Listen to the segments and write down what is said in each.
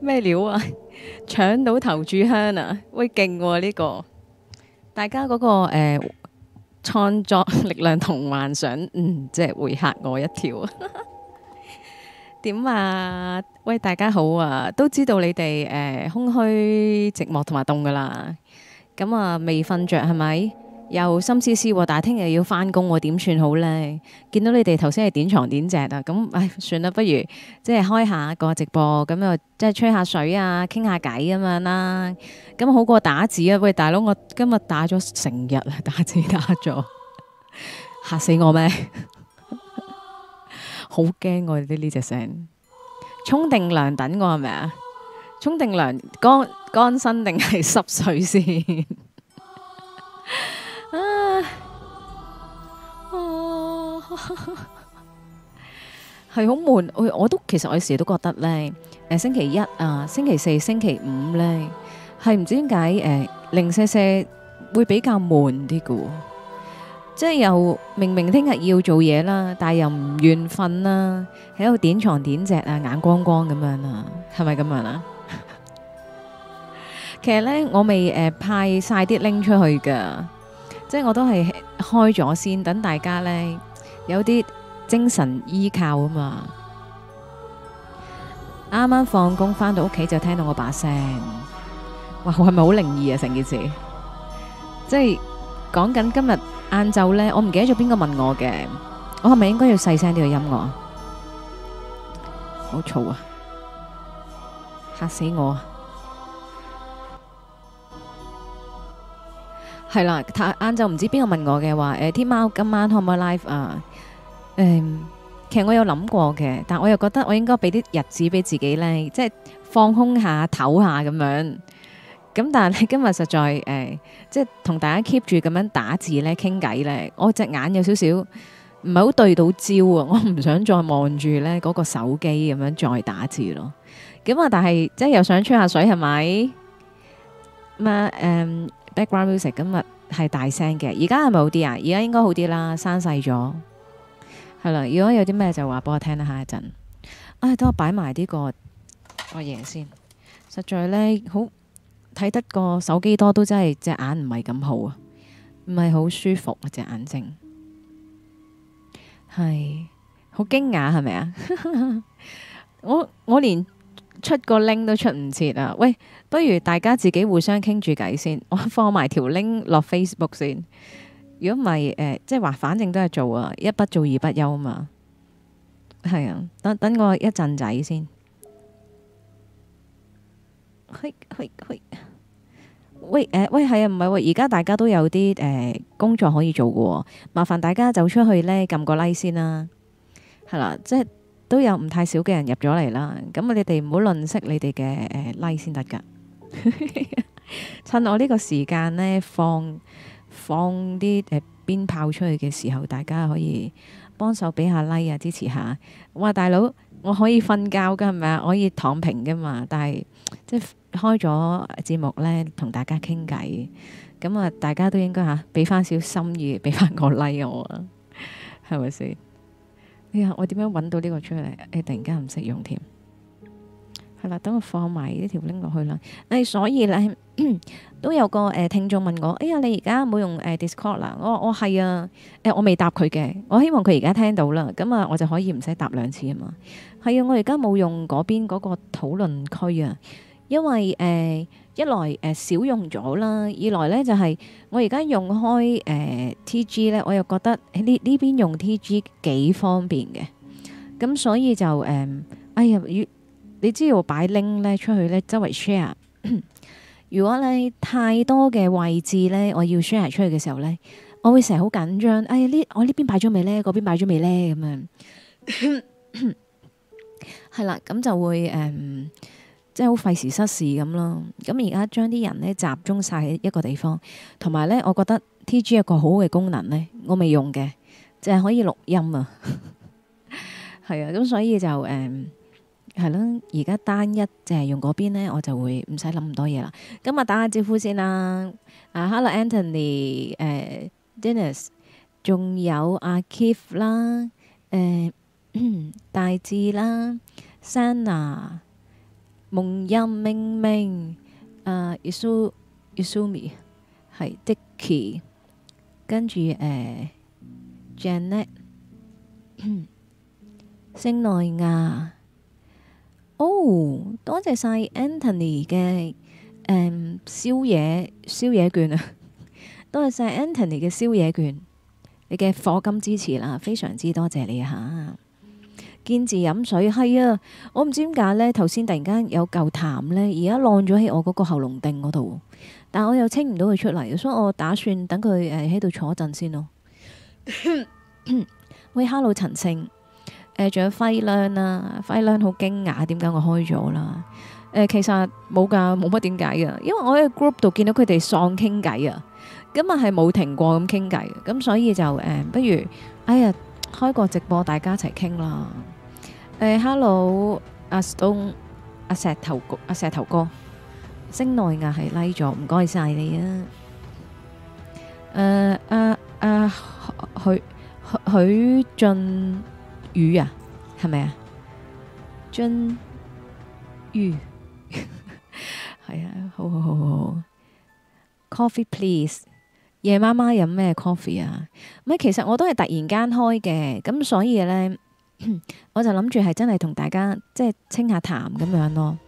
咩料啊！搶到頭炷香啊！喂，勁呢個，大家嗰個誒創作力量同幻想，嗯，即係會吓我一跳啊！點啊？喂，大家好啊，都知道你哋誒空虛、寂寞同埋凍噶啦，咁啊未瞓着係咪？又心思思喎，但係聽日要返工喎，點算好呢？見到你哋頭先係點床點隻啊？咁唉，算啦，不如即係開下個直播，咁又即係吹下水啊，傾下偈咁樣啦。咁好過打字啊！喂，大佬，我今日打咗成日啊，打字打咗，嚇死我咩？ 好驚我哋呢隻聲，沖定涼等我係咪啊？沖定涼乾，乾乾身定係濕水先？ 啊，係好悶，我我都其實我有時都覺得咧，誒星期一啊，星期四、星期五咧，係唔知點解誒零舍舍會比較悶啲噶，即係又明明聽日要做嘢啦，但係又唔願瞓啦，喺度點床點席啊，眼光光咁樣啊，係咪咁樣啊？其實咧，我未誒派晒啲拎出去噶。即係我都係開咗先，等大家咧有啲精神依靠啊嘛！啱啱放工翻到屋企就聽到我把聲，哇，係咪好靈異啊？成件事，即係講緊今日晏晝咧，我唔記得咗邊個問我嘅，我係咪應該要細聲啲個音樂？好嘈啊，嚇死我！係啦，晏晏晝唔知邊個問我嘅話，誒、呃，天貓今晚可唔可以 live 啊？誒、 嗯，其實我有諗過嘅，但我又覺得我應該俾啲日子俾自己咧，即係放空下、唞下咁樣。咁但係今日實在誒、呃，即係同大家 keep 住咁樣打字咧、傾偈咧，我隻眼有少少唔係好對到焦啊，我唔想再望住咧嗰個手機咁樣再打字咯。咁啊，但係即係又想吹下水係咪？啊，誒、嗯。嗯 Background music，咁啊係大聲嘅，而家係咪好啲啊？而家應該好啲啦，生細咗，係啦。如果有啲咩就話俾我聽啦，吓一陣。唉，等我擺埋呢個個嘢先。實在呢，好睇得個手機多都真係隻眼唔係咁好啊，唔係好舒服啊隻眼睛，係好驚訝係咪啊？我我連。出個 link 都出唔切啊！喂，不如大家自己互相傾住偈先，我放埋條 link 落 Facebook 先。如果唔係，誒、呃，即係話，反正都係做啊，一不做二不休啊嘛。係啊，等等我一陣仔先。喂喂喂，呃、喂係啊，唔係喂，而家大家都有啲誒、呃、工作可以做嘅喎，麻煩大家走出去呢，撳個 like 先啦、啊。係啦、啊，即係。都有唔太少嘅人入咗嚟啦，咁啊你哋唔好吝嗇你哋嘅誒 like 先得噶。 趁我呢個時間呢，放放啲誒、呃、鞭炮出去嘅時候，大家可以幫手俾下 like 啊，支持下。哇，大佬，我可以瞓覺噶，係咪啊？我可以躺平噶嘛。但係即係開咗節目呢，同大家傾偈，咁啊大家都應該嚇俾翻小心意，俾翻個 like 我啊，係咪先？哎呀，我點樣搵到呢個出嚟？誒，突然間唔識用添。係啦，等我放埋呢條拎落去啦。誒，所以咧都有個誒聽眾問我，哎呀，你而家冇用誒 Discord 啦？我我係啊，誒，我未答佢嘅。我希望佢而家聽到啦，咁啊，我就可以唔使答兩次啊嘛。係啊，我而家冇用嗰邊嗰個討論區啊，因為誒。呃一來誒、呃、少用咗啦，二來咧就係、是、我而家用開誒、呃、T G 咧，我又覺得呢呢邊用 T G 幾方便嘅，咁所以就誒、呃，哎呀，你你知道我擺拎 i 咧出去咧，周圍 share。 如果你太多嘅位置咧，我要 share 出去嘅時候咧，我會成日好緊張。哎，我邊擺呢我呢邊擺咗未咧？嗰邊擺咗未咧？咁樣，係 啦，咁就會誒。呃即係好費時失事咁咯，咁而家將啲人呢集中晒喺一個地方，同埋呢我覺得 T.G 一個好嘅功能呢，我未用嘅就係、淨係、可以錄音啊，係 啊，咁、嗯、所以就誒係咯，而、嗯、家單一淨係用嗰邊呢，我就會唔使諗咁多嘢啦。咁啊，打下招呼先啦。啊、uh,，Hello Anthony，誒、uh,，Dennis，仲有阿 Keith、uh, 啦，大志啦，Sana。蒙音明明，啊，Isu Isumi 係 Dicky，跟住誒、呃、Janet，星奈亞。哦，多謝晒 Anthony 嘅誒、呃、宵夜宵夜券啊！多謝晒 Anthony 嘅宵夜券，你嘅課金支持啦、啊，非常之多謝你嚇、啊。見字飲水係啊！我唔知點解呢。頭先突然間有嚿痰呢，而家晾咗喺我嗰個喉嚨頂嗰度，但我又清唔到佢出嚟，所以我打算等佢誒喺度坐一陣先咯。 喂，Hello 陳清，誒、呃，仲有輝亮啊，輝亮好驚訝，點解我開咗啦？誒、呃，其實冇噶，冇乜點解噶，因為我喺 group 度見到佢哋喪傾偈啊，今日係冇停過咁傾偈，咁所以就誒、呃，不如哎呀，開個直播，大家一齊傾啦。誒，hello，阿 stone，阿石，石頭哥，阿石頭哥，星內亞係拉咗，唔該晒你啊。誒，阿阿許許俊宇啊，係咪啊？俊宇，係啊，好好好好。Coffee please，夜媽媽飲咩 coffee 啊？咪其實我都係突然間開嘅，咁所以咧。 我就諗住係真係同大家即係清下痰咁樣咯，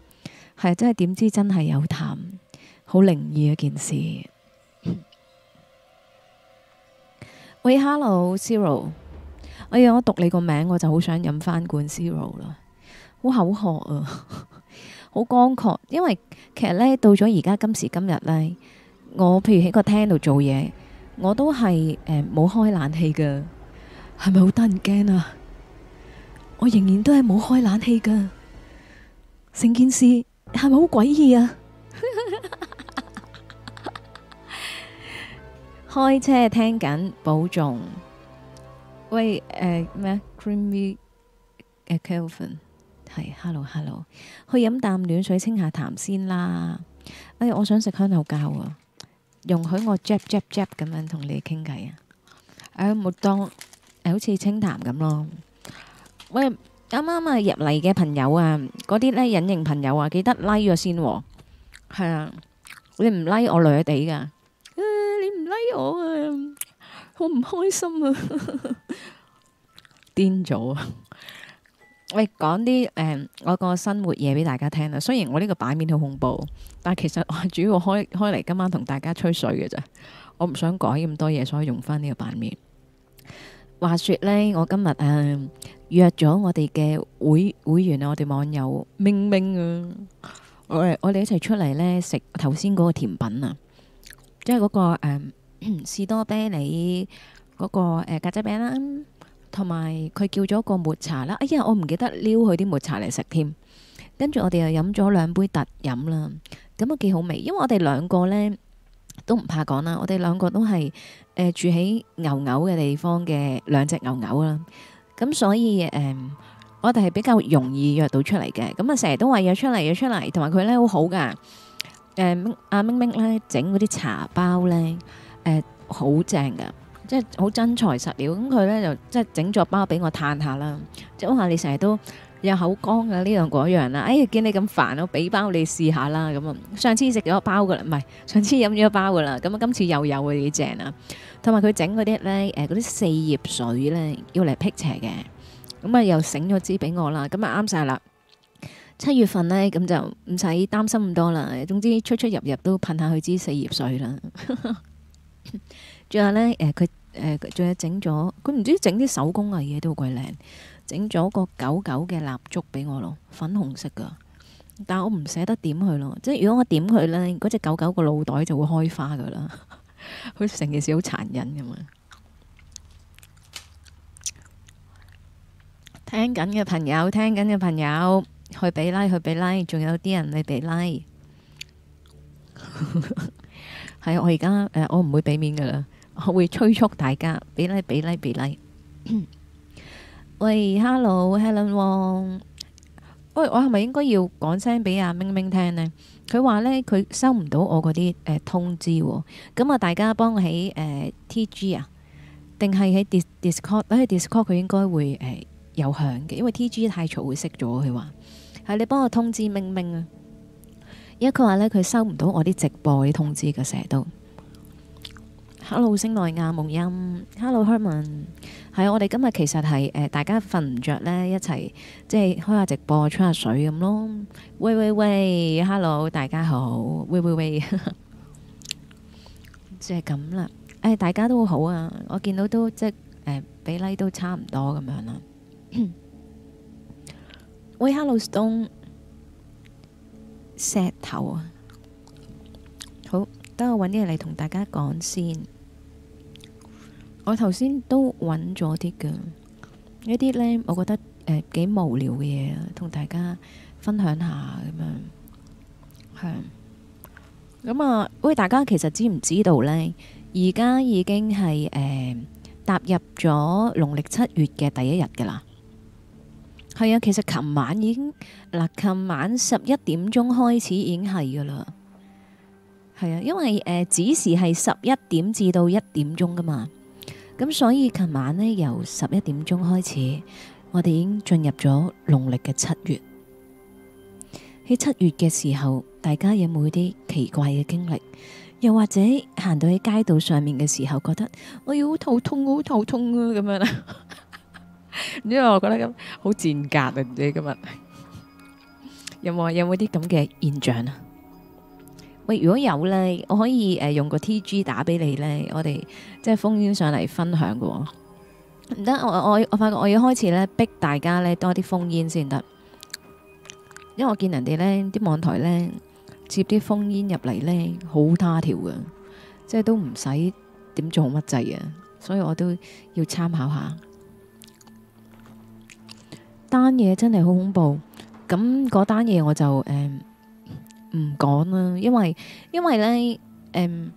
係啊，真係點知真係有痰，好靈異一件事。 喂，Hello，Zero，我讓、哎、我讀你個名，我就好想飲翻罐 Zero 啦，好口渴啊，好乾渴。因為其實呢，到咗而家今時今日呢，我譬如喺個廳度做嘢，我都係誒冇開冷氣嘅，係咪好得人驚啊？我仍然都係冇開冷氣㗎，成件事係咪好詭異啊？開車聽緊，保重。喂，誒咩？Creamy，誒，Kelvin，係，Hello Hello，去飲啖暖水清下痰先啦。哎，我想食香口膠啊！容許我 jump jump jump 咁樣同你傾偈啊！哎，咪當，好似清談咁咯。喂，啱啱、啊、入嚟嘅朋友啊，嗰啲咧隱形朋友啊，記得拉、like、咗、啊、先喎、啊。係啊，你唔拉、like、我，女地㗎，你唔拉我啊，好唔開心啊，癲咗啊！ 喂，講啲誒我個生活嘢俾大家聽啊。雖然我呢個版面好恐怖，但其實我係主要開開嚟今晚同大家吹水嘅啫。我唔想改咁多嘢，所以用返呢個版面。話說呢，我今日誒、嗯、約咗我哋嘅會會員啊，我哋網友明明啊，我哋一齊出嚟呢，食頭先嗰個甜品啊，即係嗰、嗰個、嗯、士多啤梨嗰、嗰個誒格仔餅啦，同埋佢叫咗個抹茶啦，哎呀我唔記得撩佢啲抹茶嚟食添，跟住我哋又飲咗兩杯特飲啦，咁啊幾好味，因為我哋兩個呢。都唔怕講啦，我哋兩個都係誒、呃、住喺牛牛嘅地方嘅兩隻牛牛啦，咁所以誒、呃、我哋係比較容易約到出嚟嘅，咁啊成日都話約出嚟、約出嚟，同埋佢咧好好㗎誒，阿、呃、明明咧整嗰啲茶包咧誒好正㗎，即係好真材實料，咁佢咧就即係整咗包俾我嘆下啦，即係我話你成日都，有口乾啊！呢兩嗰樣啦，哎呀，見你咁煩，我俾包你試下啦。咁啊，上次食咗一包噶啦，唔係上次飲咗一包噶啦。咁啊，今次又有啊，幾正啊！同埋佢整嗰啲咧，誒嗰啲四葉水咧，要嚟辟邪嘅。咁啊，又醒咗支俾我啦。咁啊，啱晒啦。七月份呢，咁就唔使擔心咁多啦。總之出出入入都噴下佢支四葉水啦。仲 有咧，誒佢誒仲有整咗，佢唔知整啲手工藝嘢都好鬼靚。整咗個狗狗嘅蠟燭俾我咯，粉紅色噶，但我唔捨得點佢咯，即係如果我點佢呢，嗰隻狗狗個腦袋就會開花噶啦，好似成件事好殘忍咁啊！ 聽緊嘅朋友，聽緊嘅朋友，去比拉、like, like, like，去比拉，仲有啲人你比拉，係我而家我唔會俾面噶啦，我會催促大家比拉比拉比拉。給 like, 給 like, 給 like, 給 like 喂，Hello，Helen Wong。喂，我係咪應該要講聲俾阿明明聽呢？佢話呢，佢收唔到我嗰啲誒通知、哦，咁、嗯、啊大家幫我喺誒 TG 啊，定係喺 Discord？喺 Discord 佢應該會誒、呃、有響嘅，因為 TG 太嘈會熄咗。佢話係你幫我通知明明啊，因為佢話呢，佢收唔到我啲直播啲通知噶成日都。Hello，星來亞夢音，Hello Herman，係啊，我哋今日其實係誒、呃，大家瞓唔着咧，一齊即係開下直播，吹下水咁咯。喂喂喂，Hello，大家好，喂喂喂，即係咁啦。誒、 呃，大家都好好啊，我見到都即係誒，比、呃、例、like、都差唔多咁樣啦。 喂，Hello Stone，石頭啊，好，等我搵啲嘢嚟同大家講先。我頭先都揾咗啲嘅一啲呢，我覺得誒幾、呃、無聊嘅嘢，同大家分享下咁樣係。咁啊，喂、嗯呃！大家其實知唔知道呢？而家已經係、呃、踏入咗農曆七月嘅第一日㗎喇。係啊，其實琴晚已經嗱，琴、呃、晚十一點鐘開始已經係噶啦。係啊，因為誒子時係十一點至到一點鐘噶嘛。咁所以琴晚呢，由十一點鐘開始，我哋已經進入咗農曆嘅七月。喺七月嘅時候，大家有冇啲奇怪嘅經歷？又或者行到喺街道上面嘅時候，覺得我要好頭痛，好頭痛啊咁樣啊。 因為我覺得咁好賤格啊！唔知今日 有冇有冇啲咁嘅現象啊？喂，如果有呢，我可以誒、呃、用個 TG 打俾你呢。我哋即係封煙上嚟分享㗎喎、哦。唔得，我我我發覺我要開始呢，逼大家呢多啲封煙先得，因為我見人哋呢啲網台呢，接啲封煙入嚟呢，好他條嘅，即係都唔使點做乜制啊，所以我都要參考下，單嘢真係好恐怖。咁嗰單嘢我就誒。呃唔講啦，因為因為呢，誒、嗯，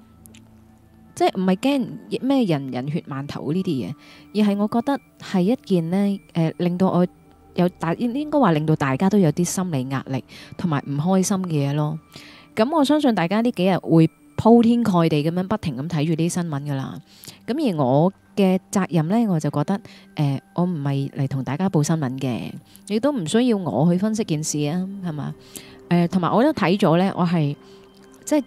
即係唔係驚咩人人血饅頭呢啲嘢，而係我覺得係一件呢，誒、呃，令到我有大應應該話令到大家都有啲心理壓力同埋唔開心嘅嘢咯。咁、嗯、我相信大家呢幾日會鋪天蓋地咁樣不停咁睇住啲新聞噶啦。咁、嗯、而我嘅責任呢，我就覺得誒、呃，我唔係嚟同大家報新聞嘅，你都唔需要我去分析件事啊，係嘛？誒，同埋、呃、我都睇咗咧。我係即係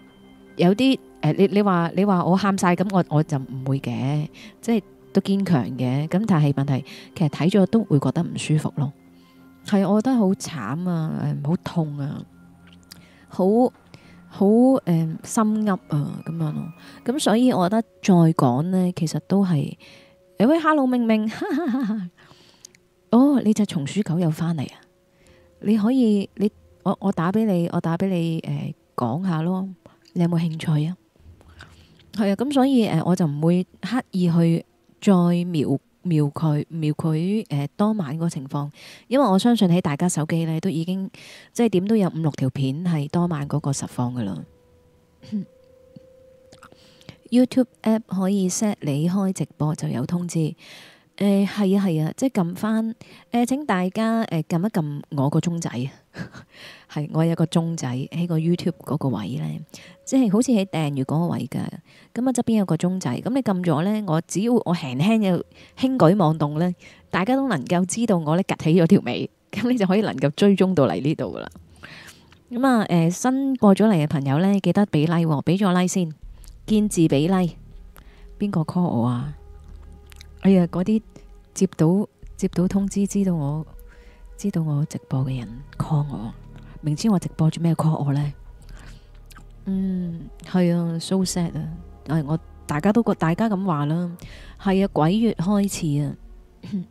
有啲誒、呃，你你話你話我喊晒，咁，我我就唔會嘅，即係都堅強嘅。咁但係問題其實睇咗都會覺得唔舒服咯。係，我覺得好慘啊，好、呃、痛啊，好好誒心噏啊咁樣咯。咁所以，我覺得再講咧，其實都係誒、欸、喂，hello 明明，哈 哦，你隻松鼠狗又翻嚟啊？你可以你。我我打俾你，我打俾你，誒、呃、講下咯。你有冇興趣啊？係啊，咁、嗯、所以誒、呃，我就唔會刻意去再描描佢描佢誒當晚個情況，因為我相信喺大家手機咧都已經即係點都有五六條片係當晚嗰個實況噶啦。。 YouTube app 可以 set 你開直播就有通知。誒、呃、係啊係啊，啊，即係撳翻誒，請大家誒撳一撳我個鐘仔。係， 我有一個鐘仔喺個 YouTube 嗰個位呢，即係好似喺訂閱嗰個位噶。咁啊，側邊有個鐘仔，咁你撳咗呢，我只要我輕輕嘅輕舉妄動咧，大家都能夠知道我呢趷起咗條尾，咁你就可以能夠追蹤到嚟呢度噶啦。咁啊，誒、呃，新過咗嚟嘅朋友呢，記得俾禮、like 哦，俾咗 like 先，見字俾禮、like。邊個 call 我啊？哎呀，嗰啲接到接到通知，知道我。知道我直播嘅人 call 我，明知我直播做咩 call 我呢？嗯，係啊，so sad 啊！誒，我大家都覺大家咁話啦，係啊，鬼月開始啊！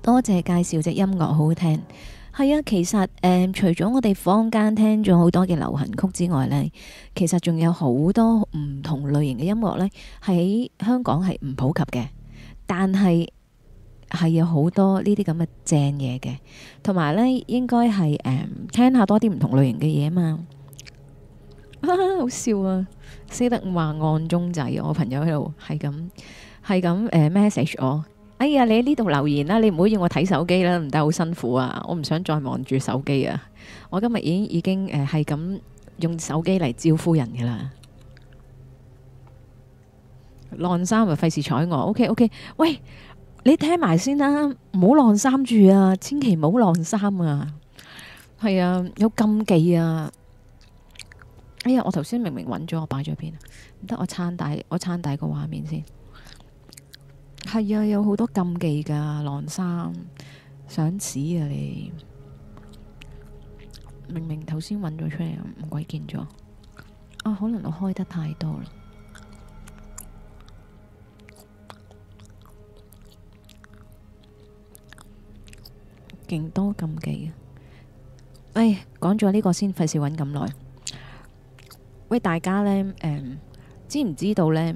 多謝介紹，隻音樂好好聽。係啊，其實誒、嗯，除咗我哋坊間聽咗好多嘅流行曲之外呢，其實仲有好多唔同類型嘅音樂呢，喺香港係唔普及嘅，但係。係有好多有呢啲咁嘅正嘢嘅，同埋呢應該係誒聽下多啲唔同類型嘅嘢啊嘛。 好笑啊！識得話暗中仔，我朋友喺度係咁係咁誒 message 我。哎呀，你喺呢度留言啦，你唔好要我睇手機啦，唔得好辛苦啊！我唔想再望住手機啊！我今日已已經誒係咁用手機嚟招呼人噶啦。晾衫又費事睬我，OK OK，喂。你聽埋先啦，啊，唔好晾衫住啊，千祈唔好晾衫啊，係啊，有禁忌啊。哎呀，我頭先明明揾咗，我擺咗邊啊？唔得我撐大，我撐大個畫面先。係啊，有好多禁忌噶，晾衫，想屎啊你。明明頭先揾咗出嚟，唔鬼見咗。啊，可能我開得太多啦。勁多禁忌啊，唉，講咗呢個先，費事揾咁耐。喂，大家咧，誒，知唔知道咧？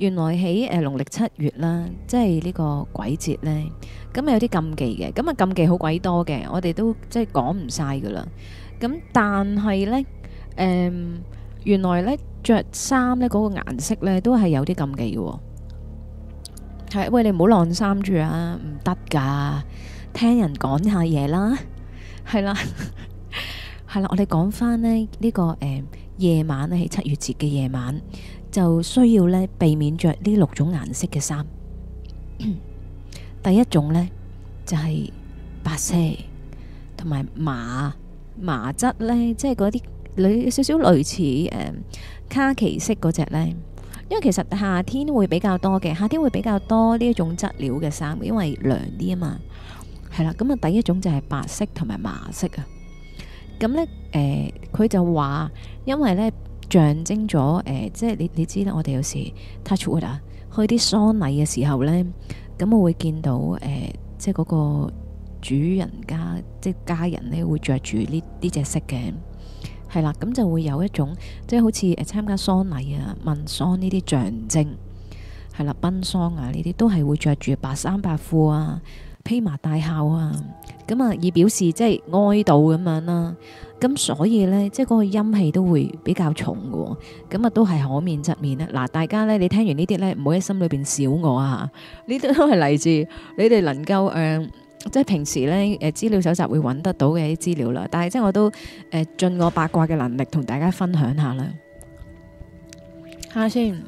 原來喺誒農曆七月啦，即係呢個鬼節咧，咁有啲禁忌嘅，咁啊禁忌好鬼多嘅，我哋都即係講唔晒噶啦。咁但係咧，誒，原來咧着衫咧嗰個顏色咧都係有啲禁忌嘅，係，喂，你唔好晾衫住啊，唔得噶。聽人講下嘢啦，係啦，係 啦。我哋講翻咧呢、這個誒、呃、夜晚咧，喺七月節嘅夜晚就需要咧避免着呢六種顏色嘅衫。 第一種呢，就係、是、白色同埋麻麻質呢，即係嗰啲有少少類似、呃、卡其色嗰隻呢。因為其實夏天會比較多嘅，夏天會比較多呢一種質料嘅衫，因為涼啲啊嘛。係啦，咁啊，第一種就係白色同埋麻色啊。咁咧，誒、呃，佢就話，因為咧，象徵咗誒、呃，即係你你知啦，我哋有時 touch wood 啊，去啲喪禮嘅時候咧，咁我會見到誒、呃，即係嗰個主人家，即係家人咧，會着住呢呢隻色嘅。係啦，咁就會有一種，即係好似誒參加喪禮啊、問喪呢啲象徵，係啦，奔喪啊呢啲都係會着住白衫白褲啊。披麻戴孝啊，咁啊以表示即係哀悼咁樣啦，咁所以咧即係嗰個陰氣都會比較重嘅，咁啊都係可免則免啦。嗱，大家咧，你聽完呢啲咧唔好喺心裏邊笑我啊，呢啲都係嚟自你哋能夠誒，即係平時咧誒，資料搜集會揾得到嘅啲資料啦。但係即係我都誒盡我八卦嘅能力同大家分享下啦。下先。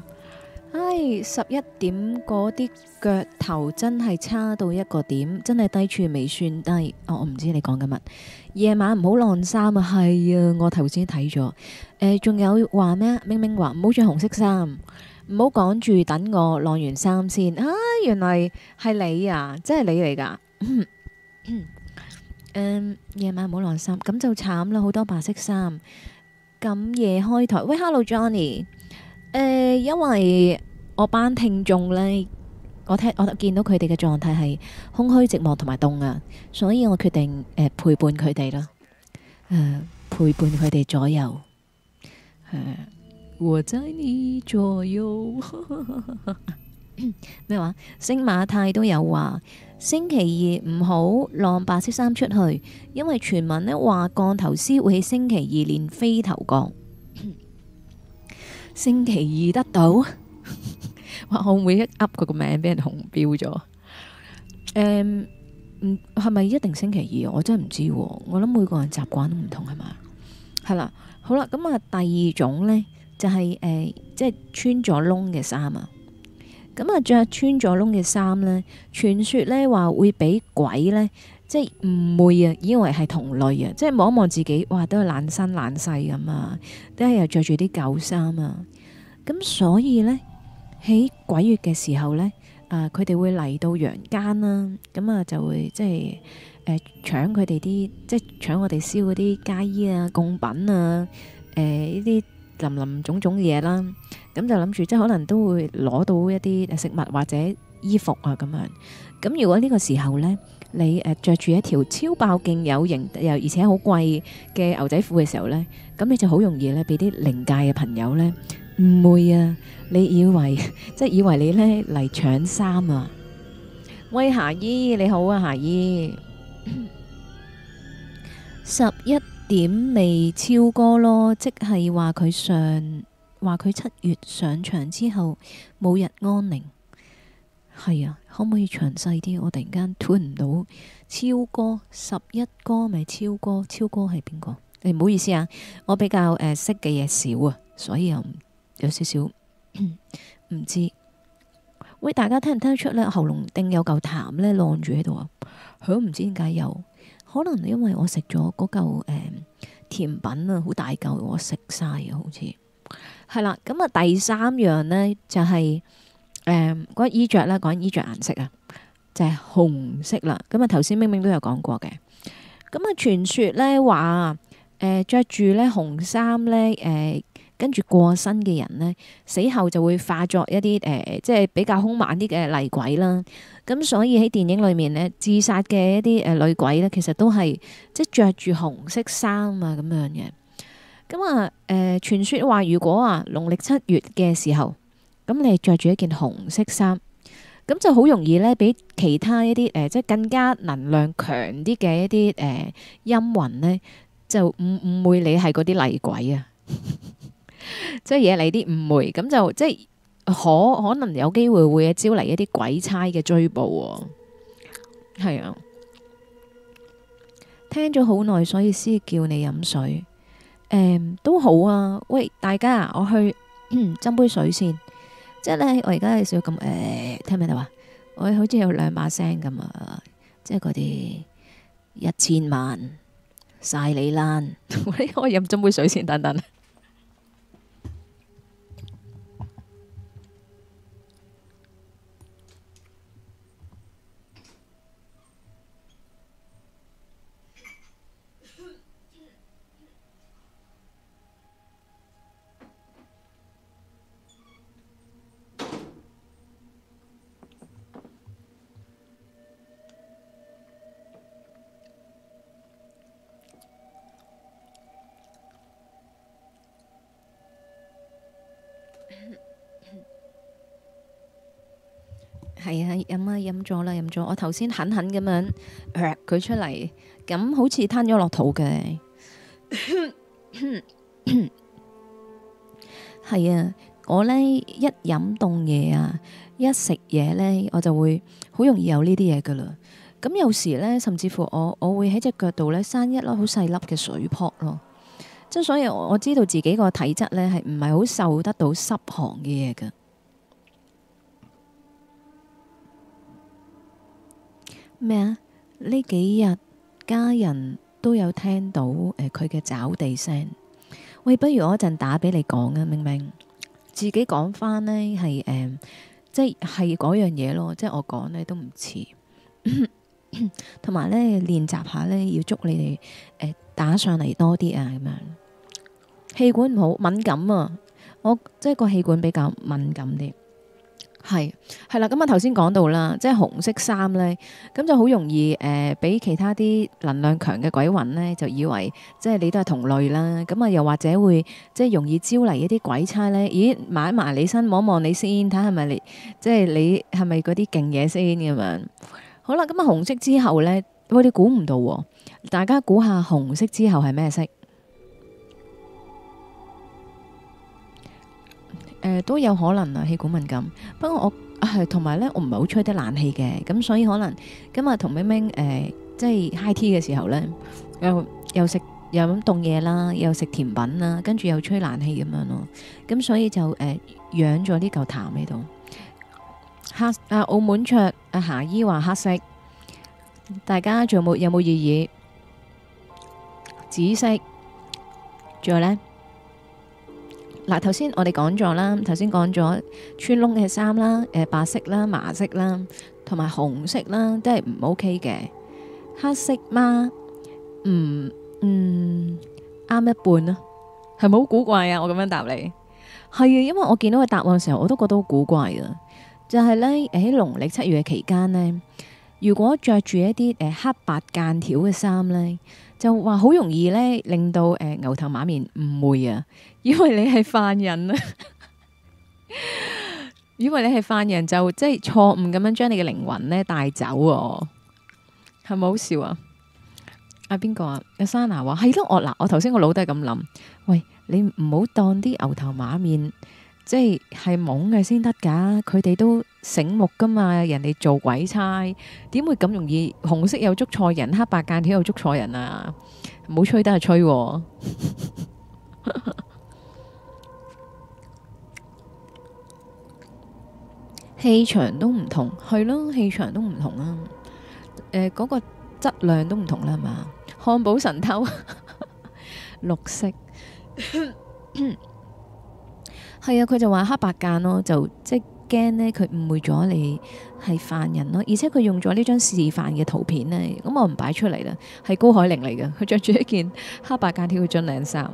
唉，十一點嗰啲腳頭真係差到一個點，真係低處未算低。哦，我唔知你講緊乜。夜晚唔好晾衫啊！係啊，我頭先睇咗。誒、呃，仲有話咩？明明話唔好着紅色衫，唔好趕住，等我晾完衫先。啊，原來係你啊，真係你嚟噶。 嗯，夜晚唔好晾衫，咁就慘啦，好多白色衫。咁夜開台，喂，Hello，Johnny。Hello, Johnny 誒、呃，因為我班聽眾咧，我聽我見到佢哋嘅狀態係空虛、寂寞同埋凍啊，所以我決定誒、呃、陪伴佢哋咯，誒、呃、陪伴佢哋左右。呃、我在你左右。咩話？ 星馬泰都有話，星期二唔好晾白色衫出去，因為傳聞呢話降頭師會喺星期二練飛頭降。星期二得到， 我每一 up 佢個名俾人紅標咗。誒、um,，嗯，係咪一定星期二？我真係唔知，我諗每個人習慣都唔同係嘛。係啦， 好啦，咁、嗯、啊，第二種呢，就係、是、誒，即、呃、係、就是、穿咗窿嘅衫啊。咁、嗯、啊，着穿咗窿嘅衫呢，傳說呢話會俾鬼呢。即係唔會啊，以為係同類啊，即係望一望自己，哇，都係爛身爛世咁啊，都係又着住啲舊衫啊。咁所以呢，喺鬼月嘅時候呢，呃、啊，佢哋會嚟到陽間啦，咁啊就會即係誒、呃、搶佢哋啲即係搶我哋燒嗰啲街衣啊、供品啊、誒呢啲林林種種嘅嘢啦。咁就諗住即係可能都會攞到一啲食物或者衣服啊咁樣。咁如果呢個時候呢，你誒著住一條超爆勁有型又而且好貴嘅牛仔褲嘅時候呢，咁你就好容易咧俾啲靈界嘅朋友呢誤會啊！你以為即係以為你呢嚟搶衫啊？喂，霞姨你好啊，霞姨，十一 點未超過咯，即係話佢上話佢七月上場之後冇日安寧，係啊。可唔可以詳細啲？我突然間 t 唔到超哥，超哥十一哥咪超哥，超哥係邊個？誒唔好意思啊，我比較誒、呃、識嘅嘢少啊，所以又有少少唔 知。喂，大家聽唔聽得出咧？喉嚨定有嚿痰咧，晾住喺度啊！佢都、嗯、唔知點解有，可能因為我食咗嗰嚿甜品啊，好大嚿，我食晒曬好似。係啦，咁啊第三樣呢，就係、是。誒，嗯那個，衣着啦，講、那個，衣着顏色啊，就係、是、紅色啦。咁啊，頭先明明都有講過嘅。咁、嗯、啊，傳說咧話，誒着住咧紅衫咧，誒、呃、跟住過身嘅人咧，死後就會化作一啲誒、呃，即係比較兇猛啲嘅厲鬼啦。咁、嗯、所以喺電影裏面咧，自殺嘅一啲誒、呃、女鬼咧，其實都係即係着住紅色衫啊咁樣嘅。咁、嗯、啊，誒、呃、傳說話，如果啊農曆七月嘅時候，咁你着住一件紅色衫，咁就好容易咧，俾其他一啲誒，即係更加能量強啲嘅一啲誒陰魂咧，就誤誤會你係嗰啲厲鬼啊，即係惹你啲誤會，咁就即係可可能有機會會招嚟一啲鬼差嘅追捕。喎，係啊，聽咗好耐，所以先叫你飲水。誒，都好啊。喂，大家啊，我去斟杯水先。即係我而家係想咁，誒聽唔聽到啊？我好似有兩把聲咁啊！即係嗰啲一千萬晒你啦， 我飲咗杯水先等等。係、哎、啊，飲啊，飲咗啦，飲咗。我頭先狠狠咁、呃、樣吸佢出嚟，咁好似吞咗落肚嘅。係 啊，我呢一飲凍嘢啊，一食嘢呢，我就會好容易有呢啲嘢噶啦。咁有時呢，甚至乎我我會喺隻腳度呢生一粒好細粒嘅水泡咯。即係所以我知道自己個體質呢，係唔係好受得到濕寒嘅嘢噶。咩啊？呢幾日家人都有聽到誒佢嘅找地聲。喂，不如我一陣打俾你講啊，明明？自己講翻呢係誒、呃，即係嗰樣嘢咯。即係我講呢都唔似，同 埋呢練習下呢要捉你哋誒、呃、打上嚟多啲啊，咁樣。氣管唔好敏感啊，我即係個氣管比較敏感啲。係係啦，咁啊，頭先講到啦，即係紅色衫呢，咁就好容易誒，俾、呃、其他啲能量強嘅鬼魂呢，就以為即係你都係同類啦。咁啊，又或者會即係容易招嚟一啲鬼差呢，咦，買埋你身望一望你先，睇下係咪你即係你係咪嗰啲勁嘢先咁樣？好啦，咁、嗯、啊，紅色之後呢？我哋估唔到，大家估下紅色之後係咩色？誒，都有可能啊，氣管敏感。不過我係同埋咧，我唔係好吹得冷氣嘅，咁所以可能今日同明明誒，即係、呃就是、high tea 嘅時候咧，又又食又咁凍嘢啦，又食甜品啦，跟住又吹冷氣咁樣咯。咁所以就誒、呃、養咗啲舊痰喺度。黑啊，澳門卓啊，霞姨話黑色，大家仲有冇有冇異議？紫色，仲有咧？嗱，頭先我哋講咗啦，頭先講咗穿窿嘅衫啦，誒、呃，白色啦、麻色啦，同埋紅色啦，都係唔 OK 嘅。黑色嘛？嗯嗯，啱一半咯、啊，係咪好古怪啊？我咁樣答你係，因為我見到個答案嘅時候，我都覺得好古怪啊。就係咧喺農曆七月嘅期間咧，如果着住一啲誒黑白間條嘅衫咧，就話好容易咧令到誒、呃、牛頭馬面誤會啊。以為你係犯人啊，以為你係犯， 犯人就即係錯誤咁樣將你嘅靈魂咧帶走，啊，係咪好笑啊？阿邊個啊？阿莎娜話係咯，我嗱我頭先個腦都係咁諗。喂，你唔好當啲牛頭馬面，即係係懵嘅先得噶。佢哋都醒目噶嘛，人哋做鬼差，點會咁容易紅色又捉錯人，黑白間條又捉錯人啊？唔好吹都係吹，啊。 氣場都唔同，係咯，氣場都唔同啊！嗰、呃嗰個質量都唔同啦嘛。漢堡神偷， 綠色，係啊！ 佢就話黑白間咯，就即係驚呢佢誤會咗你係犯人咯。而且佢用咗呢張示範嘅圖片呢，咁我唔擺出嚟啦。係高海寧嚟噶，佢着住一件黑白間條樽領衫，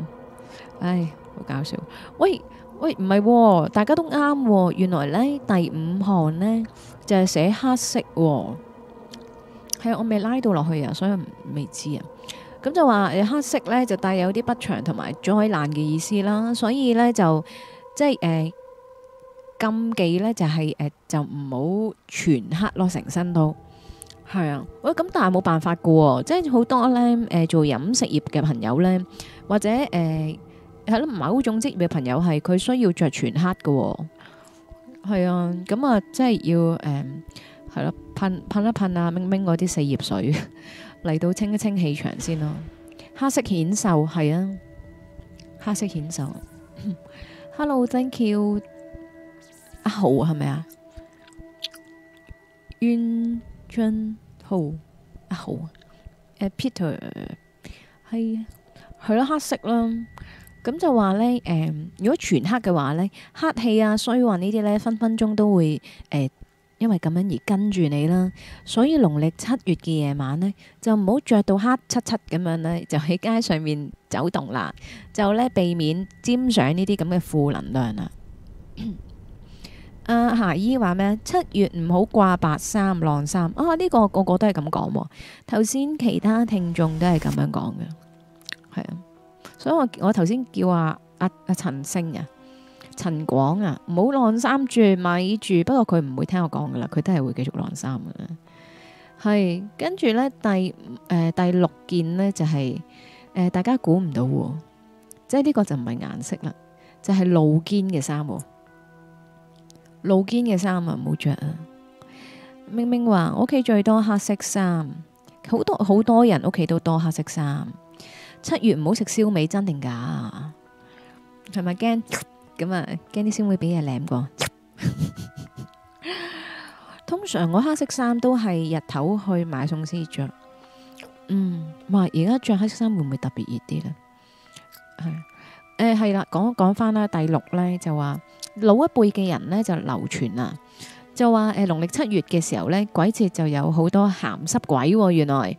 唉，好搞笑。喂！喂，唔係，大家都啱喎。原來咧第五項咧就係寫黑色喎，係我未拉到落去啊，所以未知啊。咁就話誒黑色咧就帶有啲不祥同埋災難嘅意思啦，所以咧就即係誒禁忌咧就係誒就唔好全黑咯，成身都係啊。喂，咁但係冇辦法㗎喎，即係好多咧誒做飲食業嘅朋友咧或者誒。係咯，唔係好種職業嘅朋友，係佢需要着全黑嘅，哦。係啊，咁，嗯、啊，即係要誒，係咯，噴噴一噴啊，掹掹嗰啲四葉水嚟 到清一清氣場先咯，哦。黑色顯瘦，係啊，黑色顯瘦。 Hello，thank you，阿豪係咪啊？袁俊豪，阿豪，誒、uh, Peter，係、啊，係咯、啊，黑色啦。咁就話咧，誒、呃，如果全黑嘅話咧，黑氣啊、衰運呢啲咧，分分鐘都會誒、呃，因為咁樣而跟住你啦。所以農曆七月嘅夜晚咧，就唔好着到黑漆漆咁樣咧，就喺街上面走動啦，就咧避免沾上呢啲咁嘅負能量啦。阿、 啊、霞姨話咩？七月唔好掛白衫、晾衫。哦、啊，呢、這個個個都係咁講，頭先其他聽眾都係咁樣講嘅，係啊。所以我我頭先叫阿阿阿陳星啊、陳廣啊，唔好晾衫住、咪住。不過佢唔會聽我講噶啦，佢都係會繼續晾衫噶。係跟住咧，第誒、呃、第六件咧就係、是、誒、呃，大家估唔到喎，即係呢個就唔係顏色啦，就係、是、露肩嘅衫、喎。露肩嘅衫啊，唔好着啊！明明話我屋企最多黑色衫，好多好多人屋企都多黑色衫。七月唔好食燒味，真定假？係咪驚咁啊？驚啲先會俾嘢舐過？ 通常我黑色衫都係日頭去買餸先着。嗯，哇！而家着黑色衫會唔會特別熱啲呢？係誒、 啊，係、欸、啦，講一講翻啦，第六咧就話老一輩嘅人咧就流傳啊，就話誒農曆七月嘅時候咧鬼節就有好多鹹濕鬼、啊，原來。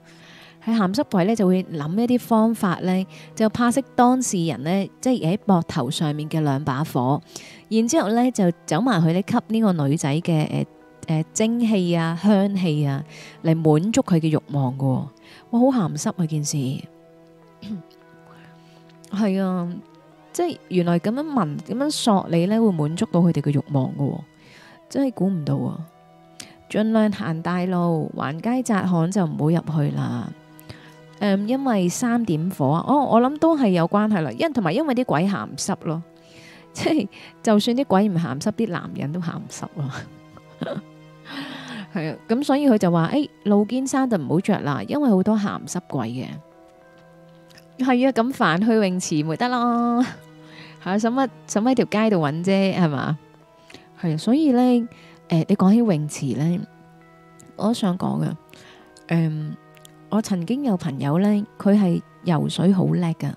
喺鹹濕鬼咧就會諗一啲方法咧，就拍熄當事人咧，即係喺膊頭上面嘅兩把火。然之後咧就走埋去咧吸呢個女仔嘅誒誒精氣啊、香氣啊，嚟滿足佢嘅慾望㗎喎。哇，好鹹濕啊！件事係 啊，即係原來咁樣聞、咁樣索你咧，會滿足到佢哋嘅慾望㗎喎。真係估唔到啊！盡量行大路、橫街窄巷就唔好入去啦。誒、嗯，因為三點火啊，哦，我諗都係有關係啦，因同埋因為啲鬼鹹濕咯，即 係就算啲鬼唔鹹濕，啲男人都鹹濕咯，係 啊，咁所以佢就話誒、欸，露肩衫就唔好着啦，因為好多鹹濕鬼嘅，係啊，咁返去泳池咪得咯， 啊，使乜使乜喺條街度揾啫，係嘛，係啊，所以咧，誒、呃，你講起泳池咧，我都想講㗎，誒、嗯。我曾經有朋友呢，佢係游水好叻噶，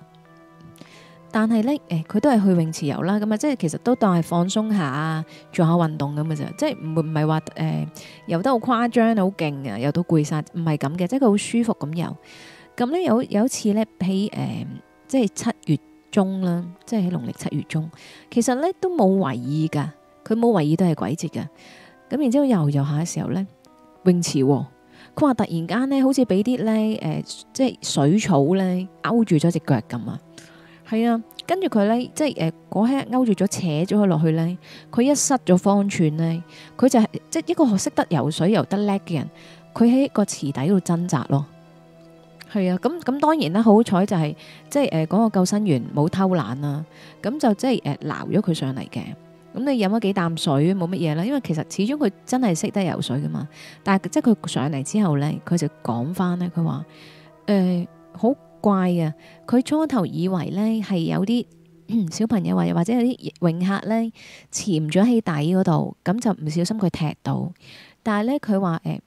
但係呢，誒、欸、佢都係去泳池游啦，咁啊，即係其實都當係放鬆下啊，做下運動咁嘅啫，即係唔會唔係話誒遊得好誇張好勁啊，游到攰晒，唔係咁嘅，即係佢好舒服咁游。咁咧有有一次呢，喺誒，即、呃、係、就是、七月中啦，即係喺農曆七月中，其實呢都冇為意噶，佢冇為意都係鬼節噶。咁然之後遊遊下嘅時候呢，泳池喎、哦。佢話突然間咧，好似俾啲咧誒，即係水草咧勾住咗隻腳咁啊！係啊，跟住佢咧，即係誒嗰刻勾住咗扯咗佢落去咧，佢一失咗方寸咧，佢就係、是、即係一個學識得游水游得叻嘅人，佢喺個池底度掙扎咯。係啊，咁咁當然啦，好彩就係、是、即係誒嗰個救生員冇偷懶啦、啊，咁就即係誒撈咗佢上嚟嘅。咁、嗯、你飲咗幾啖水，冇乜嘢啦。因為其實始終佢真係識得游水噶嘛。但係即係佢上嚟之後呢，佢就講翻呢：「佢、呃、話：誒好怪啊！佢初頭以為呢係有啲小朋友或者或者有啲泳客呢潛咗喺底嗰度，咁就唔小心佢踢到。但係呢，佢話：誒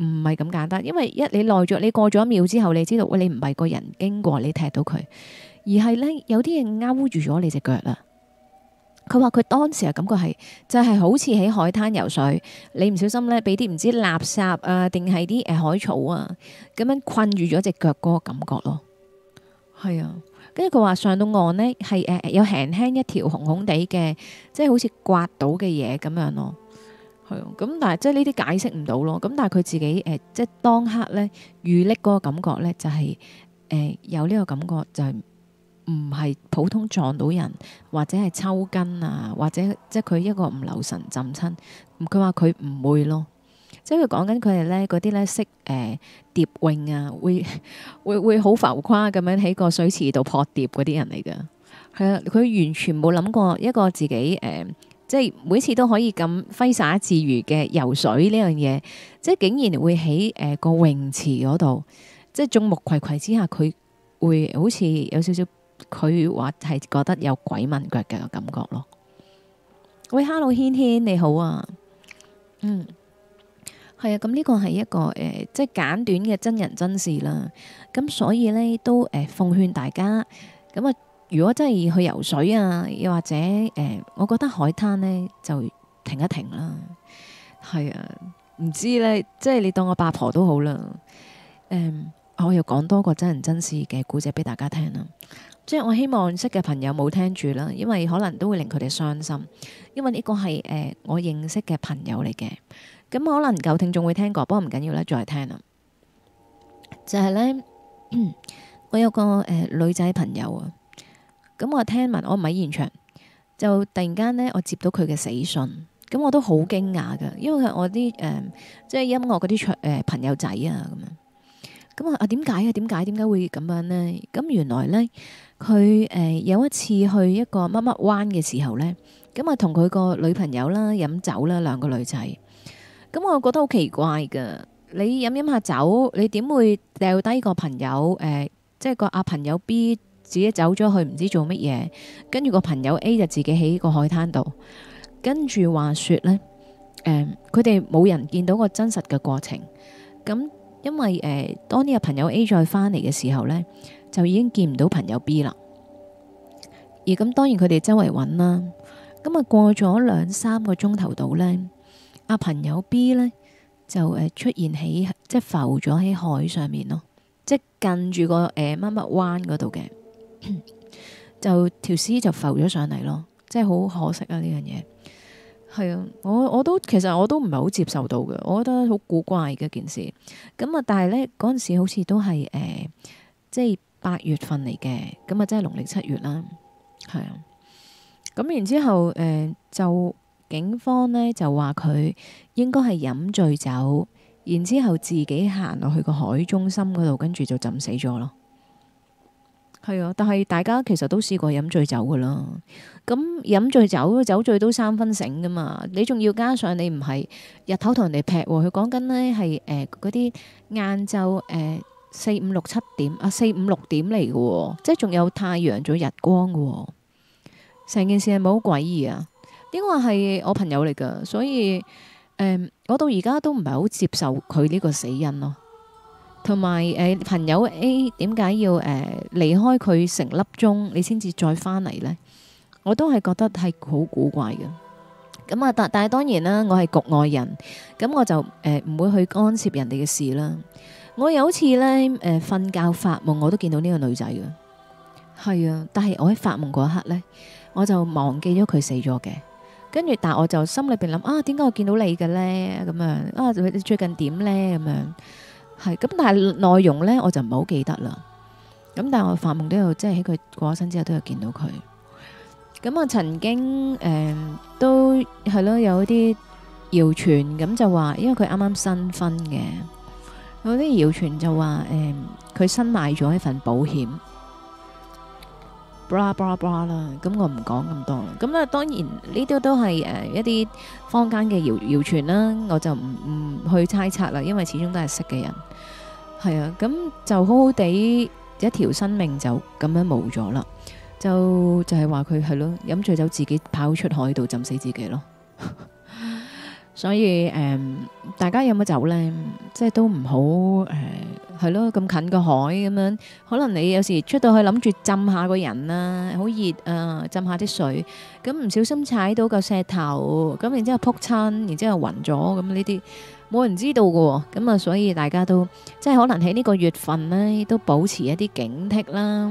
唔係咁簡單，因為一你耐咗，你過咗一秒之後，你知道喂、哎、你唔係個人經過你踢到佢，而係呢，有啲嘢勾住咗你隻腳啦。佢話：佢當時嘅感覺係就係、是、好似喺海灘游水，你唔小心咧俾啲唔知垃圾啊定係啲誒海草啊咁樣困住咗隻腳嗰個感覺咯。係啊，跟住佢話上到岸呢，係誒、啊、有輕輕一條紅紅地嘅，即係好似刮到嘅嘢咁樣咯。係啊，咁但係即係呢啲解釋唔到咯。咁但係佢自己誒、呃、即係當刻咧遇溺嗰個感覺咧就係誒有呢個感覺就係、是。呃唔係普通撞到人，或者係抽筋啊，或者即係佢一個唔留神浸親。佢話佢唔會咯，即係佢講緊佢係咧嗰啲咧識誒、呃、蝶泳啊，會會會好浮誇咁樣喺個水池度撲蝶嗰啲人嚟㗎。係啊，佢完全冇諗過一個自己誒、呃，即係每次都可以咁揮灑自如嘅游水呢樣嘢，即係竟然會喺誒、呃、個泳池嗰度，即係眾目睽睽之下，佢會好似有少少。佢話係覺得有鬼問腳嘅感覺咯。喂，Hello，軒軒你好啊。嗯，係啊。咁呢個係一個誒，即、呃、係、就是、簡短嘅真人真事啦。咁所以呢，都誒、呃、奉勸大家咁啊。如果真係去游水啊，又或者誒、呃，我覺得海灘呢，就停一停啦。係啊，唔知呢，即、就、係、是、你當我八婆都好啦、嗯。我又講多個真人真事嘅古仔俾大家聽啦。即係我希望識嘅朋友冇聽住啦，因為可能都會令佢哋傷心，因為呢個係誒、呃、我認識嘅朋友嚟嘅。咁可能舊聽眾會聽過，不過唔緊要啦，再聽啦。就係、是、咧，我有個誒、呃、女仔朋友啊，咁、嗯、我聽聞我唔喺現場，就突然間咧我接到佢嘅死訊，咁、嗯、我都好驚訝㗎，因為我啲誒、呃、即係音樂嗰啲誒朋友仔啊咁、嗯、啊。咁啊啊點解啊點解點解會咁樣呢？咁、嗯、原來呢。佢誒、呃、有一次去一個乜乜灣嘅時候呢，咁啊同佢個女朋友啦飲、呃、酒啦，兩個女仔，咁、嗯、我覺得好奇怪㗎。你飲飲下酒，你點會掉低個朋友誒、呃？即係個阿朋友 B 自己走咗去唔知做乜嘢，跟住個朋友 A 就自己喺個海灘度。跟住話説呢，誒佢哋冇人見到個真實嘅過程。咁、嗯、因為誒、呃、當呢個朋友 A 再翻嚟嘅時候呢。呃就已經見唔到朋友 B 啦，而咁當然佢哋周圍揾啦。咁啊過咗兩三個鐘頭度呢，阿、啊、朋友 B 呢就誒出現喺即係浮咗喺海上面咯，即係近住個誒乜乜灣嗰度嘅，就條屍就浮咗上嚟咯，即係好可惜啊！呢樣嘢係啊，我我都其實我都唔係好接受到嘅，我覺得好古怪嘅件事。咁啊，但係呢，嗰陣時好似都係誒、呃、即係。八月份嚟嘅，咁啊，即係農曆七月啦，係啊。咁然之後，誒、呃，就警方呢就話佢應該係飲醉酒，然之後自己行落去個海中心嗰度，跟住就浸死咗咯。係啊，但係大家其實都試過飲醉酒噶啦。咁、嗯、飲醉酒，酒醉都三分醒噶嘛。你仲要加上你唔係日頭同人哋劈、啊，佢講緊呢係誒嗰啲晏晝誒。呃四五六七點啊，四五六點嚟嘅、哦，即係仲有太陽咗日光嘅、哦，成件事係咪好詭異啊？點話係我朋友嚟嘅，所以誒、呃，我到而家都唔係好接受佢呢個死因咯。同埋誒朋友 A 點解要誒、呃、離開佢成粒鐘，你先至再翻嚟呢？我都係覺得係好古怪嘅。咁啊，但但當然啦，我係局外人，咁我就誒唔、呃、會去干涉人哋嘅事啦。我有一次咧，誒、呃，瞓覺發夢，我都見到呢個女仔嘅，係啊，但係我喺發夢嗰一刻咧，我就忘記咗佢死咗嘅，跟住，但係我就心裏邊諗啊，點解我見到你嘅咧？咁樣啊，最近點咧？咁樣係，咁但係內容咧，我就唔係好記得啦。咁但係我發夢都有，即係喺佢過咗身之後都有見到佢。咁我曾經誒、呃、都係咯，有一啲謠傳咁就話，因為佢啱啱新婚嘅。有啲謠傳就話，誒，佢新買咗一份保險，blah blah blah 啦，咁我唔講咁多啦。咁咧，當然呢啲都係誒一啲坊間嘅謠謠傳啦，我就唔唔去猜測啦，因為始終都係識嘅人。係啊，咁就好好地一條生命就咁樣冇咗啦，就就係話佢係咯，飲醉酒自己跑出海度浸死自己咯。所以誒、呃，大家有冇走呢？即係都唔好誒，係、呃、咯，咁近個海咁樣，可能你有時出到去諗住浸下個人啦、啊，好熱啊，浸下啲水，咁唔小心踩到個石頭，咁然之後撲親，然之後，後暈咗，咁呢啲冇人知道嘅喎、哦，咁啊，所以大家都即係可能喺呢個月份呢，都保持一啲警惕啦，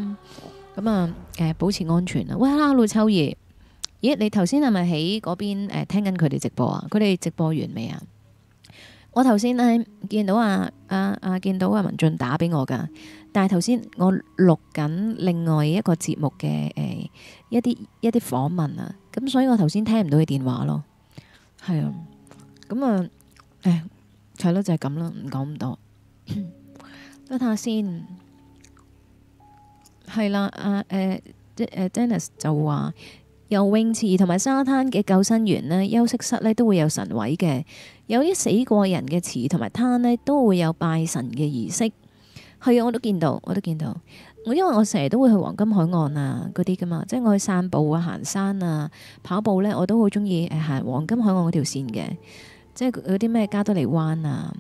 咁啊，誒、呃，保持安全啊！喂，阿老秋兒。咦，你頭先係咪喺嗰邊誒、呃、聽緊佢哋直播啊？佢哋直播完未啊？我頭先係見到啊啊啊，見到啊文進打俾我噶，但係頭先我錄緊另外一個節目嘅誒、呃、一啲一啲訪問啊，咁所以我頭先聽唔到佢電話咯。係啊，咁啊誒係咯，就係咁咯，唔講咁多。等下 先，係啦、啊，阿誒誒 Dennis 就話。游泳池同埋沙灘嘅救生員咧、休息室咧都會有神位嘅，有啲死過人嘅池同埋灘咧都會有拜神嘅儀式。係啊，我都見到，我都見到。我因為我成日都會去黃金海岸啊嗰啲㗎嘛，即係我去散步啊、行山啊、跑步呢，我都好中意行黃金海岸嗰條線嘅，即係嗰啲咩加多利灣啊，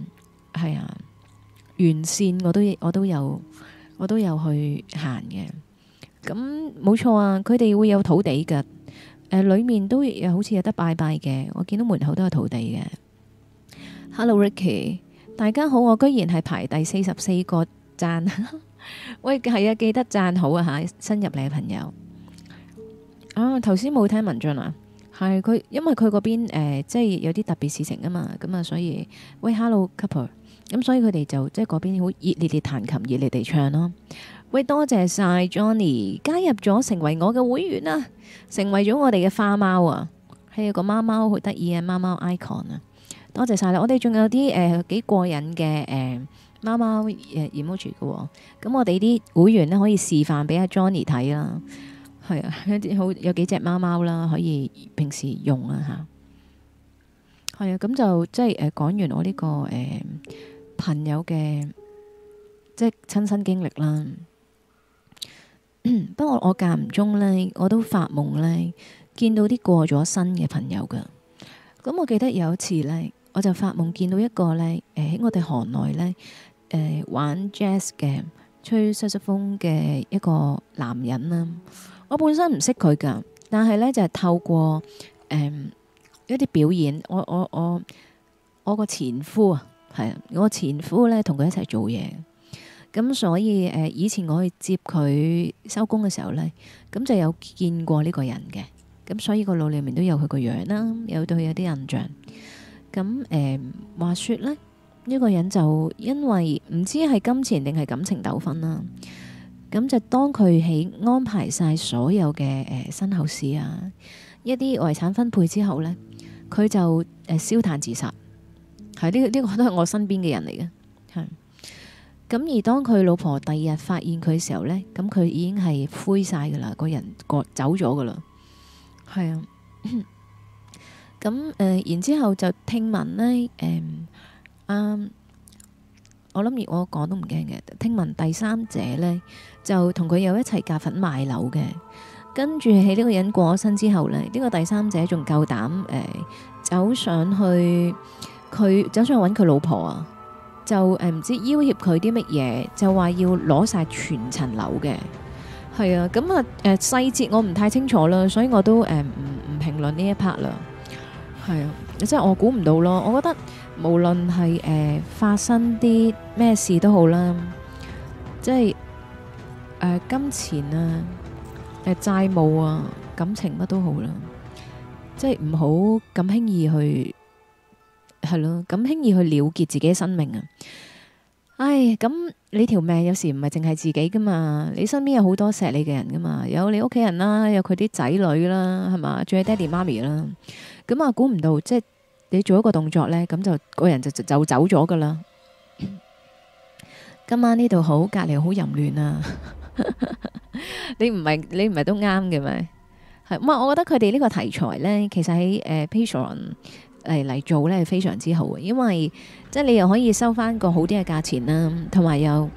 係啊，沿線我都我都有我都有去行嘅。咁冇錯啊，佢哋會有土地㗎。誒裏、呃、面都好似有得拜拜嘅，我見到門口都有土地嘅。Hello Ricky，大家好，我居然係排第四十四個讚。 喂，係啊，記得讚好啊嚇，新入嚟嘅朋友。啊，頭先冇聽文進啊，係佢因為佢嗰邊、呃、即係有啲特別事情啊嘛，咁啊、嗯，所以喂，Hello Cooper。咁所以佢哋就即係嗰邊好熱烈地彈琴，熱烈地唱咯。喂，多謝晒 Johnny 加入咗成為我嘅會員啦、啊，成為咗我哋嘅花貓啊，係一個貓貓好得意啊，貓貓 icon 啊！多謝晒啦，我哋仲有啲誒幾過癮嘅誒貓貓誒 emoji 嘅，咁、呃呃哦、我哋啲會員咧可以示範俾阿 Johnny 睇啦，係啊，有啲好有幾隻貓貓啦，可以平時用啊吓，係啊，咁就即係誒講完我呢、這個誒、呃、朋友嘅、呃、即係親身經歷啦。不過 我，我間唔中咧，我都發夢咧，見到啲過咗身嘅朋友噶。咁我記得有一次咧，我就發夢見到一個咧，誒、呃、喺我哋行內咧，誒、呃、玩 jazz 嘅、吹色士風嘅一個男人啦。我本身唔識佢噶，但係咧就係、是、透過誒、呃、一啲表演，我我我我個前夫啊，係我前夫咧同佢一齊做嘢。咁所以誒、呃，以前我去接佢收工嘅時候呢，咁就有見過呢個人嘅。咁所以個腦裡面都有佢個樣啦，有對佢有啲印象。咁誒、呃、話説呢，呢個人就因為唔知係金錢定係感情糾紛啦。咁就當佢喺安排晒所有嘅誒、呃、身後事啊，一啲遺產分配之後呢，佢就誒、呃、燒炭自殺。係呢個呢個都係我身邊嘅人嚟嘅，係。咁而當佢老婆第二日發現佢嘅時候呢，咁佢已經係灰晒噶啦，個人過走咗噶啦，係是啊。咁 誒、呃，然之後就聽聞呢。誒、呃，嗯、啊，我諗而我講都唔驚嘅。聽聞第三者呢就同佢有一齊夾份賣樓嘅，跟住喺呢個人過咗身之後呢，呢、這個第三者仲夠膽誒，走上去佢走上去揾佢老婆啊。就誒唔、嗯、知要挾佢啲乜嘢，就話要攞晒全層樓嘅，係啊，咁啊誒細節我唔太清楚啦，所以我都誒唔唔評論呢一 part 啦，係啊，即係我估唔到咯，我覺得無論係誒發生啲咩事都好啦，即係誒、呃、金錢啊誒債、呃、務啊感情乜都好啦，即係唔好咁輕易去。係咯，咁輕易去了結自己嘅生命啊！唉，咁你條命有時唔係淨係自己噶嘛，你身邊有好多錫你嘅人噶嘛，有你屋企人啦，有佢啲仔女啦，係嘛，仲有爹哋媽咪啦。咁啊，我估唔到即係你做一個動作呢，咁就個人就就,就走咗噶啦。今晚呢度好，隔籬好淫亂啊！ 你唔係你唔係都啱嘅咩？係咁啊！我覺得佢哋呢個題材呢，其實喺誒 Patreon。嚟嚟做呢，非常之好啊！因為即係你又可以收翻個好啲嘅價錢啦，同埋又誒、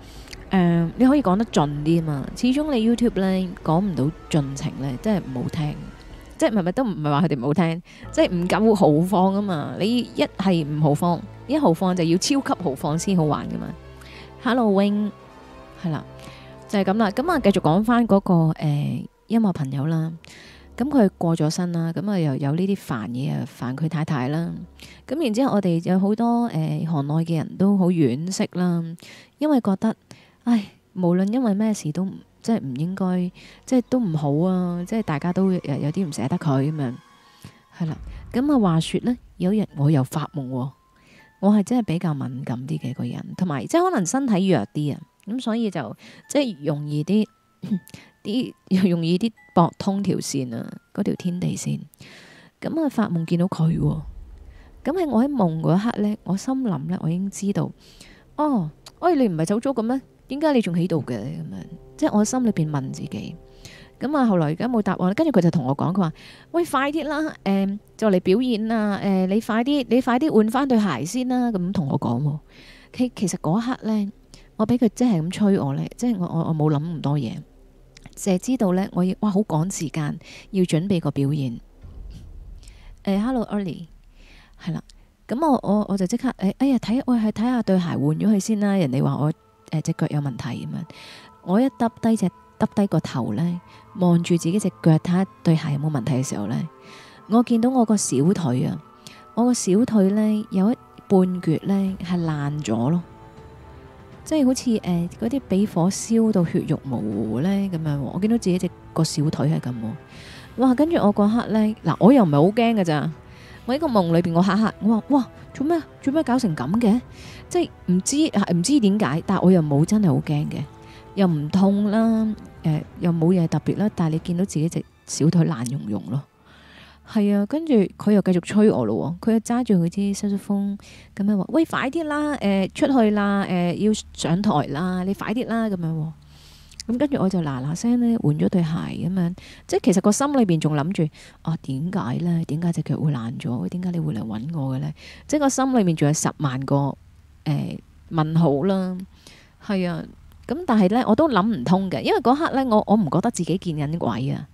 呃，你可以講得盡啲啊嘛！始終你 YouTube 呢，講唔到盡情呢，即係唔好聽，即係咪咪都唔係話佢哋唔好聽，即係唔敢豪放啊嘛！你一係唔豪放，一豪放就要超級豪放先好玩噶嘛！Hello Wing，係啦，就係、是、咁啦。咁啊、那個，繼續講翻嗰個音樂朋友啦。咁佢過咗身啦，咁啊又有呢啲煩嘢啊，煩佢太太啦。咁然之後我，我哋有好多誒行內嘅人都好惋惜啦，因為覺得，唉，無論因為咩事都即係唔應該，即係都唔好啊，即係大家都有啲唔捨得佢咁樣。係啦，咁啊話説呢，有一日我又發夢、啊，我係真係比較敏感啲嘅個人，同埋即係可能身體弱啲啊，咁所以就即係容易啲啲， 容易啲。博通條線啊，嗰條天地線，咁、嗯、啊發夢見到佢，啊，咁、嗯、喺我喺夢嗰一刻呢，我心諗呢，我已經知道，哦，喂，哎，你唔係走咗咁咩？點解你仲喺度嘅咁樣？即係我心裏邊問自己，咁、嗯、啊後來而家冇答案，跟住佢就同我講，佢話，喂，快啲啦，誒就嚟表演啊。誒你快啲，你快啲換翻對鞋先啦，咁同我講，佢其實嗰刻呢，我俾佢即係咁催我呢，即、就、係、是、我我我冇諗咁多嘢。就係知道咧，我要哇好趕時間，要準備個表演。誒，Hello，early，係啦。咁我我我就即刻誒、欸，哎呀，睇我係睇下對鞋換咗佢先啦。人哋話我誒隻、呃、腳有問題咁啊。我一耷低只耷低個頭咧，望住自己隻腳睇下對鞋有冇問題嘅時候咧，我見到我個小腿啊，我個小腿咧有一半橛咧係爛咗咯。即係好似誒，嗰啲俾火燒到血肉模糊咧咁樣，我見到自己隻個小腿係咁，哇！跟住我嗰刻咧，嗱、呃，我又唔係好驚噶咋，我喺個夢裏邊，我吓吓，我話哇，做咩，做咩搞成咁嘅？即係唔知唔、呃、知點解，但係我又冇真係好驚嘅，又唔痛啦，誒、呃，又冇嘢特別啦，但係你見到自己隻小腿爛溶溶咯。係啊，跟住佢又繼續催我咯，佢又揸住佢支收吹風，咁樣話：喂，快啲啦，誒、呃、出去啦，誒、呃、要上台啦，你快啲啦咁樣。咁、嗯、跟住我就嗱嗱聲咧換咗對鞋咁樣，即係其實個心裏邊仲諗住：啊點解咧？點解隻腳會爛咗？點解你會嚟揾我嘅咧？即係個心裏面仲有十萬個誒、呃、問號啦。係啊，咁但係咧我都諗唔通嘅，因為嗰刻咧我我唔覺得自己見人啲鬼啊。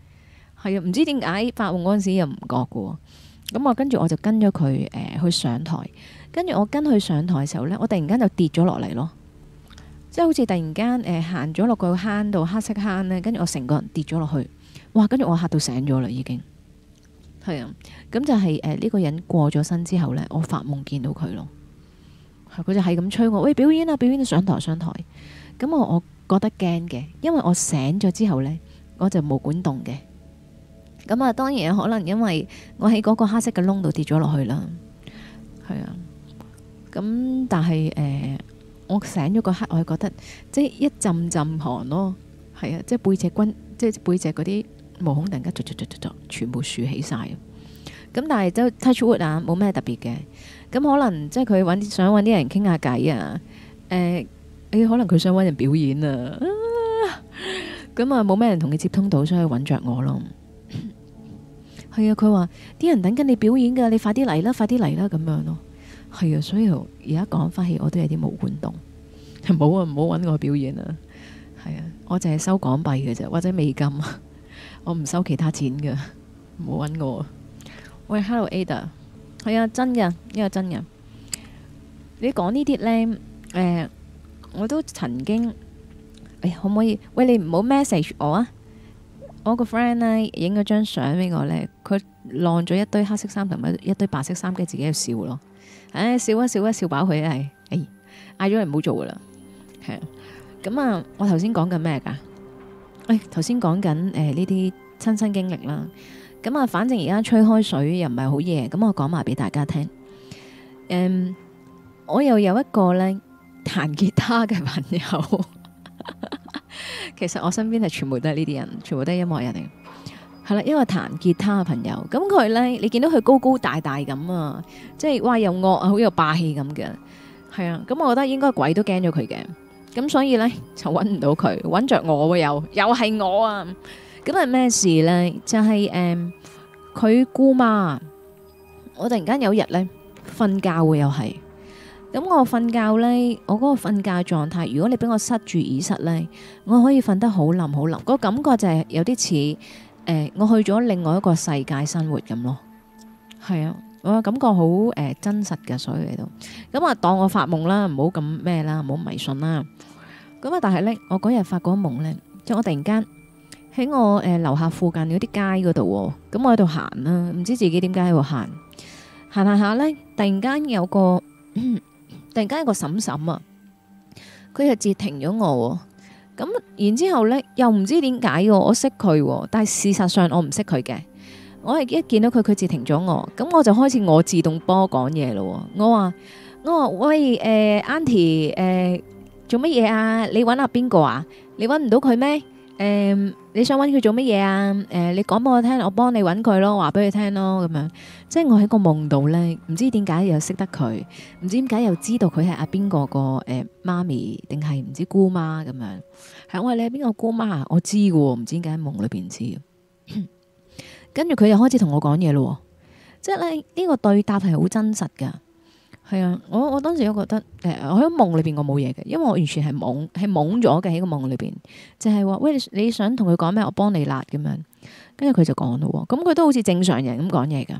係啊，唔知點解發夢嗰陣時又唔覺嘅喎，咁、嗯、我跟住我就跟咗佢誒去上台，跟住我跟佢上台嘅時候呢，我突然間就跌咗落嚟咯，即係好似突然間誒行咗落個坑度，黑色坑咧，跟住我成個人跌咗落去，哇！跟住我嚇到醒咗啦已經，係啊的，咁、嗯、就係誒呢個人過咗身之後呢，我發夢見到佢咯，佢、嗯、就係咁催我，喂，表演啊表演啊，上台、啊、上台，咁、嗯、我我覺得驚嘅，因為我醒咗之後呢，我就冇管動嘅。咁啊、嗯，當然可能因為我喺嗰個黑色嘅窿度跌咗落去啦，係啊。咁、嗯、但係誒、呃，我醒咗個刻，我係覺得即係一陣陣寒咯，係啊，即係背脊骨，即係背脊嗰啲毛孔突然間逐逐逐逐逐全部豎起晒。咁、嗯、但係都 touch wood、嗯、即啊，冇咩特別嘅。咁、欸、可能即係佢想揾啲人傾下偈啊，誒，誒可能佢想揾人表演啊。咁啊，冇、嗯、咩、嗯嗯、人同佢接通到，所以揾着我咯。係啊，佢話啲人等緊你表演噶，你快啲嚟啦，快啲嚟啦，咁樣咯。係啊，所以而家講翻起，我都有啲冇活動。冇啊， 唔好揾我表演啊。係啊，我淨係收港幣嘅啫，或者美金， 我唔收其他錢噶。唔好揾我。喂，Hello Ada，係啊，真嘅，呢個真嘅。你講呢啲呢，誒、呃，我都曾經，可唔可以？喂，你唔好 message 我啊。我個 friend 咧影咗張相俾我咧，佢晾咗一堆黑色衫同埋一堆白色衫，跟住自己去笑咯。唉、哎，笑一笑一笑飽佢啊，係，嗌咗人唔好做噶啦，係啊。咁啊、哎、啊，我頭先講緊咩噶？誒、哎，頭先講緊誒呢啲親身經歷啦。咁啊，反正而家吹開水又唔係好嘢。咁我講埋俾大家聽。嗯，我又有一個咧彈吉他嘅朋友。 其實我身邊係全部都係呢啲人，全部都係音樂人嚟。係啦，因為彈吉他嘅朋友，咁佢呢，你見到佢高高大大咁啊，即係哇又惡啊，好有霸氣咁嘅，係啊，咁我覺得應該鬼都驚咗佢嘅，咁所以呢，就揾唔到佢，揾着我喎又又係我啊，咁係咩事呢？就係、是、誒，佢、呃、姑媽，我突然間有日呢，瞓覺又，又係。咁我瞓覺呢，我嗰個瞓覺狀態，如果你俾我塞住耳塞呢，我可以瞓得好冧好冧，個感覺就係有啲似誒，我去咗另外一個世界生活咁咯。係啊，我感覺好誒真實嘅，所以嚟到咁啊，當我發夢啦，唔好咁咩啦，唔好迷信啦。咁啊，但係呢，我嗰日發嗰個夢呢，即係我突然間喺我誒樓下附近嗰啲街嗰度，咁我喺度行啦，唔知自己點解喺度行行行下呢，突然間有個。突然間一個嬸嬸啊，佢就截停咗我，咁然之後呢，又唔知點解我我識佢，但係事實上我唔識佢嘅，我係一見到佢佢截停咗我，咁我就開始我自動波講嘢咯，我話我話喂誒 Auntie 誒，做乜嘢啊，啊？你揾下邊個啊？你揾唔到佢咩？誒、呃，你想搵佢做乜嘢啊？誒、呃，你講俾我聽，我幫你搵佢咯，話俾佢聽咯，咁樣。即係我喺個夢度呢，唔知點解又識得佢，唔知點解又知道佢係阿邊個個誒媽咪，定係唔知姑媽咁樣。係我話你係邊個姑媽啊？我知噶，唔知點解喺夢裏邊知。跟住佢又開始同我講嘢咯，即係咧呢個對答係好真實噶。係啊，我我當時我覺得，呃、我喺夢裏邊我冇嘢嘅，因為我完全係懵，係懵咗嘅喺個夢裏邊，就係、是、話，喂，你想同佢講咩？我幫你辣咁樣，跟住佢就講咯喎，咁、嗯、佢都好似正常人咁講嘢噶，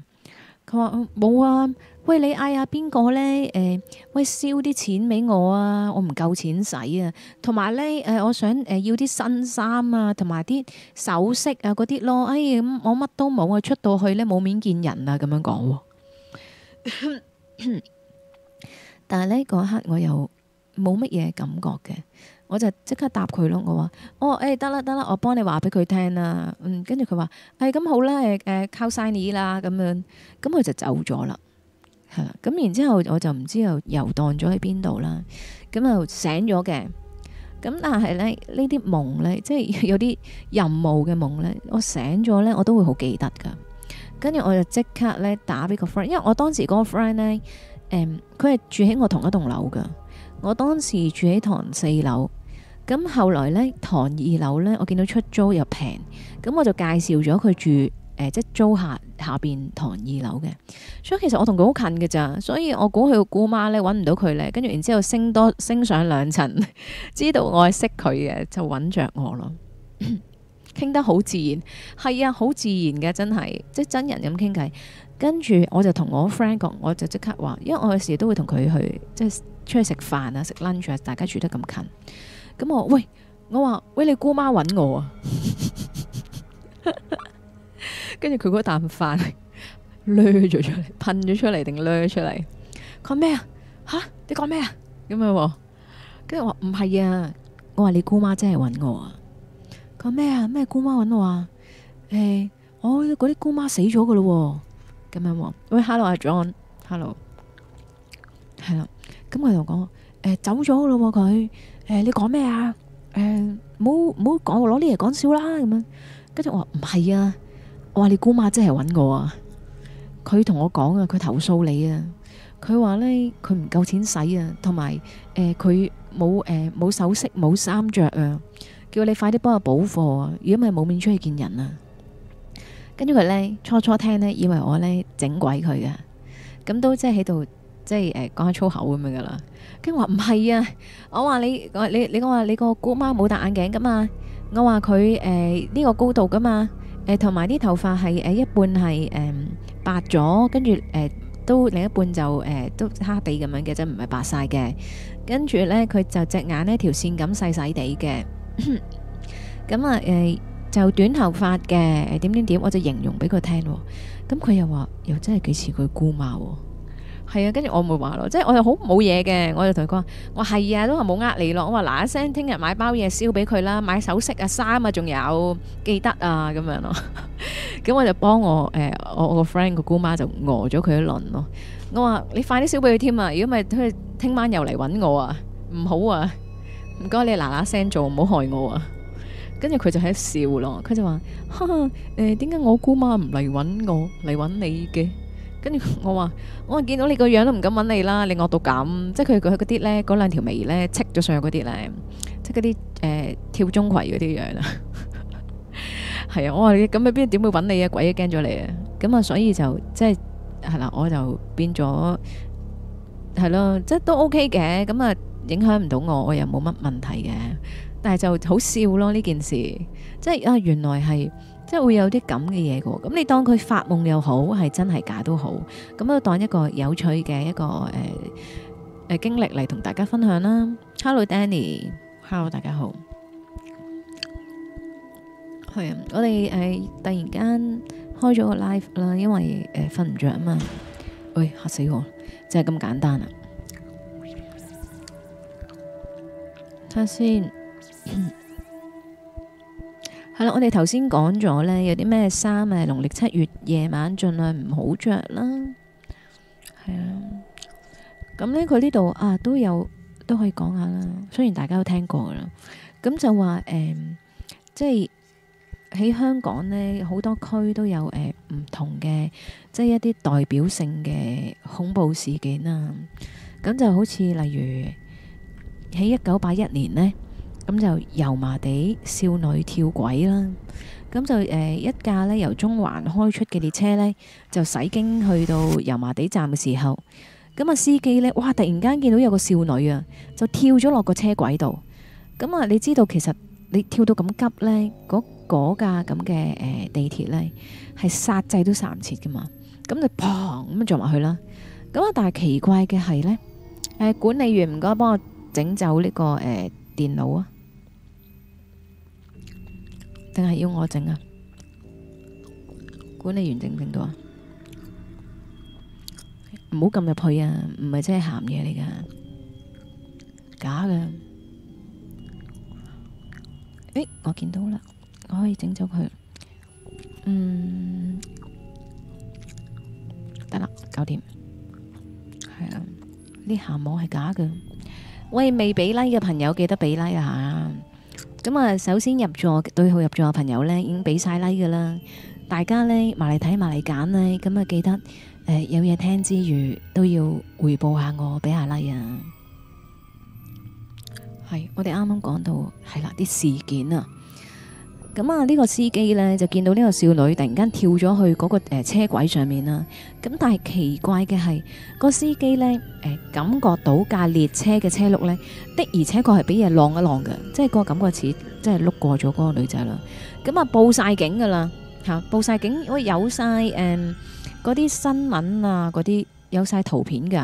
佢話冇啊，喂，你嗌下邊個咧？誒、呃，喂，燒啲錢俾我啊，我唔夠錢使啊，同埋咧，誒、呃，我想誒要啲新衫啊，同埋啲首飾啊嗰啲咯，哎，嗯、我乜都冇啊，出到去咧冇面見人啊，咁樣講喎、啊。 但係呢嗰一刻我又冇乜嘢感覺嘅，我就即刻答佢咯。我話：哦、oh, 欸，誒得啦得啦，我幫你話俾佢聽啦。嗯，跟住佢話：誒、hey, 咁好、欸、啦，誒靠晒你啦咁樣。咁佢就走咗啦，係啦。咁然之後我就唔知又游蕩咗喺邊度啦。咁啊醒咗嘅，咁但係咧呢啲夢咧，即係有啲任務嘅夢咧，我醒咗咧我都會好記得㗎。跟住我就即刻咧打俾個 friend，因為我當時嗰個 friend 咧。佢係、um, 住喺我同一棟樓噶，我當時住喺唐四樓，咁後來呢唐二樓呢，我見到出租又平，咁我就介紹咗佢住誒、呃，即係租客下邊唐二樓嘅，所以其實我同佢好近噶咋，所以我估佢個姑媽呢揾唔到佢咧，跟住然之後升多升上兩層，知道我係識佢嘅，就揾着我咯，傾 得好自然，係啊，好自然嘅，真係即係真人咁傾偈。跟住我就同我 friend 講，我就即刻話，因為我有時都會同佢去，即係出去食飯啊、食 lunch 啊，大家住得咁近。咁我喂，我話喂你姑媽揾我啊，跟住佢嗰啖飯，掠咗出嚟，噴咗出嚟定掠出嚟？佢咩啊？吓，你講咩啊？咁樣，跟住我話唔係啊，我話你姑媽真係揾我啊。佢話咩啊？咩姑媽揾我啊？誒，我嗰啲姑媽死咗噶咯。咁樣喎，喂，Hello，阿 John，Hello，係啦，咁佢同我講，誒、欸，走咗咯，佢，誒、欸，你講咩啊？誒、欸，唔好唔好講，攞啲嘢講笑啦，咁樣，跟住我話唔係啊，我話你姑媽真係揾我啊，佢同我講啊，佢投訴你啊，佢話呢，佢唔夠錢使啊，同埋誒佢冇誒冇首飾冇衫着啊，叫你快啲幫我補貨啊，如果唔係冇面出去見人啊。跟住佢咧，初初聽咧，以為我咧整鬼佢嘅，咁都即係喺度，即係誒講下粗口咁樣噶啦。跟住話唔係啊，我話你，我你你我話你個姑媽冇戴眼鏡噶嘛，我話佢誒呢個高度噶嘛，誒同埋啲頭髮係誒一半係誒白咗，跟住誒都另一半就誒都黑地咁樣嘅啫，唔係白晒嘅。跟住咧，佢就隻眼呢條線咁細細地嘅，咁啊誒。就短頭髮嘅點點點，我就形容俾佢聽喎。咁佢又話又真係幾似佢姑媽喎。係啊，跟住我咪話咯，即係我又好冇嘢嘅，我就同佢講，我係啊都話冇呃你咯。我話嗱嗱聲，聽日買包嘢燒俾佢啦，買首飾啊、衫啊，仲有記得啊咁樣咯。咁我就幫我誒、呃、我個 friend 個姑媽就餓咗佢一輪咯。我話你快啲燒俾佢添啊！如果咪，佢哋聽晚又嚟揾我啊，唔好啊，唔該你嗱嗱聲做，唔好害我啊。跟住佢就喺度笑咯，佢就話：哈，誒，點解我姑媽唔嚟揾我嚟揾你嘅？跟住我話：我見到你個樣都唔敢揾你啦，你惡到咁，即係佢佢嗰啲呢，嗰兩條眉呢，戚咗上嗰啲呢，即係嗰啲誒跳鐘馗嗰啲樣啊。係啊，我話你咁喺邊點會揾你啊？鬼都驚咗你啊！咁啊，所以就即係係啦，我就變咗係咯，即係都 OK 嘅，咁啊影響唔到我，我又冇乜問題嘅。但係就好笑咯呢件事，即係啊原來係即係會有啲咁嘅嘢嘅，咁你當佢發夢又好，係真係假都好，咁都當一個有趣嘅一個誒誒、呃呃、經歷嚟同大家分享啦。Hello Danny，Hello 大家好，係啊，我哋誒、呃、突然間開咗個 live 啦，因為誒瞓唔着啊嘛，喂，嚇死我，就係咁簡單啦，啊，睇下先。係啦，我哋頭先講咗呢，有啲咩衫係農曆七月夜晚盡量唔好着啦。係啊，咁呢佢呢度啊都有都可以講下啦。雖然大家都聽過啦，咁就話誒，即係喺香港呢好多區都有誒唔同嘅，即係一啲代表性嘅恐怖事件啦。咁就好似例如喺一九八一年呢。咁就油麻地少女跳軌啦！咁就誒一架咧由中環開出嘅列車咧，就駛經去到油麻地站嘅時候，咁啊司機咧，哇！突然間見到有個少女啊，就跳咗落個車軌度。咁啊，你知道其實你跳到咁急咧，嗰嗰架咁嘅誒地鐵咧係剎掣都剎唔切噶嘛。咁就砰咁樣撞埋去啦。咁啊，但係奇怪嘅係咧，誒管理員唔該幫我整走呢個誒電腦啊！定係要我整啊？管理員整唔整到啊？唔好撳入去啊！唔係真係鹹嘢嚟噶，假嘅。誒、欸，我見到啦，我可以整走佢。嗯，得啦，搞掂。係啊，呢鹹網係假嘅。喂，未俾 like 嘅朋友記得俾 like 啊！咁啊，首先入座，對號入座嘅朋友呢，已經畀晒 like 㗎喇。大家呢，埋嚟睇，埋嚟揀呢。咁啊，記得誒、呃，有嘢聽之餘都要回報下我，畀下 like 啊。係，我哋啱啱講到係啦，啲事件啊。咁啊！呢個司機呢，就見到呢個少女突然間跳咗去嗰、那個誒、呃、車軌上面啦。咁但係奇怪嘅係，個司機呢誒、呃、感覺到架列車嘅車轆呢，的而且確係俾嘢浪一浪嘅，即係個感覺似即係碌過咗嗰個女仔啦。咁、嗯、啊報晒警噶啦吓，報晒警我、啊、有晒誒嗰啲新聞啊，嗰啲有晒圖片噶。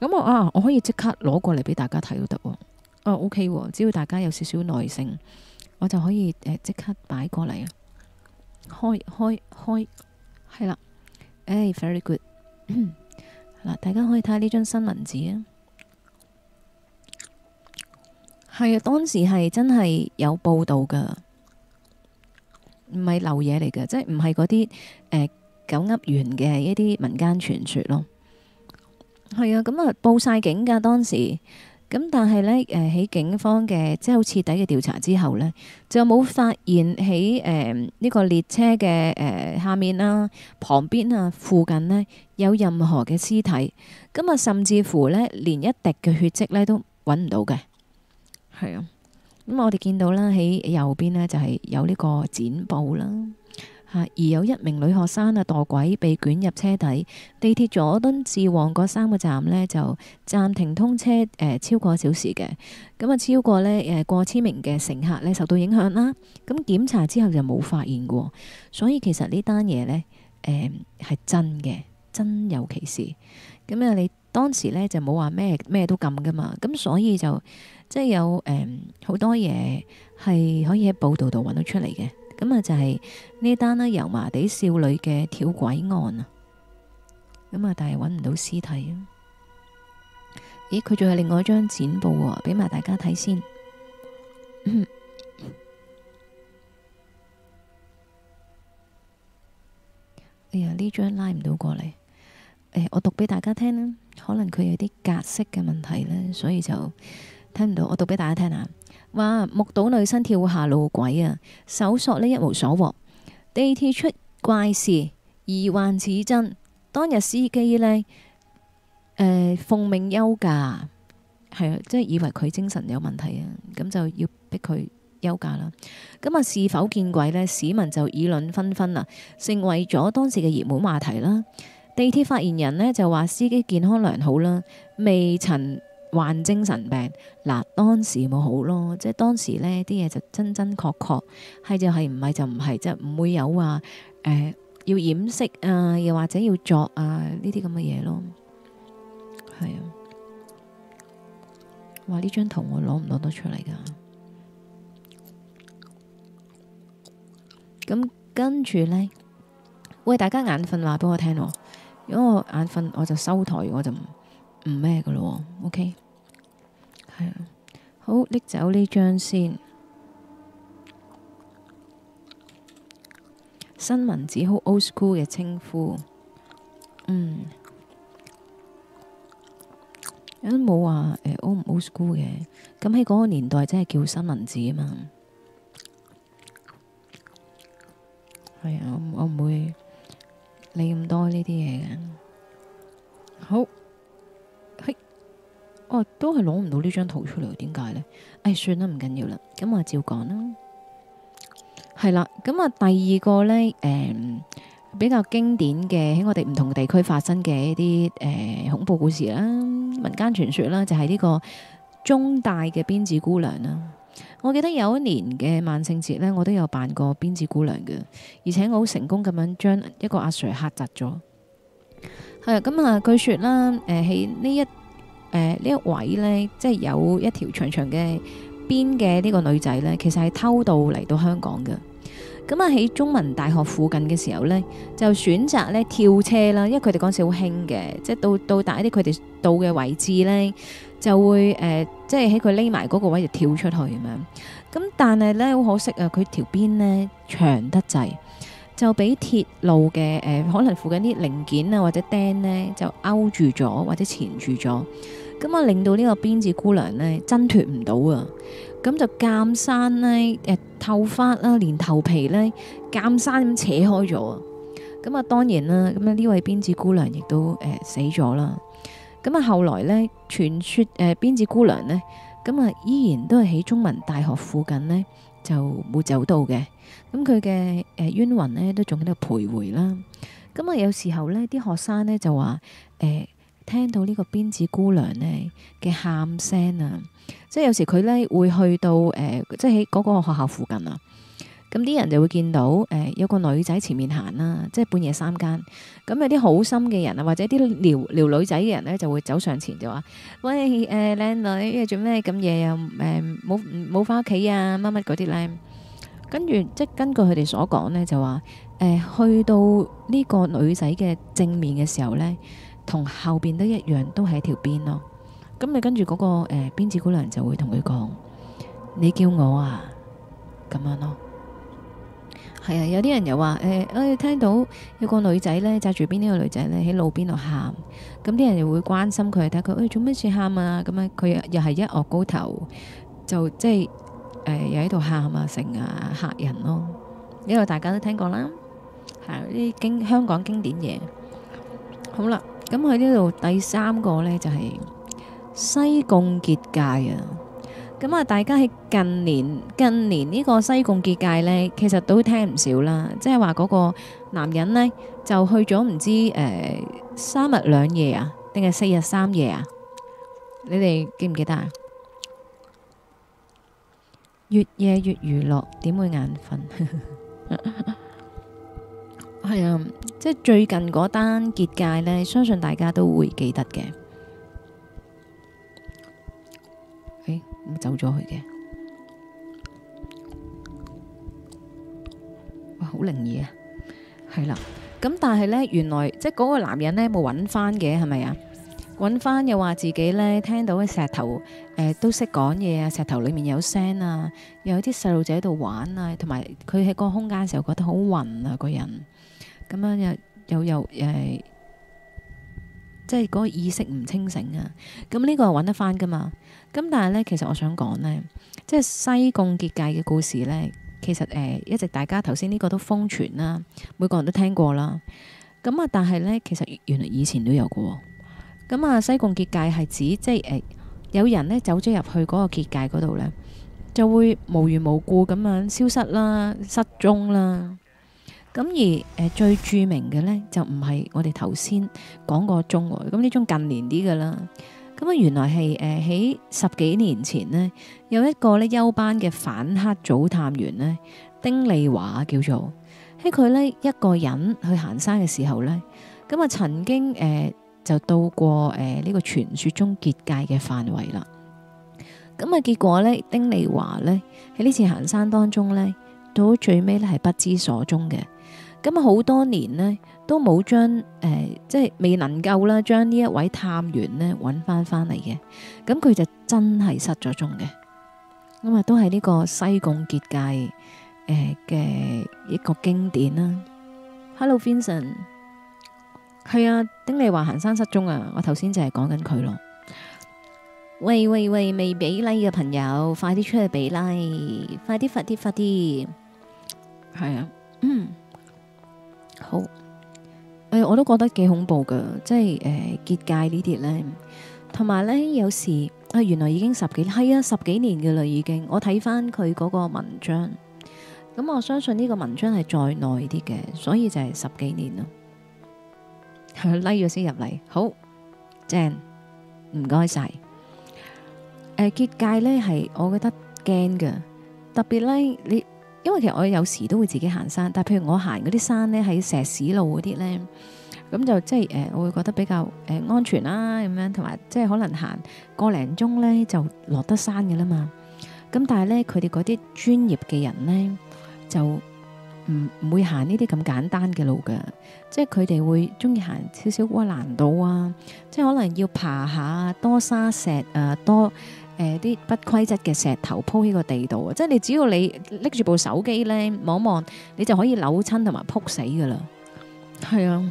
咁、嗯、我啊我可以即刻攞過嚟俾大家睇都得。哦、啊、OK，只要大家有少少耐性。我就可以誒即、呃、刻擺過嚟，開開開，係啦，哎 Hey ,，very good，嗱， 大家可以睇下呢張新聞紙啊，係啊，當時係真係有報道㗎，唔係流嘢嚟㗎，即係唔係嗰啲誒狗噏完嘅一啲民間傳説咯，係啊，咁、嗯、啊報晒警㗎當時。咁但係咧，誒喺警方嘅即係好徹底嘅調查之後咧，就冇發現喺誒呢個列車嘅誒、呃、下面啦、旁邊啊、附近呢有任何嘅屍體，咁啊甚至乎咧連一滴嘅血跡咧都揾唔到嘅。係啊，咁我哋見到啦喺右邊咧就係有呢個剪報啦。嚇！而有一名女學生啊墮軌，被捲入車底。地鐵佐敦至旺角嗰三個站呢，就暫停通車，誒、呃、超過一小時嘅。咁啊，超過呢，誒、呃、過千名嘅乘客呢，受到影響啦。咁檢查之後就冇發現過，所以其實呢單嘢呢，誒、呃、係真嘅，真有其事。咁啊，你當時呢，就冇話咩咩都禁㗎嘛，咁所以就即係有誒好、呃、多嘢係可以喺報道度揾到出嚟嘅。咁啊，就係呢單呢油麻地少女嘅跳軌案啊，咁啊，但係揾唔到屍體啊。咦，佢仲有另外一張剪報喎，俾埋大家睇先。 哎呀，呢張拉唔到過嚟。誒、哎，我讀俾大家聽啦，可能佢有啲格式嘅問題呢，所以就聽唔到。我讀俾大家聽啊。話目睹女生跳下路軌啊，搜索呢一無所獲。地鐵出怪事，疑幻似真。當日司機呢誒、呃、奉命休假，係啊，即係以為佢精神有問題啊，咁就要逼佢休假啦。咁啊，是否見鬼呢？市民就議論紛紛啊，成為咗當時嘅熱門話題啦。地鐵發言人呢就話司機健康良好啦，未曾。患精神病嗱、啊，當時冇好咯，即係當時呢啲嘢就真真確確係就係唔係就唔係，即係唔會有話、啊、誒、呃、要掩飾啊，又或者要作啊呢啲咁嘅嘢咯，係啊。哇！呢張圖我攞唔攞得出嚟噶？咁跟住呢，喂，大家眼瞓話俾我聽咯，如果我眼瞓，我就收台，我就。唔咩嘅咯，OK，係啊，好拎走呢張先。新聞紙好 old school 嘅稱呼，嗯，都冇話誒 old 唔 old school 嘅，咁喺嗰個年代真係叫新聞紙啊嘛。係啊，我我唔會理咁多呢啲嘢嘅，好。哦，都係攞唔到呢張圖出嚟，點解呢？唉、哎，算啦，唔緊要啦，咁我照講啦，係啦。咁啊，第二個呢，誒、呃，比較經典嘅喺我哋唔同地區發生嘅一啲誒、呃、恐怖故事啦、民間傳說啦，就係、是、呢個中大嘅辮子姑娘啦。我記得有一年嘅萬聖節呢，我都有扮過辮子姑娘嘅，而且我好成功咁樣將一個阿 Sir 吓窒咗。係啊，咁啊，據說啦，誒、呃，喺呢一。誒，呢、呃、一位咧，即係有一條長長嘅邊嘅呢個女仔咧，其實係偷渡嚟到香港嘅。咁啊，喺中文大學附近嘅時候咧，就選擇咧跳車啦。因為佢哋嗰時好興嘅，即係到到達一啲佢哋到嘅位置咧，就會誒、呃，即係喺佢匿埋嗰個位就跳出去咁樣。咁但係咧，好可惜啊，佢條邊咧長得滯，就俾鐵路嘅誒、呃，可能附近啲零件啊或者釘咧就勾住咗，或者纏住咗。咁啊，令到呢個辮子姑娘呢，掙脫唔到啊！咁就鑒山呢，誒、呃、頭髮啦，連頭皮呢，鑒山咁扯開咗啊！咁啊，當然啦，咁啊，呢位辮子姑娘亦都誒、呃、死咗啦。咁啊，後來呢，傳說誒辮子姑娘呢，咁啊，依然都係喺中文大學附近呢，就冇走到嘅。咁佢嘅誒冤魂呢，都仲喺度徘徊啦。咁啊，有時候呢啲學生呢，就話誒。呃聽到呢個辮子姑娘咧嘅喊聲啊，即係有時佢呢會去到誒、呃，即係喺嗰個學校附近啊。咁、嗯、啲人就會見到誒、呃、有個女仔前面行啦、啊，即係半夜三更咁、嗯、有啲好心嘅人啊，或者啲撩撩、撩女仔嘅人呢，就會走上前就話：喂誒，靚、呃、女，做咩咁夜又誒冇冇翻屋企啊？乜乜嗰啲呢？跟、跟住即根據佢哋所講呢，就話誒、呃、去到呢個女仔嘅正面嘅時候呢。」同後邊都一樣，都係一條辮咯。咁、嗯、你跟住嗰、那個誒辮、呃、子姑娘就會同佢講：你叫我啊咁樣咯。係啊，有啲人又話誒，我、呃哎、聽到有個女仔呢，揸住辮呢個女仔呢喺路邊度喊，咁、嗯、啲人又會關心佢，睇佢誒做咩事喊啊？咁樣佢又又係一惡高頭，就即係誒、呃、又喺度喊啊，成啊嚇人咯。呢度大家都聽過啦，係啲經香港經典嘢。好啦。咁喺呢度第三個呢就係西貢結界啊！咁啊，大家喺近年近年呢個西貢結界呢，其實都聽唔少啦。即係話嗰個男人呢，就去咗唔知誒三日兩夜啊，定係四日三夜啊？你哋記唔記得啊？越夜越娛樂，點會眼瞓？係啊，即係最近嗰單結界咧，相信大家都會記得嘅。誒，走咗去嘅，哇，好靈異啊！係啦，咁但係咧，原來即係嗰個男人咧冇揾翻嘅，係咪啊？揾翻又話自己咧聽到嘅石頭誒都識講嘢啊，石頭裏面有聲啊，又有啲細路仔喺度玩啊，同埋佢喺個空間嘅時候覺得好暈啊，個人。咁樣又又又誒，即係嗰個意識唔清醒啊！咁呢個揾得翻噶嘛？咁但係呢，其實我想講呢，即係西貢結界嘅故事呢，其實誒、呃、一直大家頭先呢個都封存啦，每個人都聽過啦。咁啊，但係呢，其實原來以前都有嘅、喔。咁、嗯、啊，西貢結界係指即係誒、呃、有人呢走咗入去嗰個結界嗰度呢，就會無緣無故咁樣消失啦、失蹤啦。咁而誒、呃，最著名嘅咧就唔係我哋頭先講過鍾，咁呢種近年啲嘅啦。咁、嗯、啊，原來係誒喺十幾年前呢，有一個咧休班嘅反黑組探員咧，丁利華叫做喺佢咧一個人去行山嘅時候咧，咁、嗯、啊曾經誒、呃、就到過誒呢、呃這個傳說中結界嘅範圍啦。咁、嗯、啊、嗯，結果咧，丁利華咧喺呢次行山當中咧，到最尾咧係不知所蹤嘅。咁啊，好多年呢都冇將誒、呃，即係未能夠啦，將呢一位探員咧搵翻翻嚟嘅。咁佢就真係失咗蹤嘅。咁啊，都係呢個西貢結界嘅、呃、一個經典啦。Hello，Vincent，係啊，丁利華行山失蹤啊，我頭先就係講緊佢咯。喂喂喂，未俾 like 嘅朋友，快啲出去俾禮、like，快啲快啲快啲。係啊，嗯。好誒、哎，我都覺得幾恐怖噶，即係誒、呃、結界呢啲咧，同埋咧有時啊、哎，原來已經十幾，係啊，十幾年嘅啦已經。我睇翻佢嗰個文章，咁我相信呢個文章係再耐啲嘅，所以就係十幾年咯。佢拉咗先入嚟，好正，唔該晒。誒、呃，結界咧係我覺得驚噶，特別咧你。因為其實我有時都會自己行山，但譬如我行嗰啲山咧，喺石屎路嗰啲咧，咁就即係誒、呃，我會覺得比較誒、呃、安全啦、啊，咁樣同埋即係可能行個零鐘咧就落得山噶啦嘛。咁但係咧，佢哋嗰啲專業嘅人咧就唔唔會行呢啲咁簡單嘅路噶，即係佢哋會中意行少少困難度啊，即係可能要爬下多沙石啊。多。誒，啲、呃、不規則嘅石頭鋪喺個地度，啊！即係你只要你拎住部手機咧望一望，你就可以扭親同埋仆死噶啦。係啊，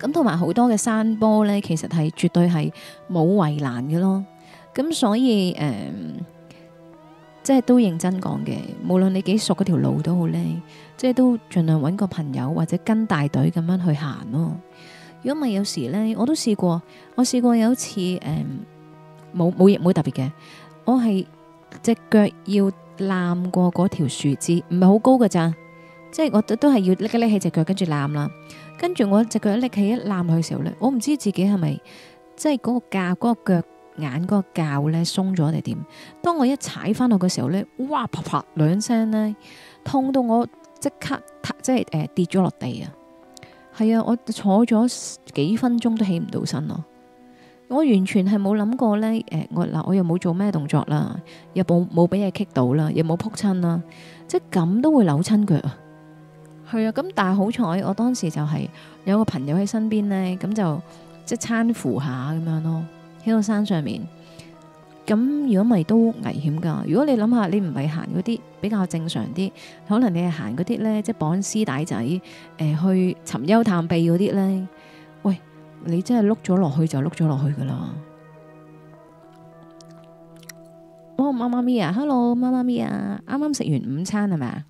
咁同埋好多嘅山坡咧，其實係絕對係冇圍欄嘅咯。咁所以誒、呃，即係都認真講嘅，無論你幾熟嗰條路都好咧，即係都盡量搵個朋友或者跟大隊咁樣去行咯。如果咪有時咧，我都試過，我試過有一次誒。呃冇冇嘢，冇特別嘅。我係隻腳要攬過嗰條樹枝，唔係好高㗎咋，即係我都都係要拎起隻腳，跟住攬啦。跟住我隻腳一拎起一攬佢嘅時候咧，我唔知自己係咪即係嗰個架、嗰、嗰個腳眼個、嗰個架咧鬆咗定係點。當我一踩翻落嘅時候咧，哇啪啪兩聲咧，痛到我即刻即係誒、呃、跌咗落地啊！係啊，我坐咗幾分鐘都起唔到身咯。我完全係冇諗過咧，誒、呃，我嗱我又冇做咩動作啦，又冇冇俾嘢棘到啦，又冇撲親啦，即係咁都會扭親腳，係啊，咁但係好彩，我當時就係有個朋友喺身邊咧，咁就即係攙扶下咁樣咯，喺個山上面。咁如果咪都危險噶，如果你諗下，你唔係行嗰啲比較正常啲，可能你係行嗰啲咧，即係綁絲帶仔，誒、呃，去尋幽探秘嗰啲咧。你真係碌咗落去就碌咗落去噶啦！我媽媽咪啊，hello 媽媽咪啊，啱啱食完午餐係咪啊？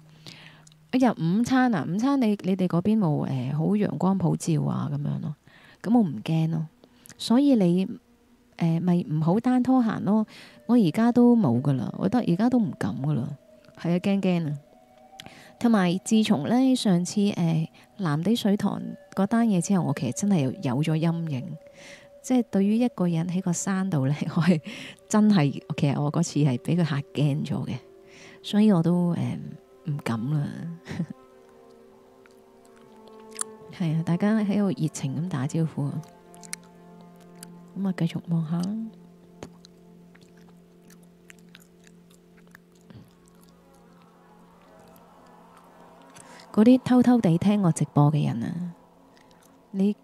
一日、哎、午餐啊，午餐你你哋嗰邊冇誒，好陽光普照啊咁樣咯，咁我唔驚咯。所以你誒咪唔好單拖行咯。我而家都冇噶啦，我覺得而家都唔敢噶啦。係啊，驚驚啊！同埋自從咧上次誒，呃藍地水塘嗰單嘢之後，我其實真係有咗陰影，即係對於一個人喺個山度咧，我係真係，其實我嗰次係俾佢嚇驚咗嘅，所以我都誒唔敢啦。係 啊，大家喺度熱情咁打招呼啊，咁啊繼續望下。嗰啲偷偷哋聽我直播嘅人啊，你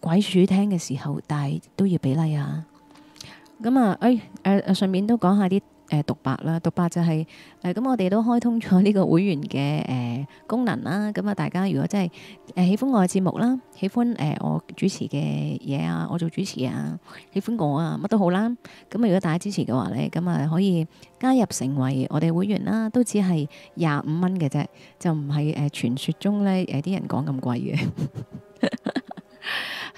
鬼鼠聽嘅時候，但係都要俾例、like 啊！咁、哎、啊，誒、呃、誒，順便都講下啲誒獨白啦，獨白就係誒咁，呃、我哋都開通咗呢個會員嘅誒、呃、功能啦。咁、呃、啊，大家如果真係誒喜歡我嘅節目啦，喜歡誒、呃、我主持嘅嘢啊，我做主持啊，喜歡我啊，乜都好啦。咁、呃、啊，如果大家支持嘅話咧，咁、呃、啊可以加入成為我哋會員啦，都只係廿五蚊嘅啫，就唔係誒傳説中咧誒啲人講咁貴嘅。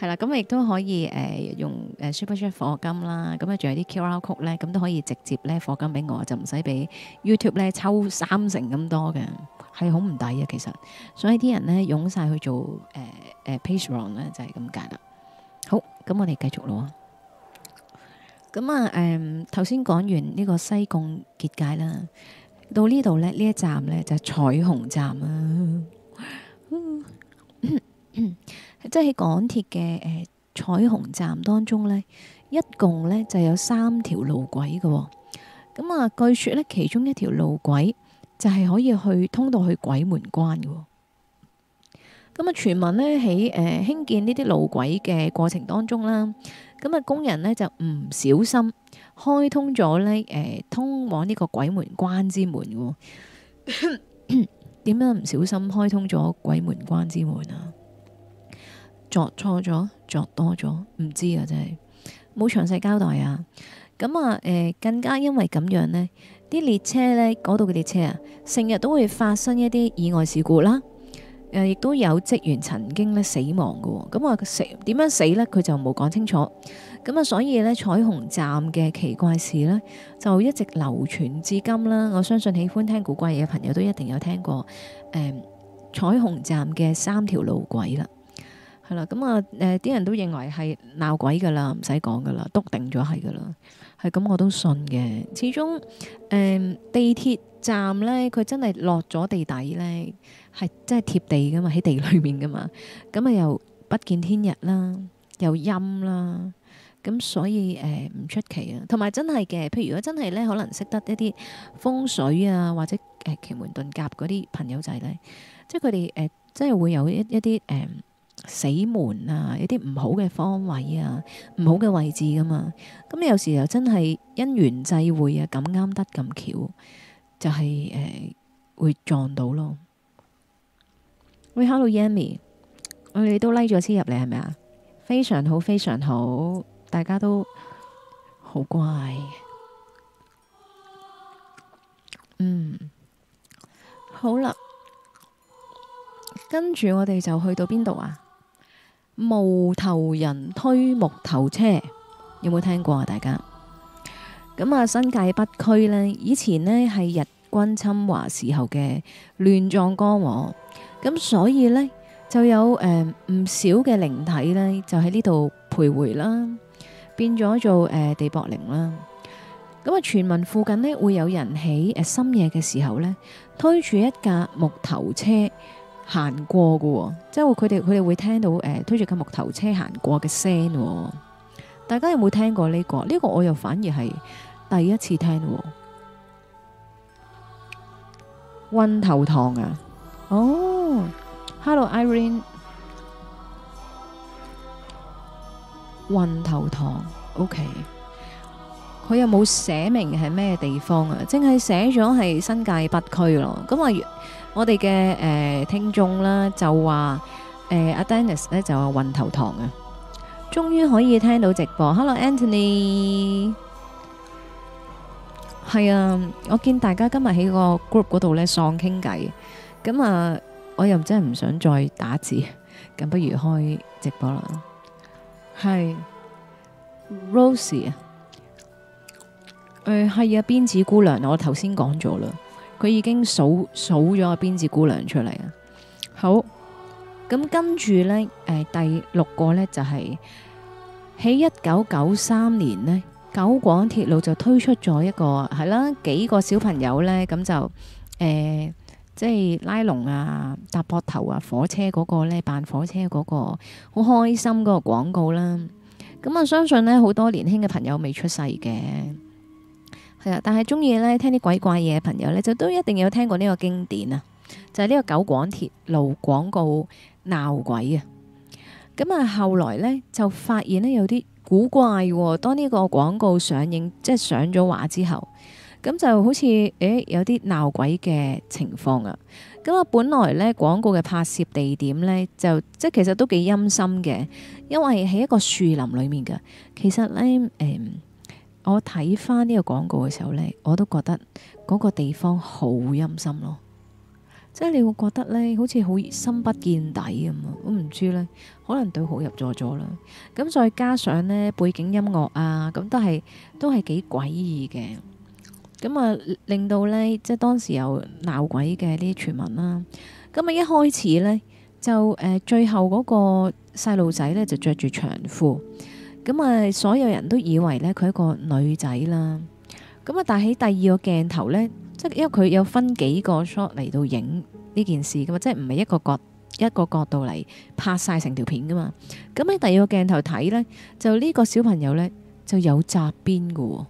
係啦，咁亦都可以誒、呃、用誒 Super Chat 課金啦，咁啊仲有啲 QR code 咧、啊，咁都可以直接咧課金俾我，就唔使俾 YouTube 咧、啊、抽三成咁多嘅，係好唔抵啊！其實、啊，所以啲人咧湧晒去做誒誒 Patreon 咧，啊啊 Patreon、就係咁解啦。好，咁我哋繼續咯。咁啊，誒頭先講完呢個西貢結界啦，到呢度咧呢一站咧就係、彩虹站啦。呵呵 即係喺港鐵嘅誒彩虹站當中咧，一共咧就有三條路軌㗎喎。咁啊，據說咧，其中一條路軌就係可以去通到去鬼門關㗎喎。咁啊，傳聞咧喺誒興建呢啲路軌嘅過程當中啦，咁啊工人咧就唔小心開通咗咧誒通往呢個鬼門關之門喎。點樣唔小心開通咗鬼門關之門啊？作錯咗，作多咗，唔知啊，真係冇詳細交代啊。咁啊，誒、呃、更加因為咁樣呢啲列車呢，嗰度嘅列車啊，成日都會發生一啲意外事故啦。誒、呃，亦都有職員曾經呢死亡嘅喎、哦。咁、嗯、啊，係點樣死呢？佢就冇講清楚。咁啊，所以呢，彩虹站嘅奇怪事呢，就一直流傳至今啦。我相信喜歡聽古怪嘢嘅朋友都一定有聽過、呃、彩虹站嘅三條路軌啦。啦，咁啊、嗯，誒、嗯、啲人都認為係鬧鬼㗎啦，唔使講㗎啦，篤定咗係㗎啦，係咁我都信嘅。始終誒、嗯、地鐵站咧，佢真係落咗地底咧，係真係貼地㗎嘛，喺地裏面㗎嘛，咁、嗯、啊又不見天日啦，又陰啦，咁、嗯、所以誒唔出奇啊。同埋真係嘅，譬如如果真係咧，可能識得一啲風水啊，或者誒、呃、奇門遁甲嗰啲朋友仔咧，即係佢哋誒，即係會有一一啲誒。死門啊，有一啲唔好嘅方位啊，唔好嘅位置噶嘛。咁有時又真係因緣際會啊，咁啱得咁巧，就係、是、誒、呃、會撞到咯。喂，Hello Yamy，我哋都拉咗車入嚟係咪啊？非常好，非常好，大家都好乖。嗯，好啦，跟住我哋就去到邊度啊？木頭人推木頭車有冇聽過啊？大家咁啊，新界北區呢，以前呢係日軍侵華時候嘅亂葬崗喎，咁所以呢就有誒唔、呃、少嘅靈體呢就喺呢度徘徊啦，變咗做誒、呃、地縛靈。啦咁啊，傳聞附近呢會有人喺深夜嘅時候呢推住一架木頭車。行過嘅，即係佢哋佢哋會聽到誒、呃、推住個木頭車行過嘅聲、哦。大家有冇聽過呢、這個？呢、這個我又反而係第一次聽、哦。雲頭塘啊，哦，Hello，Irene，雲頭塘，OK，佢又冇寫明係咩地方啊？淨係寫咗係新界北區咯。咁我。我哋嘅誒聽眾啦，就話誒 Adonis、呃、咧就話混頭堂啊，終於可以聽到直播。 Hello Anthony，係 啊，我見大家今日喺個 group 嗰度咧喪傾偈，咁啊，我又真係唔想再打字，咁不如開直播啦。係，Rosie、呃、啊，誒係啊，辮子姑娘，我頭先講咗啦。佢已經數數咗個辮子姑娘出嚟啊！好，咁跟住呢誒、呃、第六個呢，就係喺一九九三年呢，九廣鐵路就推出咗一個係啦，幾個小朋友呢，咁就誒、呃，即係拉龍啊、搭膊頭啊、火車嗰個呢，扮火車嗰、嗰個好開心嗰個廣告啦。咁啊，相信呢，好多年輕嘅朋友未出世嘅。係啊，但係中意咧，聽啲鬼怪嘢嘅朋友咧，就都一定要聽過呢個經典啊，就係、是、呢個九廣鐵路廣告鬧鬼啊。咁、嗯、啊，後來咧就發現咧有啲古怪、啊。當呢個廣告上映，即係上咗畫之後，咁就好似誒、欸、有啲鬧鬼嘅情況啊。咁、嗯、啊，本來咧廣告嘅拍攝地點咧就即係其實都幾陰森嘅，因為喺一個樹林裏面嘅。其實咧誒。嗯我睇翻呢個廣告嘅時候呢，我都覺得嗰個地方好陰森咯，即係你會覺得呢，好似好深不見底咁啊！我唔知呢，可能對號入座咗啦。咁再加上呢，背景音樂啊，咁都係都係幾詭異嘅。咁啊，令到呢，即係當時有鬧鬼嘅啲傳聞啦。咁啊，一開始呢，就誒、呃，最後嗰個細路仔呢，就着住長褲。咁啊，所有人都以為咧佢係一個女仔啦。咁啊，但喺第二個鏡頭咧，即係因為佢有分幾個 shot 嚟到影呢件事噶嘛，即係唔係一個角一個角度嚟拍晒成條片噶嘛。咁喺第二個鏡頭睇咧，就呢個小朋友咧就有紮辮噶喎。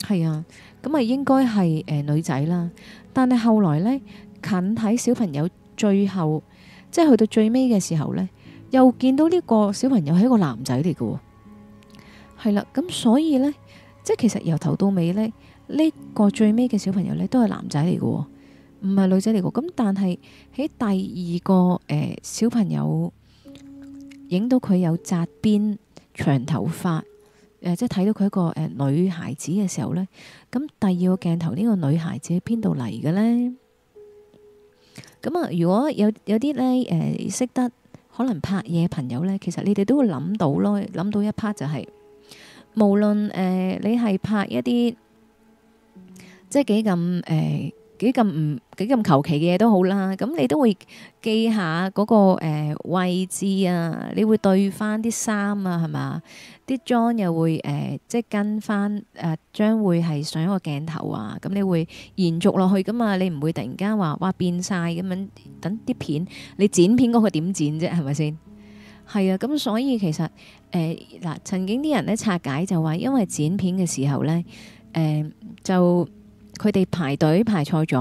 係啊，咁啊應該係誒女仔啦。但係後來咧，近睇小朋友最後，即係去到最尾嘅時候咧。又見到呢個小朋友係一個男仔嚟嘅，係啦，咁所以呢，即係其實由頭到尾呢，呢、這個最尾嘅小朋友呢，都係男仔嚟嘅，唔係女仔嚟嘅。咁但係喺第二個誒、呃、小朋友影到佢有紮辮長頭髮、呃，即係睇到佢一個誒、呃、女孩子嘅時候呢，咁第二個鏡頭呢、這個女孩子喺邊度嚟嘅呢？咁啊，如果有有啲呢，誒、呃、識得。可能拍嘢嘅朋友咧，其實你哋都會諗到咯，諗到一 part 就係、是，無論誒、呃、你係拍一啲即係幾咁誒。呃幾咁唔幾咁求其嘅嘢都好啦，咁你都會記下嗰、那個、呃、位置啊，你會對翻啲衫啊，係咪？啲妝又會誒、呃，即係跟翻誒、呃，將會係上一個鏡頭啊，咁你會延續落去㗎嘛？你唔會突然間話「哇變晒」咁樣，等啲片你剪片嗰個點剪啫，係咪先？係啊，咁所以其實誒嗱、呃，曾經啲人咧拆解就話，因為剪片嘅時候咧，誒、呃、就。佢哋排隊排錯咗，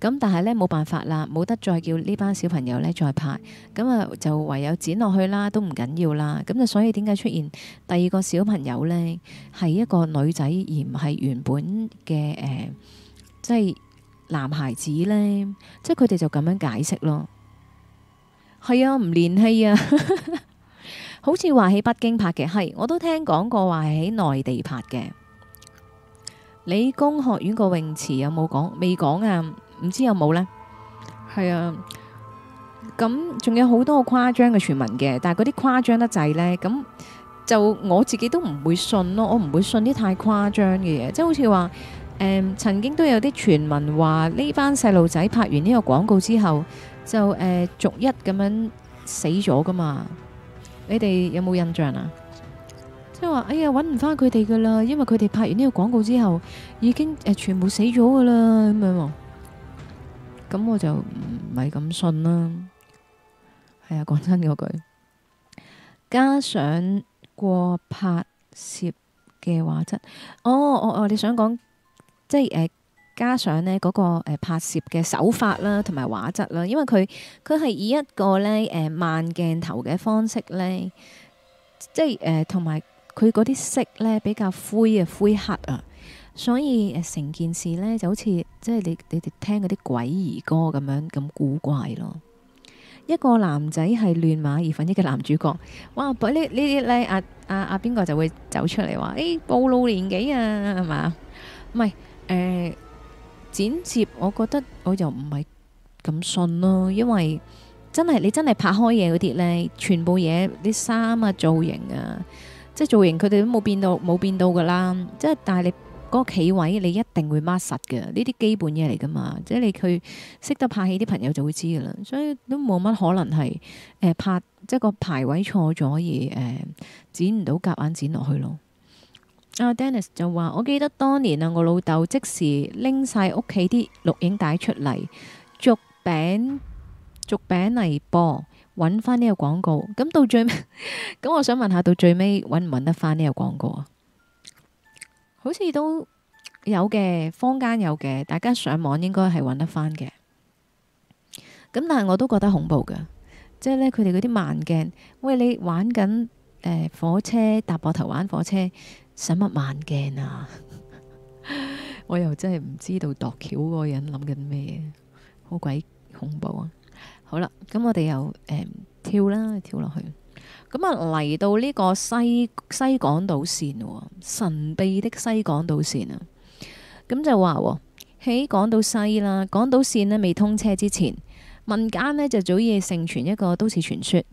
咁但係呢冇辦法啦，冇得再叫呢班小朋友呢再拍，咁啊就唯有剪落去啦，都唔緊要啦。咁就所以點解出現第二個小朋友呢？係一個女仔，而唔係原本嘅、呃、即係男孩子呢，即係佢哋就咁樣解釋咯。係啊，唔連戲啊， 好似話喺北京拍嘅，係，我都聽講過話係喺內地拍嘅。理工學院個泳池有冇講？未講啊，唔知有冇呢？係是啊、嗯，咁仲有好多個誇張嘅傳聞嘅，但係嗰啲誇張得滯呢，咁、嗯、就我自己都唔會信咯，我唔會信啲太誇張嘅嘢，即係好似話，誒、嗯，曾經都有啲傳聞話呢班細路仔拍完呢個廣告之後就誒、嗯、逐一咁樣死咗噶嘛，你哋有冇印象啊？即係話，哎呀，搵唔返佢哋噶啦，因為佢哋拍完呢個廣告之後，已經誒、呃、全部死咗噶啦，咁樣，咁我就唔係咁信啦。係、哎、啊，講真嗰句，加上過拍攝嘅畫質，哦哦哦，你想講，即係誒、呃，加上呢、那、嗰個誒、呃、拍攝嘅手法啦，同埋畫質啦，因為佢佢係以一個呢誒、呃、慢鏡頭嘅方式呢，即係誒同埋。呃佢嗰啲色呢，比較灰啊，灰黑啊，所以、呃、成件事呢，就好似即係你你哋聽嗰啲鬼兒歌咁樣咁古怪咯。一個男仔係亂馬二分一嘅男主角，哇！你呢呢啲呢？阿阿阿邊個就會走出嚟話：誒、欸、暴露年紀啊，係嘛？唔係誒剪接，我覺得我又唔係咁信咯，因為真係你真係拍開嘢嗰啲呢，全部嘢啲衫啊、造型啊。即係造型，佢哋都冇變到冇變到㗎啦。即係但係你個企位，你一定會抹實嘅。呢啲基本嘢嚟㗎嘛。即係你佢識得拍戲啲朋友就會知㗎啦。所以都冇乜可能係誒、呃、拍即係個排位錯咗而誒、呃、剪唔到夾硬剪落去咯。阿、啊、Dennis 就話：我記得當年啊，我老豆即時拎晒屋企啲錄影帶出嚟，逐餅逐餅嚟播。揾翻呢個廣告咁到最尾，咁，我想問下到最尾揾唔揾得翻呢個廣告啊？好似都有嘅，坊間有嘅，大家上網應該係揾得翻嘅。咁但係我都覺得恐怖噶，即係呢，佢哋嗰啲慢鏡，喂你玩緊誒火車搭膊頭玩火車，使乜慢鏡啊？ 我又真係唔知道度橋嗰個人諗緊咩，好鬼恐怖啊！好啦，咁我哋又誒跳啦，跳落去，咁啊嚟到呢個西西港島線喎，神秘的西港島線啊，咁就話喎，喺港島西啦，港島線呢，未通車之前，民間呢就早已盛傳一個都市傳說，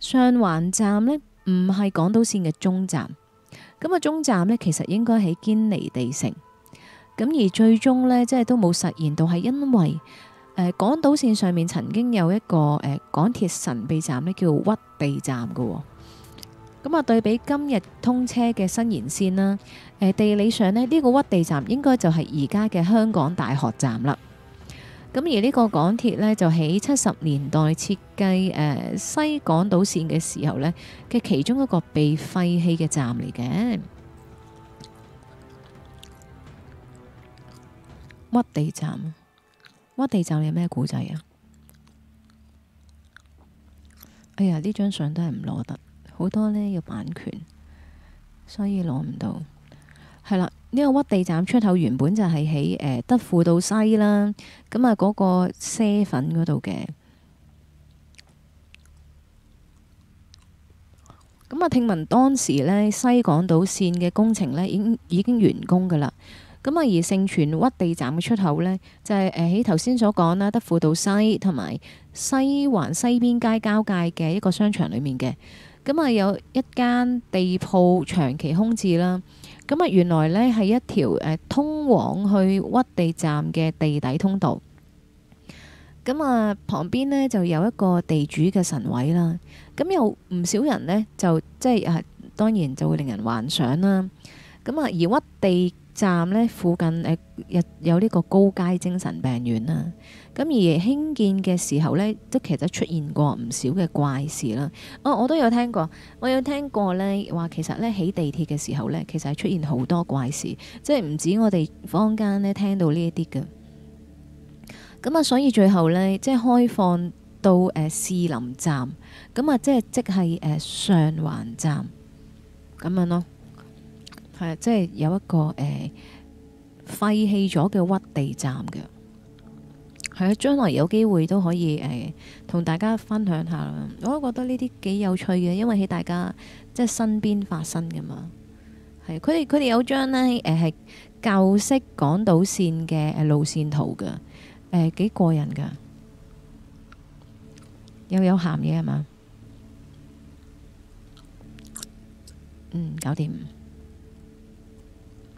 上環站呢，唔係港島線嘅中站，咁啊中站呢，其實應該喺堅尼地城，咁而最終呢，即係都冇實現到，係因為。呃、港島線上面曾經有一個誒、呃、港鐵神秘站咧，叫屈地站嘅喎、哦。咁啊，對比今日通車嘅新延線啦、呃，地理上咧，呢、呢個屈地站應該就係而家嘅香港大學站啦。咁而呢個港鐵呢，就喺七十年代設計、呃、西港島線嘅時候呢嘅其中一個被廢棄嘅站嚟嘅。屈地站。屈地站有咩古仔啊？哎呀，呢張相都係唔攞得，好多呢要版權，所以攞唔到。係啦，呢、這個屈地站出口原本就係喺誒德富道西啦，咁啊嗰個啡粉嗰度嘅。咁、嗯、啊，聽聞當時咧西港島線嘅工程咧，已經已經完工噶啦咁啊，而盛傳屈地站嘅出口呢，就係誒喺頭先所講啦，德輔道西同埋西環西邊街交界嘅一個商場裏面嘅。咁、呃、啊，有一間地鋪長期空置啦。咁、呃、啊，原來呢係一條誒、呃、通往去屈地站嘅地底通道。咁、呃、啊，旁邊呢，就有一個地主嘅神位啦。咁、呃、有唔少人呢，就即係啊、呃，當然就會令人幻想啦。咁、呃、啊，而屈地站呢附近誒有呢個高街精神病院啦，咁而興建嘅時候呢，都其實出現過唔少嘅怪事啦。哦，我都有聽過，我有聽過呢話，其實呢起地鐵嘅時候呢，其實係出現好多怪事，即係唔止我哋坊間呢聽到呢一啲嘅。咁啊，所以最後呢，即係開放到誒士林站，咁啊，即係即係誒上環站咁樣咯。係，即係有一個誒廢棄咗嘅屈地站嘅，係啊，將來有機會都可以誒、呃、同大家分享下啦。哦、我都覺得呢啲幾有趣嘅，因為喺大家即係身邊發生噶嘛係，佢哋佢哋有張呢，誒、呃、係舊式港島線嘅路線圖嘅，誒、呃、幾過人噶，又有，有鹹嘢係嘛？嗯，搞掂。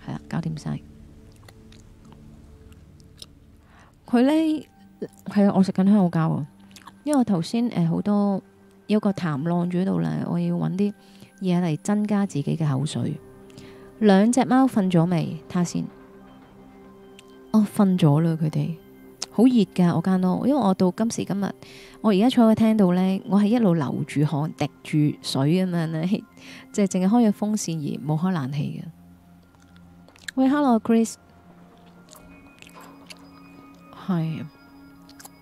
係啦，搞掂晒佢呢，係啊，我食緊香口膠啊，因為頭先誒好多有個痰浪住喺度啦，我要搵啲嘢嚟增加自己嘅口水。兩隻貓瞓咗未？睇下先哦，瞓咗啦，佢哋好熱噶我間屋，因為我到今時今日，我而家坐喺個廳度呢，我係一路流住汗，滴住水咁樣呢，即係淨係開咗風扇而冇開冷氣嘅。喂，Hello，Chris，係，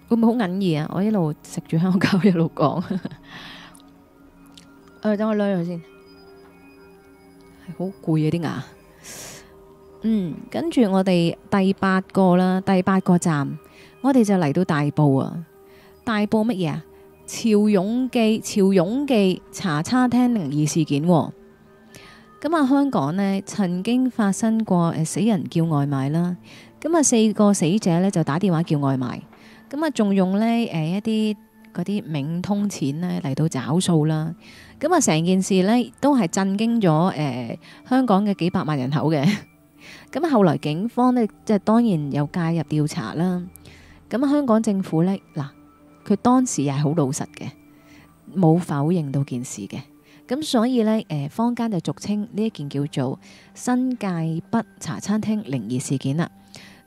會唔會好銀耳啊？我一路食住香口膠一路講、 哎，誒，等我捋住佢先，係好攰啊啲牙，嗯，跟住我哋第八個啦，第八個站，我哋就嚟到大埔啊，大埔乜嘢啊？潮湧記，潮湧記茶餐廳靈異事件、啊。咁啊，香港呢曾經發生過誒死人叫外賣啦。咁啊，四個死者呢就打電話叫外賣，咁啊仲用呢誒一啲嗰啲冥通錢呢嚟到找數啦。咁啊，成件事呢都係震驚咗誒香港嘅幾百萬人口嘅。咁啊，後來警方呢，即係當然有介入調查啦。咁香港政府呢，嗱，佢當時係好老實嘅，冇否認到件事嘅。咁所以呢，誒坊間就俗稱呢一件叫做新界北茶餐廳靈異事件啦。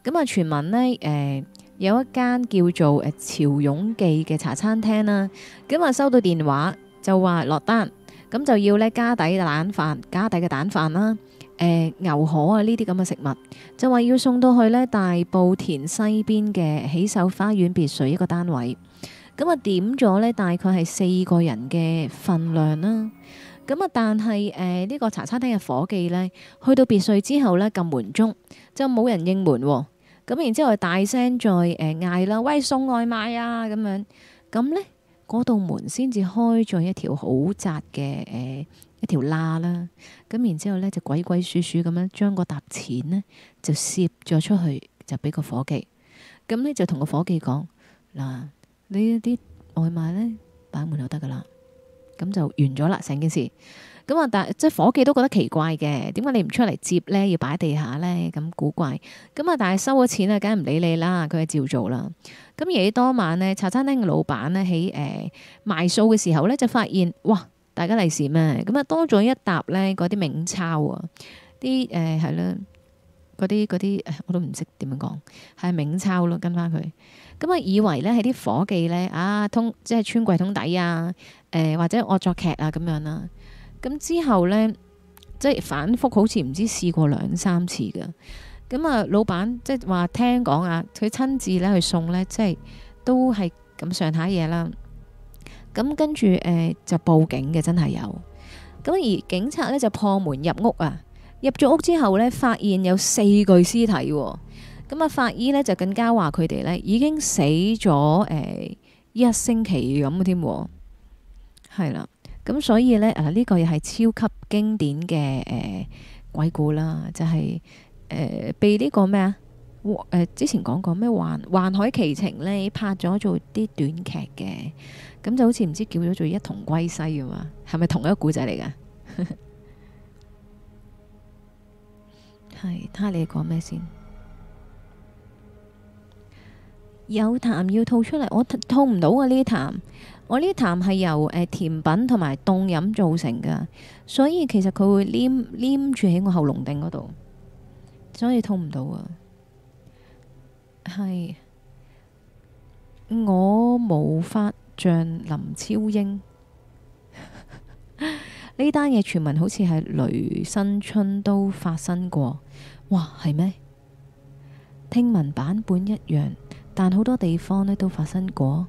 咁、嗯、啊，傳聞呢誒、呃、有一間叫做誒潮勇記嘅茶餐廳啦、啊。咁、嗯、啊，收到電話就話落單，咁就要呢加底嘅蛋飯、啊，加底嘅蛋飯啦，誒牛河啊呢啲咁嘅食物，就話要送到去呢大埔田西邊嘅喜秀花園別墅一個單位。咁啊，點咗呢，大概係四個人嘅份量啦。咁啊，但係誒呢個茶餐廳嘅伙計呢，去到別墅之後呢，撳門鐘就冇人應門喎、哦。咁然之後，大聲再誒嗌啦，喂，送外賣啊，咁樣。咁呢，嗰道門先至開咗一條好窄嘅誒、呃、一條罅啦。咁然之後呢，就鬼鬼祟祟咁樣將個沓錢呢，就攝咗出去，就俾個伙計。咁呢，就同個伙計講嗱。啊你一啲外賣咧擺門就得噶啦，咁就完咗啦成件事。咁啊，但即係夥計都覺得奇怪嘅，點解你唔出嚟接咧？要擺地下咧咁古怪。咁啊，但係收咗錢啊，梗係唔理你啦，佢係照做啦。咁而當晚咧，茶餐廳嘅老闆咧喺誒賣數嘅時候咧，就發現哇，大家利是咩？咁啊多咗一沓咧嗰啲冥鈔啊，啲誒係啦，嗰啲嗰啲我都唔識點樣講，係冥鈔咯，跟翻佢。咁啊，以為咧係啲伙計咧啊，通即係穿櫃桶底啊，誒、呃、或者惡作劇啊咁樣啦。咁之後咧，即係反復好似唔知試過兩三次嘅。咁啊，老闆即係話聽講啊，佢親自咧去送咧，即係都係咁上下嘢啦。咁跟住誒就報警嘅，真係有。咁、啊、而警察咧就破門入屋啊，入咗屋之後咧，發現有四具屍體、啊。咁啊，法醫咧就更加話佢哋咧已經死咗誒、呃、一星期咁嘅添，係啦。咁所以咧，誒、啊、呢、呢個又係超級經典嘅誒、呃、鬼故啦，就係、是、誒、呃、被呢個咩啊？誒、呃、之前講過咩《幻幻海奇情》咧，拍咗做啲短劇嘅，咁就好似唔知叫咗做一同歸西啊嘛，係咪同一個古仔嚟㗎？係， 睇下你講咩先？有痰要吐出嚟，我吐唔到啊！呢啲痰，我呢啲痰係由誒、呃、甜品同埋凍飲造成嘅，所以其實佢會黏黏住喺我喉嚨頂嗰度，所以吐唔到啊。係，我冇法像林超英呢單嘢傳聞， 傳聞好似係雷新春都發生過，哇，係咩？聽聞版本一樣。但好多地方咧都發生過，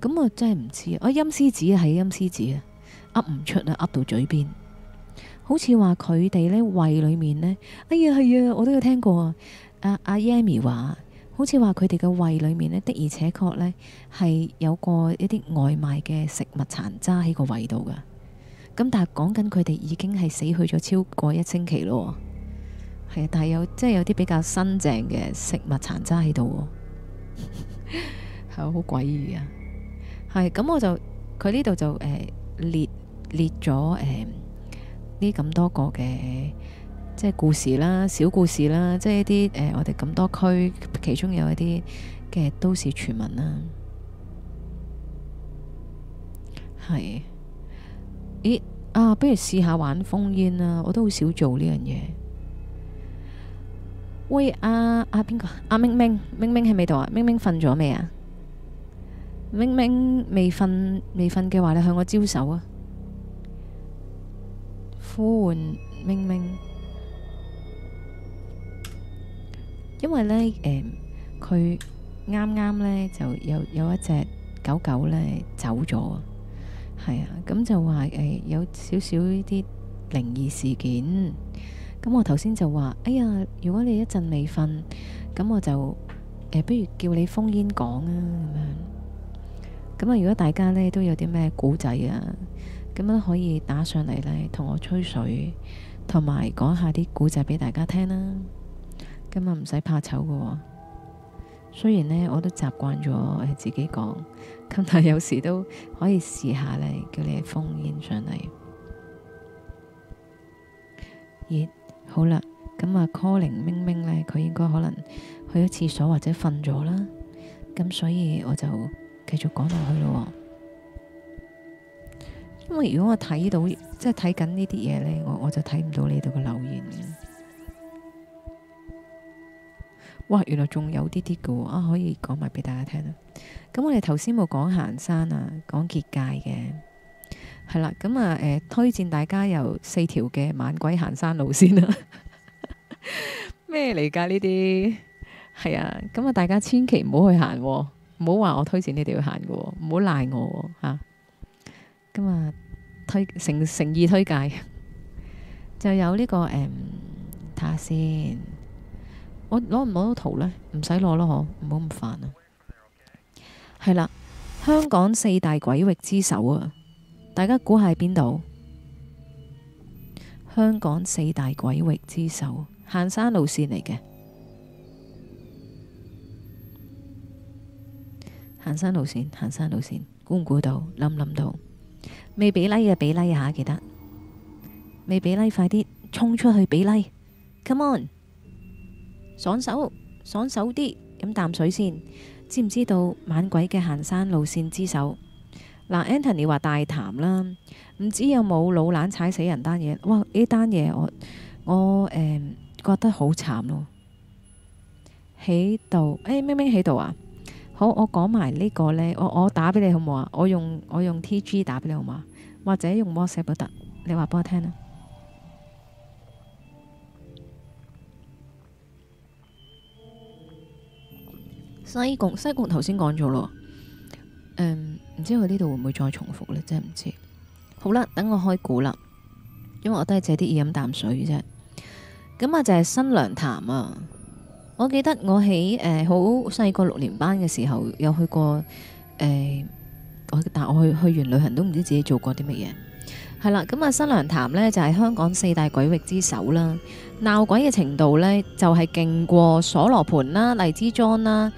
咁、嗯、我真係唔知啊！陰獅子係陰獅子啊，噏唔出啊，噏到嘴邊，好似話佢哋咧胃裏面呢。哎呀係啊、哎，我都有聽過啊！阿、啊、Yami 話，好似話佢哋嘅胃裏面呢的而且確呢係有過一啲外賣嘅食物殘渣喺個胃度㗎，咁但係講緊佢哋已經係死去咗超過一星期咯，係啊，但係有即係有啲比較新淨嘅食物殘渣喺度。係好詭異啊！係咁、嗯、我就佢呢度就、呃、列列咗呢咁多個嘅即係故事啦、小故事啦，即係一啲、呃、我哋咁多區其中有一啲嘅都市傳聞啦。係咦啊，不如試下玩烽煙啊，我都好少做呢樣嘢。喂，啊啊邊個？阿明明明明喺咪度啊？明明瞓咗未啊？明明未瞓未瞓嘅話，你向我招手啊！呼喚明明，因為呢，誒，佢啱啱呢就有有一隻狗狗呢走咗啊，係啊，咁就話誒有少少呢啲靈異事件。咁我頭先就話，哎呀，如果你一陣未瞓，咁我就、呃、不如叫你封煙講啊咁樣。咁啊，如果大家咧都有啲咩古仔啊，咁樣可以打上嚟嚟同我吹水，同埋講下啲古仔俾大家聽啦。咁啊唔使怕醜噶，雖然呢我都習慣咗係自己講，咁但有時都可以試下嚟叫你封煙上嚟，好啦，咁啊，calling 明明咧，佢應該可能去咗廁所或者瞓咗啦。咁所以我就繼續講落去咯，哦。因為如果我睇到，即係睇緊呢啲嘢咧，我我就睇唔到你度嘅留言。哇，原來仲有啲啲嘅啊，可以講埋俾大家聽啊。咁我哋頭先冇講行山啊，講結界嘅。係啦，咁啊，誒、呃，推薦大家由四條嘅猛鬼行山路線啦。咩嚟噶呢啲？係啊，咁 啊，大家千祈唔好去行、啊，唔好話我推薦你哋去行嘅、啊，唔好賴我吓、啊。今、啊、日、嗯、推誠誠意推介， 就有呢、這個誒，睇、呃、下先。我攞唔攞到圖呢？唔使攞咯，嗬，唔好咁煩啊。係啦，香港四大鬼域之首啊！大家估下喺邊度？香港四大鬼域之首，行山路線嚟嘅。行山路線，行山路線，估唔估到，諗唔諗到。未俾 like 嘅俾 like 下，記得。未俾 like，快啲衝出去俾、like，Come on，爽手爽手啲，飲啖水先。知唔知道猛鬼嘅行山路線之首？嗱 Antony 話大談啦，唔知有冇老蘭踩死人單嘢？哇！呢單嘢我我誒、嗯、覺得好慘咯，喺度誒，明明喺度啊！好，我講埋呢個咧，我我打畀你好唔好啊？我用我用 T G 打畀你好唔好啊？或者用 WhatsApp 都得。你話俾我聽啦。西貢西貢頭先講咗咯，嗯。唔知佢呢度會唔會再重複呢？真係唔知。好啦，等我開估啦，因為我都係借啲意飲，飲淡水啫。咁啊，就係新娘潭啊。我記得我喺誒好細個六年班嘅時候有去過誒、呃，但我去去完旅行都唔知自己做過啲乜嘢。係啦，咁啊，新娘潭呢，就係、是、香港四大鬼域之首啦。鬧鬼嘅程度呢，就係、是、勁過鎖羅盆啦、荔枝莊啦、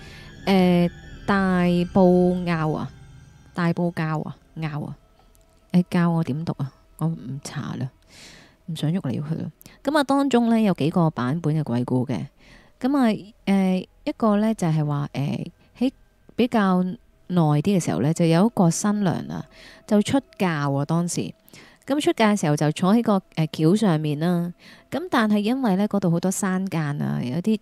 誒、呃、大埔滘啊。大埔滘啊，滘啊！誒，教我點讀啊？我唔查啦，唔想喐嚟喐去啦。咁、嗯、啊，當中咧有幾個版本嘅鬼故嘅。咁、嗯、啊，誒、呃、一個咧就係話誒喺比較耐啲嘅時候咧，就有一個新娘啊，就出嫁啊，當時。咁出街嘅時候就坐喺個誒轎上面啦。咁但係因為咧嗰度好多山澗啊，有啲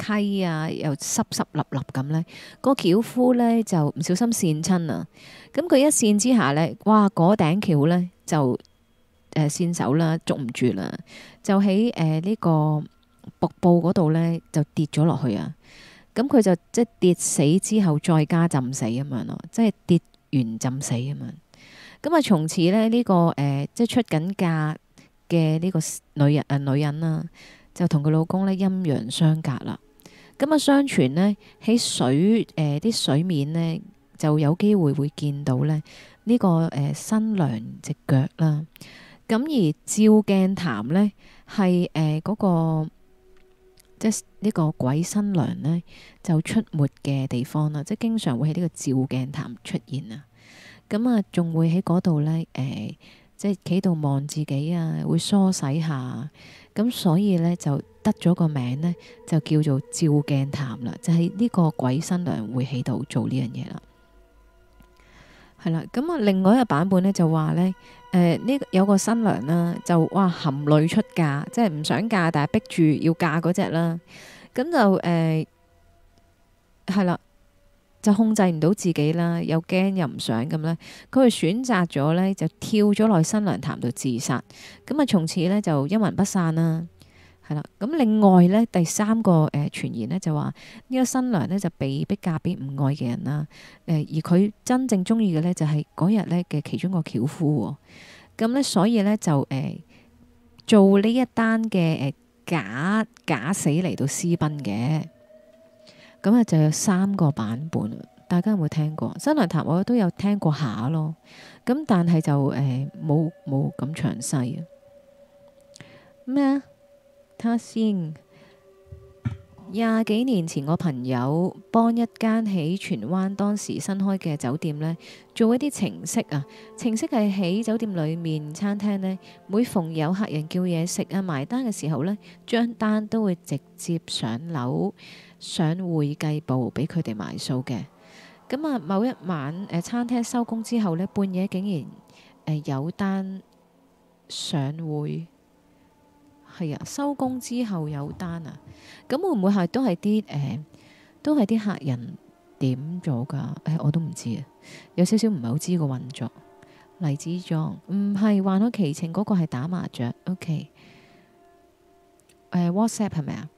誒溪啊，又濕濕立立咁咧，個轎夫咧就唔小心跣親啊。咁佢一跣之下咧，哇！嗰頂轎咧就誒跣手啦，捉、呃、唔住啦，就喺誒呢個瀑布嗰度咧就跌咗落去啊。咁佢就即跌死之後再加浸死咁樣咯，即跌完浸死咁樣。咁啊，從此咧呢、呢個誒、呃，即係出緊嫁嘅呢個女人啊、呃，女人啦，就同佢老公咧陰陽相隔啦。咁、嗯、啊，相傳咧喺水誒啲、呃、水面咧就有機會會見到咧呢、呢個誒、呃、新娘隻腳啦。咁而照鏡潭咧係誒嗰個即係呢個鬼新娘咧就出沒嘅地方啦，即係經常會喺呢個照鏡潭出現啊。咁啊，仲會喺嗰度呢，誒、呃，即係企度望自己啊，會梳洗下，咁所以呢，就得咗個名呢，就叫做照鏡潭啦，就係、是、呢個鬼新娘會喺度做呢樣嘢啦。係啦，咁啊，另外一個版本呢，就話呢，誒呢有個新娘啦，就、呃、哇含淚出嫁，即係唔想嫁，但係逼住要嫁嗰隻啦，咁就誒係啦。呃就控制唔到自己啦，又驚又唔想咁咧，佢就選擇咗咧就跳咗落新娘潭度自殺，咁啊從此咧就陰魂不散啦，係啦。咁另外咧第三個誒傳言咧就話呢個新娘咧就被逼嫁俾唔愛嘅人啦，誒而佢真正中意嘅咧就係嗰日咧嘅其中一個轎夫，咁咧所以咧就誒做呢一單嘅誒假假死嚟到私奔嘅。咁啊，就有三個版本，大家有冇聽過《新娘潭》？我都有聽過下咯。咁但係就誒冇冇咁詳細啊。咩、呃、啊？睇下先，廿幾年前，我朋友幫一間喺荃灣當時新開嘅酒店呢做一啲程式啊。程式係喺酒店裡面餐廳呢，每逢有客人叫嘢食啊、埋單嘅時候呢，張單都會直接上樓。上會計部俾佢哋埋數嘅，咁啊，某一晚誒、呃、餐廳收工之後呢，半夜竟然誒、呃、有單上會，係啊，收工之後有單啊，咁會唔會係都係啲誒，都係啲、呃、客人點咗㗎？誒，我都唔知啊，有少少唔係好知個運作，黎志壯唔係患咗奇情嗰、那個係打麻雀，OK，誒、呃、WhatsApp 係咪啊？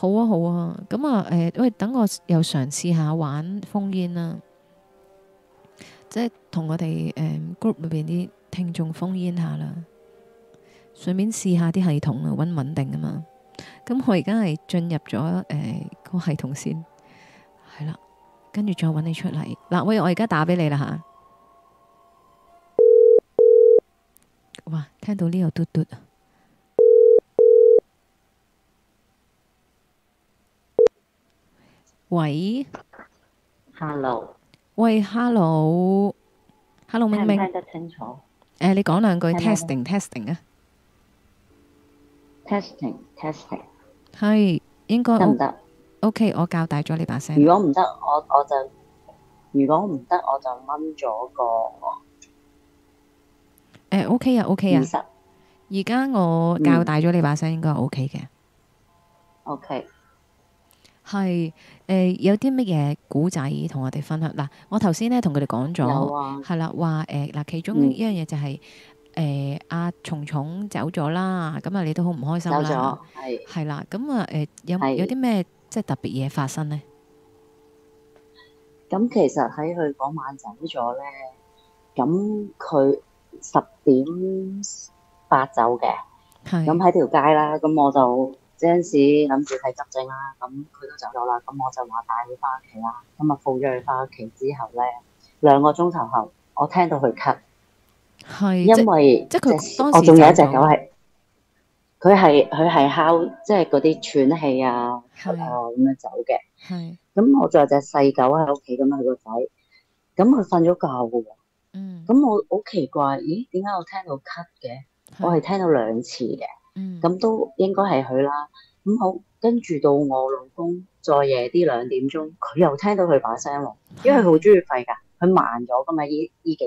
好啊，好啊，咁啊，誒，喂，等我又嘗試下玩烽煙啦，即係同我哋誒、呃、group 裏邊啲聽眾烽煙下啦，順便試下啲系統啊，穩唔穩定啊嘛？咁我而家係進入咗誒個系統先，係啦，跟住再搵你出嚟。嗱、啊，喂，我而家打俾你啦吓、啊，哇，聽到呢個嘟嘟啊！喂，Hello，喂，Hello，Hello，明 Hello, 明聽得清楚。誒、呃，你講兩句，testing，testing 啊，testing，testing。係，應該得唔得？OK，我較大咗你把聲。如果唔得，我我就如果唔得，我就掹咗個。誒，OK 啊，OK 啊。而、OK、家、啊、我較大咗你把聲，嗯、應該 OK 嘅。OK。係誒、呃，有啲乜嘢古仔同我哋分享嗱？我頭先咧同佢哋講咗，係啦，話誒嗱，其中一樣嘢就係誒阿蟲蟲走咗啦，咁、嗯呃、啊松松你都好唔開心啦，係係啦，咁啊誒有有啲咩即係特別嘢發生咧？咁其實喺佢嗰晚走咗咧，咁佢十點八走嘅，咁喺條街啦，咁我就。嗰陣時諗住睇執症啦，咁佢都走咗啦，咁我就話帶佢翻屋企啦。咁啊抱咗佢翻屋企之後咧，兩個鐘頭後，我聽到佢咳，係因為即佢當時我仲有一隻狗係，佢係佢係哮，即係嗰啲喘氣啊、咳啊咁樣走嘅。係咁是，我仲有隻細狗喺屋企㗎嘛，佢個仔，咁佢瞓咗覺嘅喎。嗯，咁我好奇怪，咦？點解我聽到咳嘅？我係聽到兩次嘅。咁都應該係佢啦，咁好，跟住到我老公再夜啲兩點鐘，佢又聽到佢把聲咯，因為佢好中意吠噶，佢慢咗噶嘛呢幾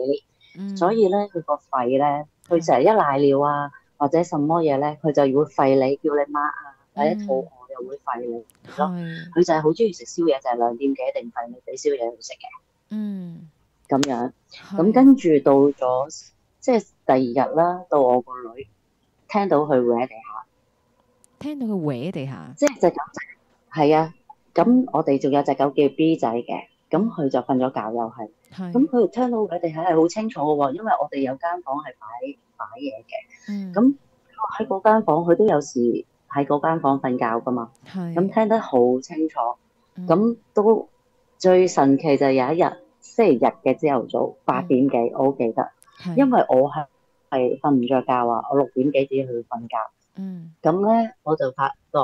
年，所以咧佢個吠咧，佢成日一瀨尿啊或者什麼嘢咧，佢就會吠你，叫你媽啊，或者肚餓又會吠你，咯，佢就係好中意食宵夜，就係兩點幾一定吠你，俾宵夜佢食嘅，嗯，咁樣，咁跟住到咗即係第二日啦，到我個女。聽到佢喺地下，聽到佢喺地下，即係隻狗仔。係啊。咁我哋仲有隻狗叫 B 仔嘅，咁佢就瞓咗覺又係。咁佢是聽到佢哋係係好清楚嘅喎，因為我哋有間房係擺擺嘢嘅。咁喺嗰間房，佢都有時喺嗰間房瞓覺噶嘛。咁是聽得好清楚，咁、嗯、都最神奇就有一日星期日嘅朝頭早八點幾，我好記得，嗯、因為我係。係瞓唔着覺啊！我六點幾至去瞓覺，咁咧、嗯、我就發覺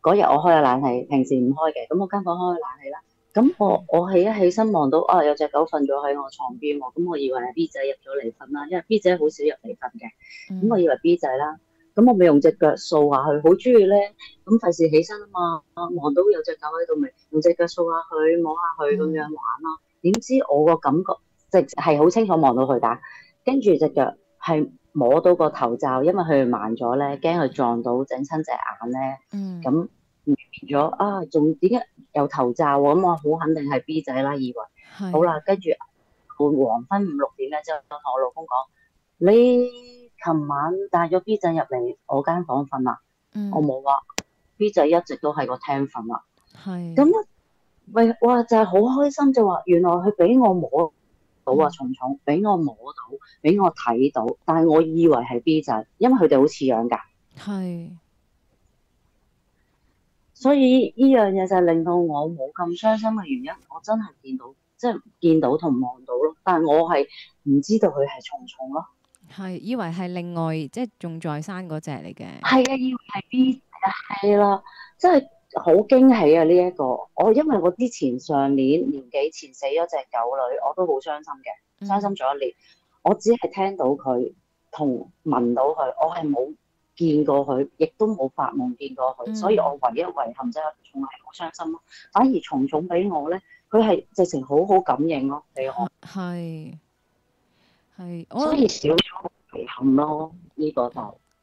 嗰日我開咗冷氣，平時唔開嘅。咁我間房開咗冷氣啦。咁我、嗯、我係一起身望到啊，有隻狗瞓咗喺我床邊喎。咁我以為係 B 仔入咗嚟瞓啦，因為 B 仔好少入嚟瞓嘅。咁、嗯、我以為 B 仔啦。咁我咪用隻腳掃下佢，好中意咧。咁費事起身啊嘛，望到有隻狗喺度，咪用隻腳掃下佢，摸下佢咁樣玩咯、啊。點、嗯、知我個感覺即係好清楚望到佢打。跟住隻腳。係摸到個頭罩，因為佢哋盲咗咧，驚佢撞到整親隻眼咧、嗯啊。嗯。咁變咗啊，仲點解有頭罩喎？咁我好肯定係 B 仔啦，以為。是好啦，跟住黃昏五六點咧，之後同我老公講：你琴晚帶咗 B 仔入嚟我間房瞓啦。我冇啊、嗯、B 仔一直都喺個廳瞓啦、啊。係是。咁，喂，哇！就係、是、好開心就話，原來佢俾我摸。到啊，重重俾我摸到，俾我睇到，但係我以為係 B 仔，因為佢哋好似樣㗎。係，所以呢樣嘢就係令到我冇咁傷心嘅原因。我真係見到，即係見到同望到咯，但係我係唔知道佢係重重咯。係以為係另外即係仲在生嗰隻嚟嘅。係啊，以為係 B 仔係咯，即係。好驚喜啊！呢、這、一個，我因為我之前上年年幾前死咗隻狗女，我都好傷心嘅，傷、嗯、心咗一年。我只係聽到佢同聞到佢，我係冇見過佢，亦都冇發夢見過佢，嗯、所以我唯一遺憾就係，仲係好傷心咯、啊。反而蟲重俾我咧，佢係直情好好感應咯、啊，你、啊、我係係，所以少咗遺憾咯。呢、這個就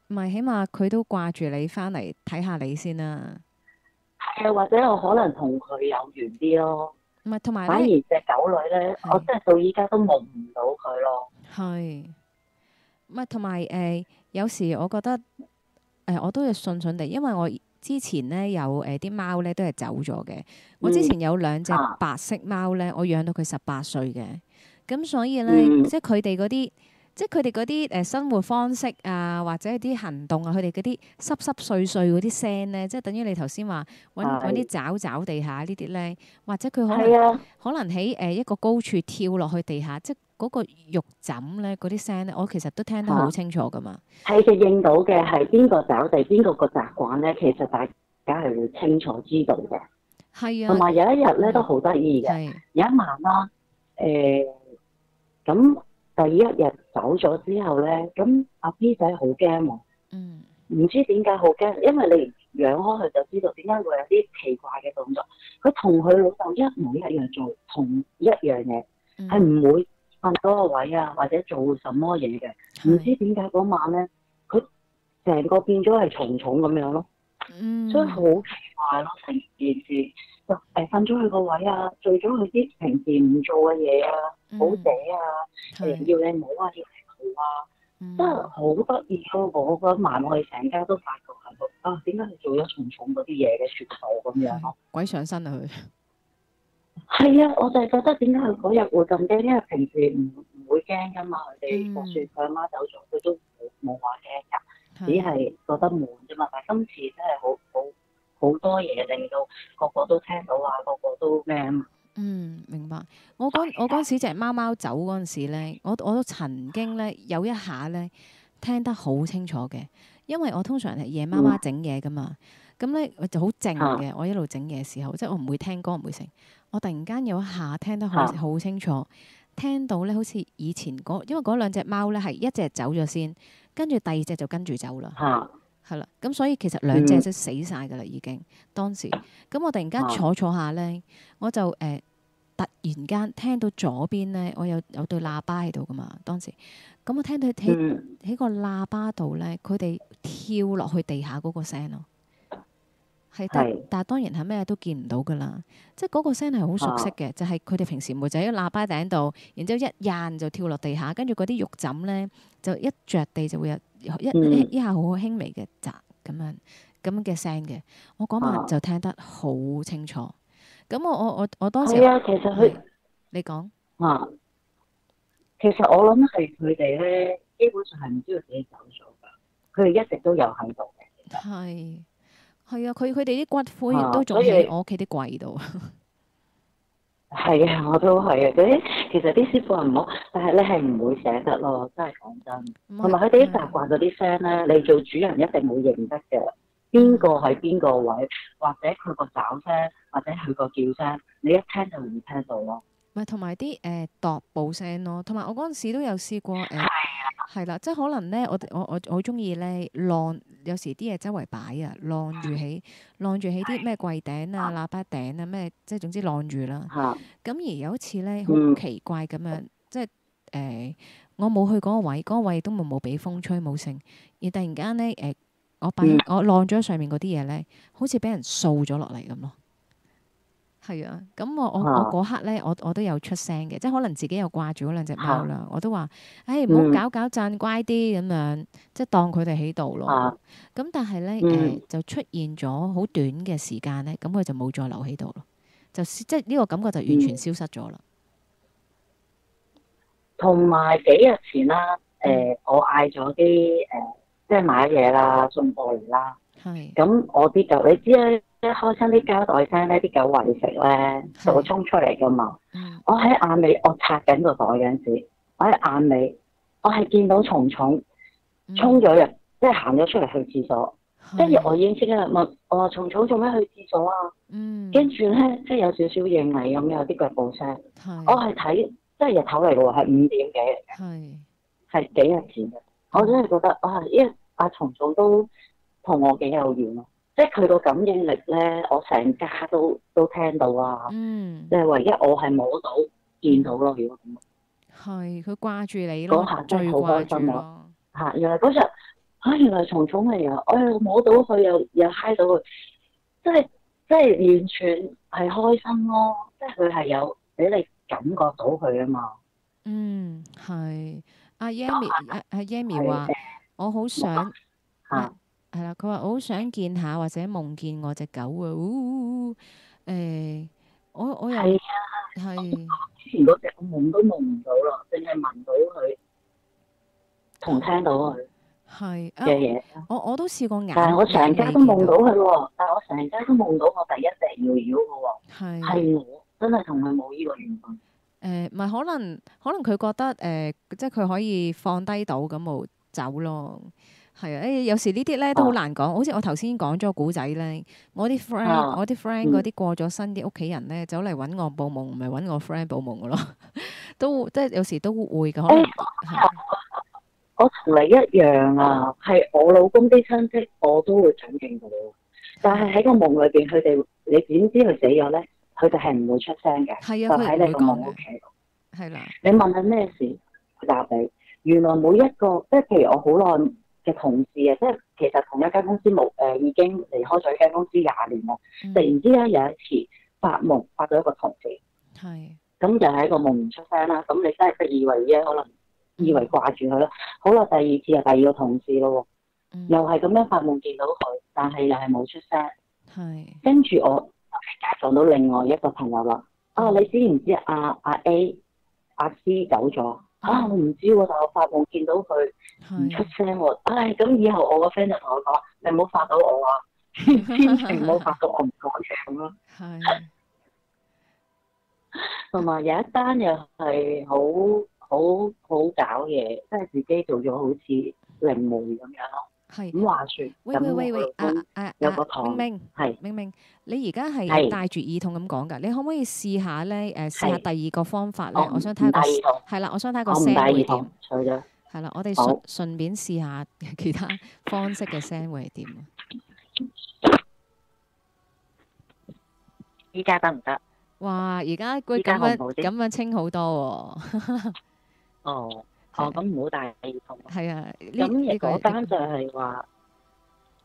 唔係起碼佢都掛住你，翻嚟睇下你先啦。誒，或者我可能同佢有緣啲咯，唔係同埋反而隻狗女呢，的我真係到依家都望唔到佢咯。係，唔係同埋誒，有時我覺得誒、呃，我都要信順地，因為我之前呢有誒啲貓呢都係走咗嘅。嗯、我之前有兩隻白色貓呢，啊、我養到佢十八歲嘅，咁所以呢，嗯、即係佢哋嗰啲。即係佢哋嗰啲誒生活方式啊，或者啲行動啊，佢哋嗰啲濕濕碎碎嗰啲聲咧，即係等於你頭先話揾啲爪爪地下呢啲咧，或者佢可能的可能喺誒一個高處跳落去地下，即係嗰個肉枕咧嗰啲聲咧，我其實都聽得好清楚㗎嘛。係認到嘅係邊個爪地邊個個習慣咧，其實大家係會清楚知道嘅。係啊的。同埋有，有一日咧都好得意嘅，有一晚啦，誒咁的。的第一日走咗之後咧，咁阿 B 仔好驚喎，唔、嗯、知點解好驚，因為你養開佢就知道點解會有啲奇怪嘅動作。佢同佢老豆一模一樣，做同一樣嘢，係唔、嗯、會瞓多個位啊，或者做什麼嘢嘅。唔知點解嗰晚咧，佢成個變咗係蟲蟲咁樣咯。嗯、所以好奇怪咯，成件事就誒瞓咗佢個位啊，做咗佢啲平時唔做嘅嘢啊，好嗲啊，要你唔好啊，要你好啊，真係好得意咯！我嗰晚我哋成家都發覺係，啊，點解佢做咗重重嗰啲嘢嘅噱頭咁樣，鬼上身啊佢！係啊， 我就係覺得點解佢嗰日會咁驚，因為平時唔唔會驚噶嘛，佢哋就算佢阿媽走咗，佢都冇冇話驚噶。只係覺得悶啫嘛，但係今次真係好好好多嘢令到，個個都聽到啊，個個都咩啊嘛。嗯，嗯，明白。我嗰我嗰時隻貓貓走嗰陣時咧，我我都曾經咧有一下咧聽得好清楚嘅，因為我通常係夜貓貓整嘢噶嘛，咁咧我就好靜嘅，我、啊、我一路整嘢時候，即係我唔會聽歌唔會成。我突然間有一下聽得好好、啊、清楚，聽到咧好似以前嗰，因為嗰兩隻貓咧係一隻走咗先。跟住第二隻就跟住走啦，係啦、啊，咁所以其實兩隻都死晒㗎啦已經了了。嗯、當時咁我突然間坐坐下呢，啊、我就誒、呃、突然間聽到左邊呢，我有有對喇叭喺度㗎嘛，當時咁我聽到喺喺、嗯、個喇叭度呢，佢哋跳落去地下嗰個聲咯。係，但係當然係咩都見唔到㗎喇。即係嗰個聲係好熟悉嘅，啊、就係佢哋平時咪就喺個喇叭頂度，然之後一晏就跳落地下，跟住嗰啲肉枕咧就一着地就會有一,一一下好輕微嘅雜咁樣咁嘅聲嘅。我嗰晚就聽得好清楚。咁、啊、我我我我當時其實佢你講說啊，其實我諗係佢哋咧，基本上係唔知道自己走咗㗎。佢哋一直都有喺度嘅，其係啊，佢佢哋啲骨灰都仲喺我屋企啲櫃度。係啊，我都係啊，啲其實啲師傅唔好，但係你係唔會捨得咯，真係講真。同埋佢哋啲習慣嗰啲聲咧，你做主人一定會認得嘅，邊個喺邊個位，或者佢個爪聲，或者佢個叫聲，你一聽就會聽到咯。唔係，同埋啲誒踱步聲咯，同埋我嗰陣時都有試過誒，係、呃、啦的，即係可能咧，我我我好中意咧晾，有時啲嘢周圍擺啊，晾住起，晾住起啲咩櫃頂啊、喇叭頂啊，咩即係總之晾住啦。咁的而有一次咧，好奇怪咁樣，即係誒、呃，我冇去嗰個位，嗰、嗰個位都冇冇俾風吹冇剩。而突然間咧誒、呃，我擺、嗯、我晾咗上面嗰啲嘢咧，好似俾人掃咗落嚟咁咯。係啊，咁我、啊、我我嗰刻咧，我呢我，我都有出聲嘅，即係可能自己又掛住嗰兩隻貓啦，啊、我都話：，唔、哎、好搞搞震，乖啲咁樣，即係當佢哋喺度咯。咁、啊、但係咧，誒、嗯呃、就出現咗好短嘅時間咧，咁佢就冇再留喺度咯，就即係呢個感覺就完全消失咗啦。同埋、嗯嗯、幾日前啦，誒、呃，我嗌咗啲誒，即係買嘢啦，送過嚟啦。咁是我啲狗，你知啦，一開箱啲膠袋聲咧，啲狗餵食咧就會衝出嚟噶嘛。是我喺眼尾，我拆緊個袋嗰陣時，我喺眼尾，我係見到蟲蟲衝咗入，即係行咗出嚟去廁所。跟住是我已經識啦，我我話蟲草做咩去廁所啊？嗯，跟住咧即係有少少認為咁，有啲腳步聲。是我係睇即係日頭嚟嘅喎，係五點幾嚟嘅，係係是幾日前嘅。我真係覺得哇、哦，因為阿蟲草都。同我幾有緣咯，即係佢個感應力咧，我成家都都聽到啊。嗯，你係唯一我係摸到見到咯，如果咁。係，佢掛住你嗰下真係好開心咯。嚇，原來嗰日嚇，原來蟲蟲嚟啊！哎，摸到佢又又 high 到，即係即係完全係開心咯。即係佢係有俾你感覺到佢啊嘛。嗯，係。阿 Yami 阿阿 Yami 話：我好想嚇。係啦，佢話好想見下或者夢見我隻狗，哦呃、我我啊！嗚嗚嗚！誒，我我又係，之前嗰隻我夢都夢唔到咯，淨係聞到佢同聽到佢嘅嘢。我我都試過眼但，但我成家都夢到佢喎。但我成家都夢到我第一隻要妖噶喎。係係我真係同佢冇呢個緣分。誒、呃，唔係可能可能佢覺得誒、呃，即係佢可以放低到咁冇走咯。係啊，誒，有時呢啲咧都好難講，好似我頭先講咗個古仔咧，我啲 friend，我啲 friend 嗰啲過咗身啲屋企人咧，走嚟搵我報夢，唔係搵我 friend 報夢噶咯，都即係有時都會噶。誒，我同你一樣啊，係我老公啲親戚，我都會尊敬佢，但係喺個夢裏邊，佢哋你點知佢死咗咧？佢哋係唔會出聲嘅，就喺你個夢屋企。係啦，你問佢咩事，佢答你。原來每一個，即係譬如我好耐嘅同事啊，即係其實同一間公司冇，誒，已經離開咗一間公司廿年啦。嗯、突然之間有一次發夢，發咗一個同事，係咁是就係一個夢唔出聲啦。咁你真係不以為意，可能以為掛住佢咯。好啦，第二次又第二個同事咯，嗯、又係咁樣發夢見到佢，但係又係冇出聲。係跟住我撞到另外一個朋友啦。啊，你知唔知啊？阿，啊啊、A、啊、阿 C 走咗。啊，我唔知喎，啊，但我發夢見到佢唔出聲喎，啊，唉是，咁、嗯、以後我個 friend 就同我講，你唔好發到我啊， 千千祈唔好發到我唔講嘢咁咯。係 是。同埋有，有一單又係好好好搞嘢，即係自己做咗好似靈媒咁樣咯。係喂喂喂喂，啊啊啊，明明係明明，你而家係戴住耳筒咁講噶，你可唔可以試下咧？誒試下第二個方法咧，我想睇下。第二啦，我想睇個聲會點。係啦，我哋順順便試下其他方式嘅聲會點。依家得唔得？哇！而家嗰咁樣咁樣清好多喎。哦。哦，咁唔好大唔同。係啊，咁我單就係話，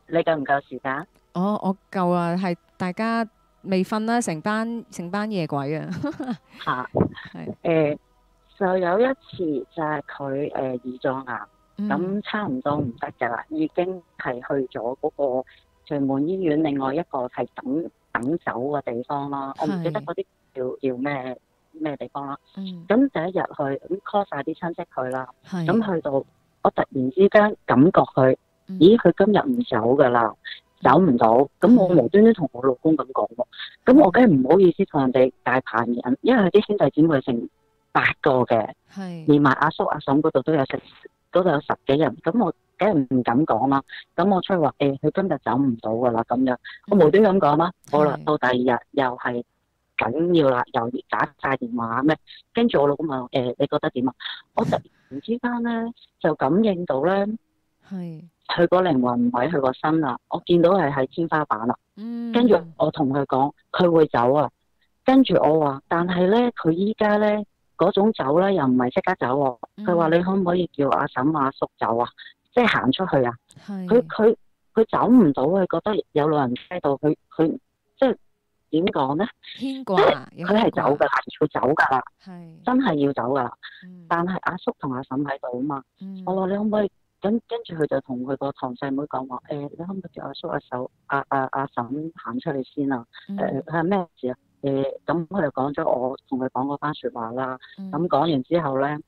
你夠唔夠時間？我我夠啊，係、啊這個這個 oh, 大家未瞓啦，成班成班夜鬼啊。嚇，係誒，就有一次就係佢誒耳聾癌，咁差唔多唔得噶啦，已經係去咗嗰個屯門醫院，另外一個係等等走嘅、e、地方啦。我唔記得嗰啲叫要咩。咩地方啦、啊？咁、嗯、第一日去咁 call 晒啲親戚去啦。咁是去到，我突然之間感覺佢，咦，佢今日唔走噶啦，走唔到。咁我無端端同我老公咁講喎。咁我梗係唔好意思同人哋大排人，因為佢啲兄弟姊妹成八個嘅，連埋阿叔阿嬸嗰度都有成，嗰度有十幾人。咁我梗係唔敢講啦。咁我出去話，誒、欸，佢今日走唔到噶啦，咁樣，我無端咁講嗎？好啦，到第二日又係。緊要啦，又打晒電話咩？跟住我老公問，誒、欸、你覺得點啊？我突然之間咧就感應到咧，係佢個靈魂唔喺佢個身啦，我見到係喺天花板啦。嗯，跟住我同佢講，佢會走啊。跟住我話，但係咧佢依家咧嗰種走咧，又唔係即刻走，啊。佢話你可唔可以叫阿嬸阿叔走啊？即係行出去啊？係佢佢佢走唔到，佢覺得有老人家喺度，佢佢即係。點講咧？牽掛，佢係走噶啦，佢走噶啦，真係要走噶啦。但係阿叔同阿嬸喺度啊嘛。我話你可唔可以跟，跟住佢就同佢個堂細妹講話，誒，你可唔可以叫阿叔阿嬸阿阿阿嬸行出嚟先啊？誒，佢係咩事啊？誒，咁佢就講咗我同佢講嗰番說話啦。咁講完之後咧，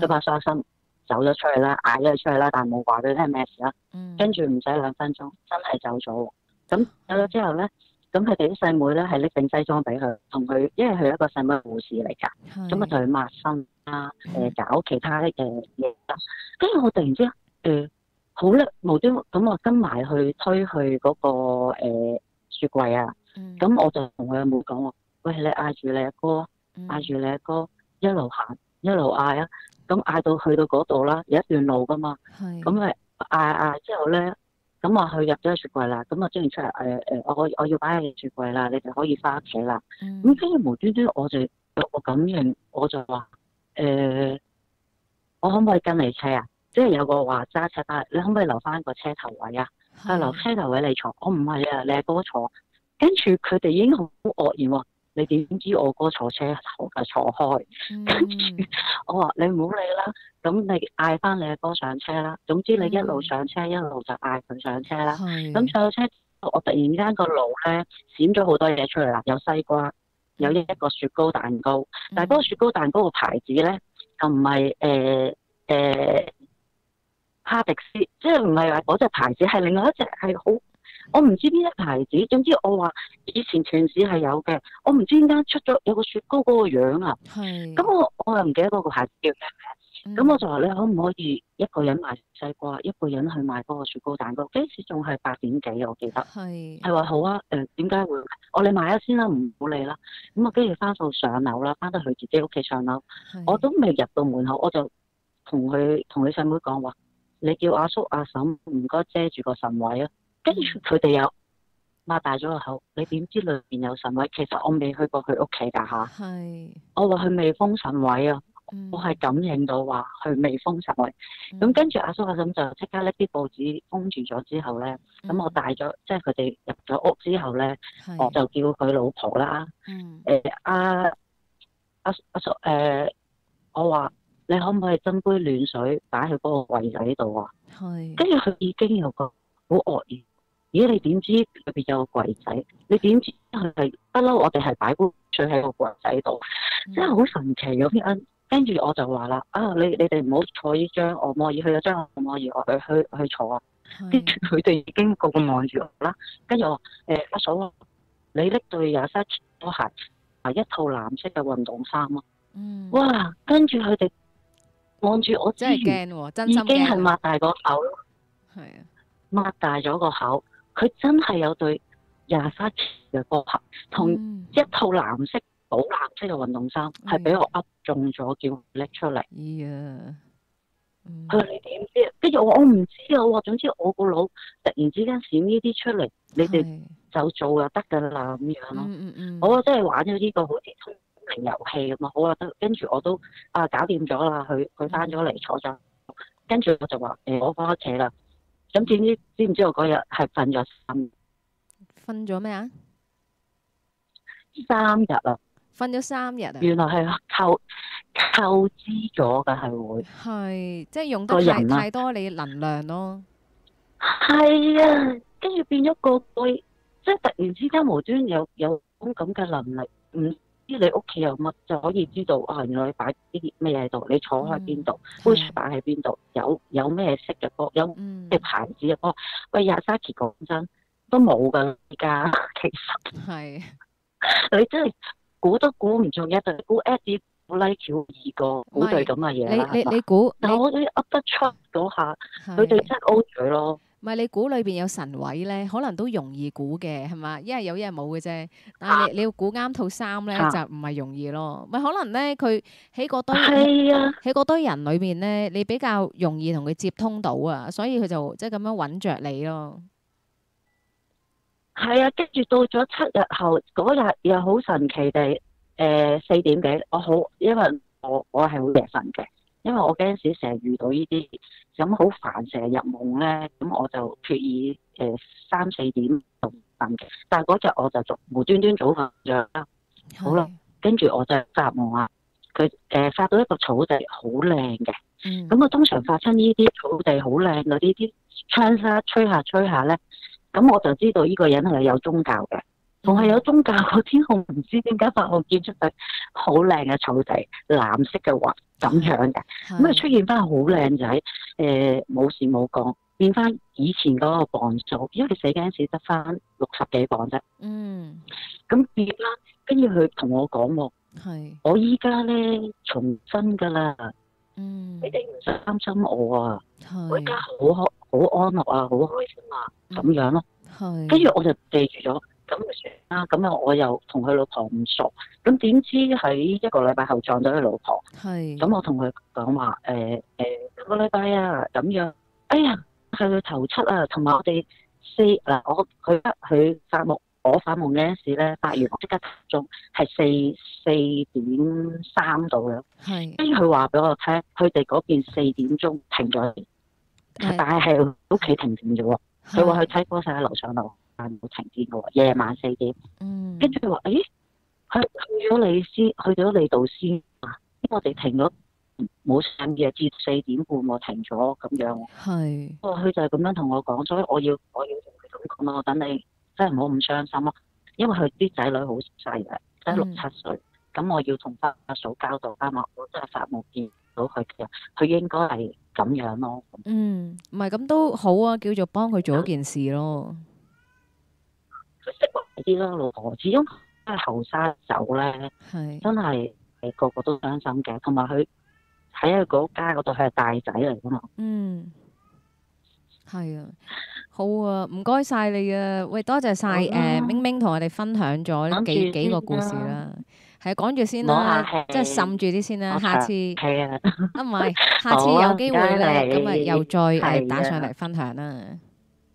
佢怕阿嬸走咗出去啦，嗌咗佢出去啦，但係冇話畀你聽咩事啦。跟住唔使兩分鐘，真係走咗。咁走咗之後咧。咁佢哋啲細妹咧係拎整西裝俾佢，同佢，因為佢一個細妹護士嚟㗎，咁啊就去抹身啦，誒搞其他嘅嘢啦。跟住我突然之間誒好叻，無端咁我跟埋去推去嗰個雪櫃啊。咁我就同佢阿妹講話，喂，你嗌住你阿哥，嗌住你阿哥，一路行，一路嗌啊！咁嗌到去到嗰度啦，有一段路㗎嘛。咁誒嗌嗌之後咧。咁話佢入咗雪櫃啦，咁啊即係出嚟誒誒，我我我要擺喺雪櫃啦，你就可以翻屋企啦。咁跟住無端端我就有個感應，我就話誒、欸，我可唔可以跟你車啊？即係有個話揸車翻，你可唔可以留翻個車頭位啊？係、mm hmm. 留車頭位你坐，我唔係啊，你係哥坐。跟住佢哋已經好愕然喎。你點知我哥坐車，我架坐開，跟住、嗯、我話你唔好理啦，咁你嗌翻你阿哥，哥上車啦。總之你一路上車，嗯、一路就嗌佢上車啦。咁上咗車，我突然間個腦咧閃咗好多嘢出嚟啦，有西瓜，有一個雪糕蛋糕，但嗰個雪糕蛋糕嘅牌子咧就唔係誒誒哈迪斯，即係唔係話嗰隻牌子，係另外一隻係好。我唔知邊一牌子，總之我話以前全市係有嘅。我唔知點解出咗有個雪糕嗰個樣啊。係。咁我我又唔記得嗰個牌子叫咩名。咁我就話你可唔可以一個人買西瓜，一個人去買嗰個雪糕蛋糕？嗰陣時仲係八點幾啊，我記得。係。係話好啊，誒點解會？我你買咗先啦，唔好理啦。咁啊，跟住翻到上樓啦，翻到佢自己屋企上樓，我都未入到門口，我就同佢同佢細妹講話，你叫阿叔阿嬸唔該遮住個神位啊。跟住佢哋又擘大咗個口，你點知裏邊有神位？其實我未去過佢屋企噶嚇。係是。我話佢未封神位啊！我係感應到話佢未封神位。咁跟住阿叔阿嬸就即刻搦啲報紙封住咗之後咧，咁我帶咗，即係佢哋入咗屋之後咧，我就叫佢老婆啦。嗯。誒阿阿阿叔誒，我話你可唔可以斟杯暖水擺去嗰個櫃仔度啊？係是。跟住佢已經有個好惡意。咦？你點知裏邊有個櫃仔？你點知佢係不嬲？我哋係擺高，聚喺個櫃仔度，真係好神奇，有啲篇。跟住我就話啦：啊，你你哋唔好坐呢張，按摩椅去嗰張？按摩椅我去去去坐啊？跟住佢哋已經個個望住我啦。跟住我誒阿、欸、嫂話：你搦對阿生拖鞋同一套藍色嘅運動衫啊！嗯、哇！跟住佢哋望住我，真係驚喎，真心係擘大咗個口，係啊的，擘大咗個口。佢真係有對廿三次嘅波鞋，同一套藍色寶藍色嘅運動衫，係俾、mm hmm. 我噏中咗，叫拎出嚟。咦，佢話你點知，跟住我我唔知啊！我總之我個腦突然之間閃呢啲出嚟，你哋就做就得㗎啦咁樣咯。嗯嗯嗯。Hmm. 我真係玩咗呢、這個好似通靈遊戲咁啊！好啊，得、啊。跟住我都啊搞掂咗啦，佢佢翻咗嚟坐咗，跟住我就話誒、欸，我翻屋企啦。咁點知？知唔知道我嗰日係瞓咗三，瞓咗咩啊？三日啊！瞓咗三日，原來係透透支咗嘅，係會，係即係用得太太多你能量咯，係啊！跟住變咗個鬼，即係突然之間無端有有咁咁嘅能力，唔～你屋企有乜就可以知道啊，哦？原來你擺啲咩喺度，你坐喺邊度，杯茶，嗯、擺喺邊度，有有咩色嘅包，有咩牌子嘅包。嗯、喂，阿 Saki 講真，都冇㗎而家，其實係的你真係估都估唔中一對，估 Adidas 估 Nike 好、e、個，好對咁嘅嘢。你你估？但我啲 up 得出嗰下，佢哋真係 O 嘴咯。唔係你估裏邊有神位咧，可能都容易估嘅係嘛？因為一係有一係冇嘅啫。但係你要估啱套衫咧，就唔係容易咯。咪可能咧，佢喺嗰堆喺嗰堆人裏面咧，你比較容易同佢接通到啊，所以佢就即係咁樣揾著你咯。係啊，跟住到咗七日後嗰日又好神奇地，誒四點幾，我好因為我我係好夜瞓嘅。因為我嗰陣時成日遇到呢啲咁好煩，成日入夢咧，咁我就決意誒三四點瞓嘅。但係嗰日我就無端端早瞓咗啦。好啦，跟住我就發夢啊！佢誒發到一個草地好靚嘅，咁、嗯、我通常發親呢啲草地好靚嗰啲啲風沙吹下吹下咧，咁我就知道呢個人係有宗教嘅，仲係有宗教空。我天啊，唔知點解發夢見出嚟好靚嘅草地，藍色嘅雲。咁樣嘅，咁啊的出現翻好靚仔，誒、呃、冇事冇講，變翻以前嗰個磅數，因為你死緊時得翻六十幾磅啫。嗯，咁變啦，跟住佢同我講喎，的我依家咧重生㗎啦，嗯、你哋唔使擔心我啊，的我依家好開好安樂啊，好開心啊，咁樣咯、啊。係、嗯，跟住我就記住咗。咁啊，算啦，咁啊，我又同佢老婆唔熟，咁點知喺一個禮拜後撞到佢老婆。係是。咁我同佢講話，誒誒，一個禮拜啊咁樣。哎呀，係佢頭七啊，同埋我哋四嗱，我佢得佢發夢，我發夢嗰陣時咧，八月即刻中係四四點三到嘅。係是。跟住佢話俾我聽，佢哋嗰邊四點鐘停咗，是但係係屋企停電咗喎。佢話佢睇波過曬樓上樓。但冇停電嘅話，夜晚四點，跟住佢話誒，咦去去咗你先，去咗你度先啊。我哋停咗冇上夜至四點半我停咗咁樣。係是，他他我佢就係咁樣同我講，所以我要我要同佢咁講咯，我等你真係唔好咁傷心咯。因為佢啲仔女好細嘅，即係六七歲，咁我要同返阿嫂交代，啊嘛，我真係發夢見到佢嘅，佢應該係咁樣咯。嗯，唔係咁都好啊，叫做幫佢做一件事咯。嗯佢識埋啲咯老婆，始終都係後生走咧，真係誒個個都傷心嘅，同埋佢喺佢嗰家嗰度係大仔嚟噶嘛。嗯，係啊，好啊，唔該曬你啊，喂，多謝曬誒，明明同我哋分享咗幾幾個故事啦，係講住先啦，即係滲住啲先啦，下次係啊，啊唔係，下次有機會咧，咁咪又再誒打上嚟分享啦。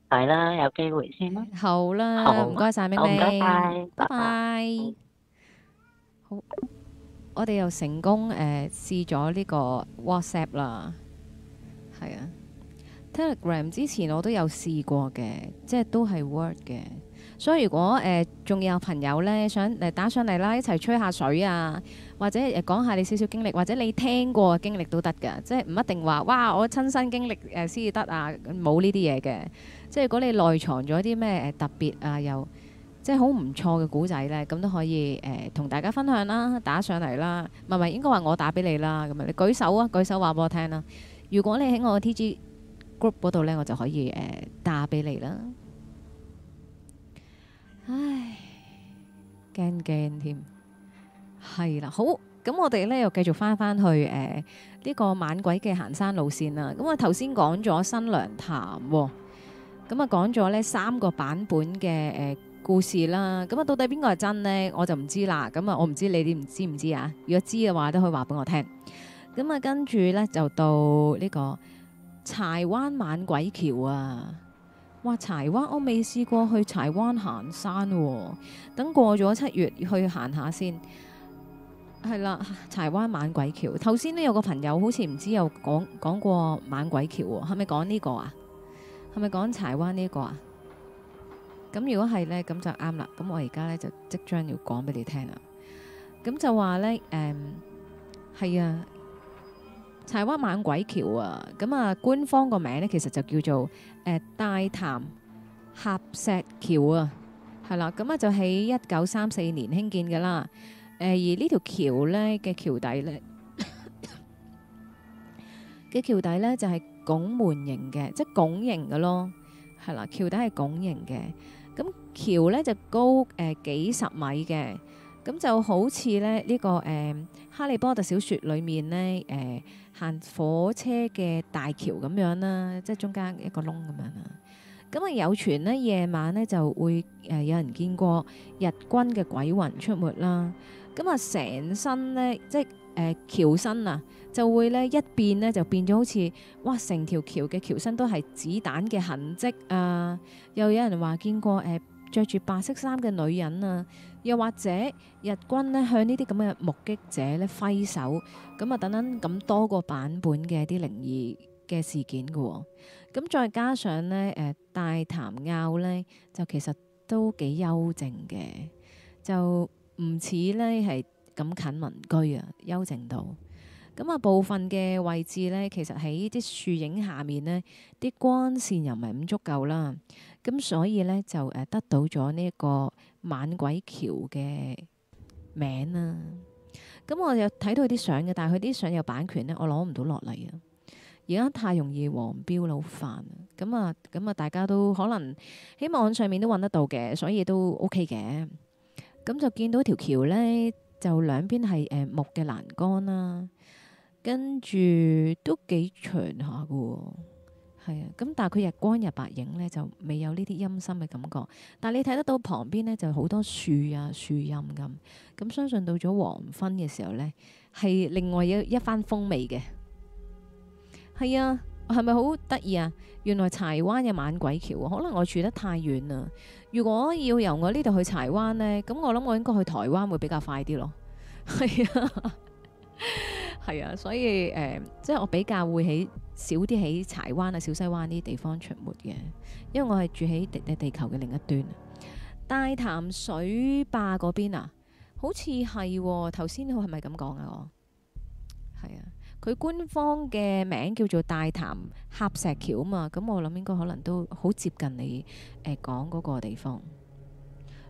係啦，有機會先啦。好啦，唔該曬，咪咪，好，拜拜，好。我哋又成功誒試咗呢個 WhatsApp 啦，係啊 Telegram 之前我都有試過嘅，即係都係 work 嘅。所以如果誒仲有朋友咧，想誒打上嚟啦，一齊吹下水啊，或者誒講下你少少經歷，或者你聽過嘅經歷都得㗎，即係唔一定話哇，我親身經歷誒先至得啊，冇呢啲嘢嘅。即係，如果你內藏咗啲咩特別啊，又即係好唔錯嘅古仔呢，咁都可以誒、呃、同大家分享啦，打上嚟啦。唔係唔係，應該話我打俾你啦。咁啊，你舉手啊，舉手話、啊、俾我聽啦。如果你喺我嘅 T G group 嗰度呢，我就可以誒、呃、打俾你啦。唉，驚驚添，係啦，好，咁我哋呢又繼續翻翻去誒呢、呃這個猛鬼嘅行山路線啦。咁我頭先講咗新娘潭、哦。咁啊，講咗呢三個版本嘅誒故事啦，咁啊，到底邊個係真呢？我就唔知啦。咁啊，我唔知你哋知唔知啊？如果知嘅話，都可以話俾我聽。咁啊，跟住呢，就到呢、這個柴灣猛鬼橋啊！哇，柴灣我未試過去柴灣行山喎、哦，等過咗七月去行下先。係啦，柴灣猛鬼橋。頭先咧有個朋友好似唔知有講講過猛鬼橋喎，係咪講呢個啊？係咪講柴灣呢個啊？咁如果係咧，咁就啱啦。咁我而家咧就即將要講俾你聽啦。咁就話咧，誒，係啊，柴灣猛鬼橋啊。咁啊，官方個名咧其實就叫做誒大潭峽石橋啊。係啦，咁啊就喺一九三四年興建噶啦。誒，而呢條橋咧嘅橋底咧嘅橋底咧就係。拱門形嘅，即係拱形嘅咯，係啦，橋底係拱形嘅，咁橋呢就高誒幾十米嘅，咁就好似呢呢個誒《哈利波特》小説裏面呢誒行火車嘅大橋咁樣啦，即係中間一個窿咁樣啦。咁啊有傳呢夜晚呢就會誒有人見過日軍嘅鬼魂出沒啦。咁啊成身呢即係誒橋身啊。就會呢一變呢就變咗好似哇！成條橋嘅橋身都係子彈嘅痕跡啊！又有人話見過誒、呃、著住白色衫嘅女人啊，又或者日軍呢向呢啲咁嘅目擊者呢揮手咁啊，等等咁多個版本嘅啲靈異嘅事件嘅、啊、喎。咁再加上呢，誒大潭坳呢，就其實都幾幽靜嘅，就唔似呢係咁近民居啊，幽靜到。咁啊，部分嘅位置呢，其實喺啲樹影下面呢，啲光線又唔係咁足夠啦。咁所以呢，就誒得到咗呢一個猛鬼橋嘅名啦。咁我有睇到佢啲相嘅，但係佢啲相有版權呢，我攞唔到落嚟啊。而家太容易黃標啦，好煩啊！咁啊，咁啊，大家都可能喺網上面都揾得到嘅，所以都 O K 嘅。咁就見到條橋呢，就兩邊係誒、呃、木嘅欄杆啦。跟住都幾長下嘅。哦，係啊，咁但係佢日光日白影呢，就未有呢啲陰森嘅感覺。但係你睇得到旁邊呢，就好多樹啊樹蔭咁。咁、嗯、相信到咗黃昏嘅時候呢，係另外有一番風味嘅。係啊，係咪好得意啊？原來柴灣嘅猛鬼橋，可能我住得太遠啦。如果要由我呢度去柴灣呢，咁我諗我應該去台灣會比較快啲咯。係啊。 係啊，所以誒、呃，即係我比較會喺少啲喺柴灣啊、小西灣呢啲地方出沒嘅，因為我係住喺地地球嘅另一端。大潭水壩嗰邊啊，好似係頭先，佢係咪咁講啊？我係啊，佢官方嘅名叫做大潭峽石橋啊嘛。咁我諗應該可能都好接近你誒、呃、講嗰個地方，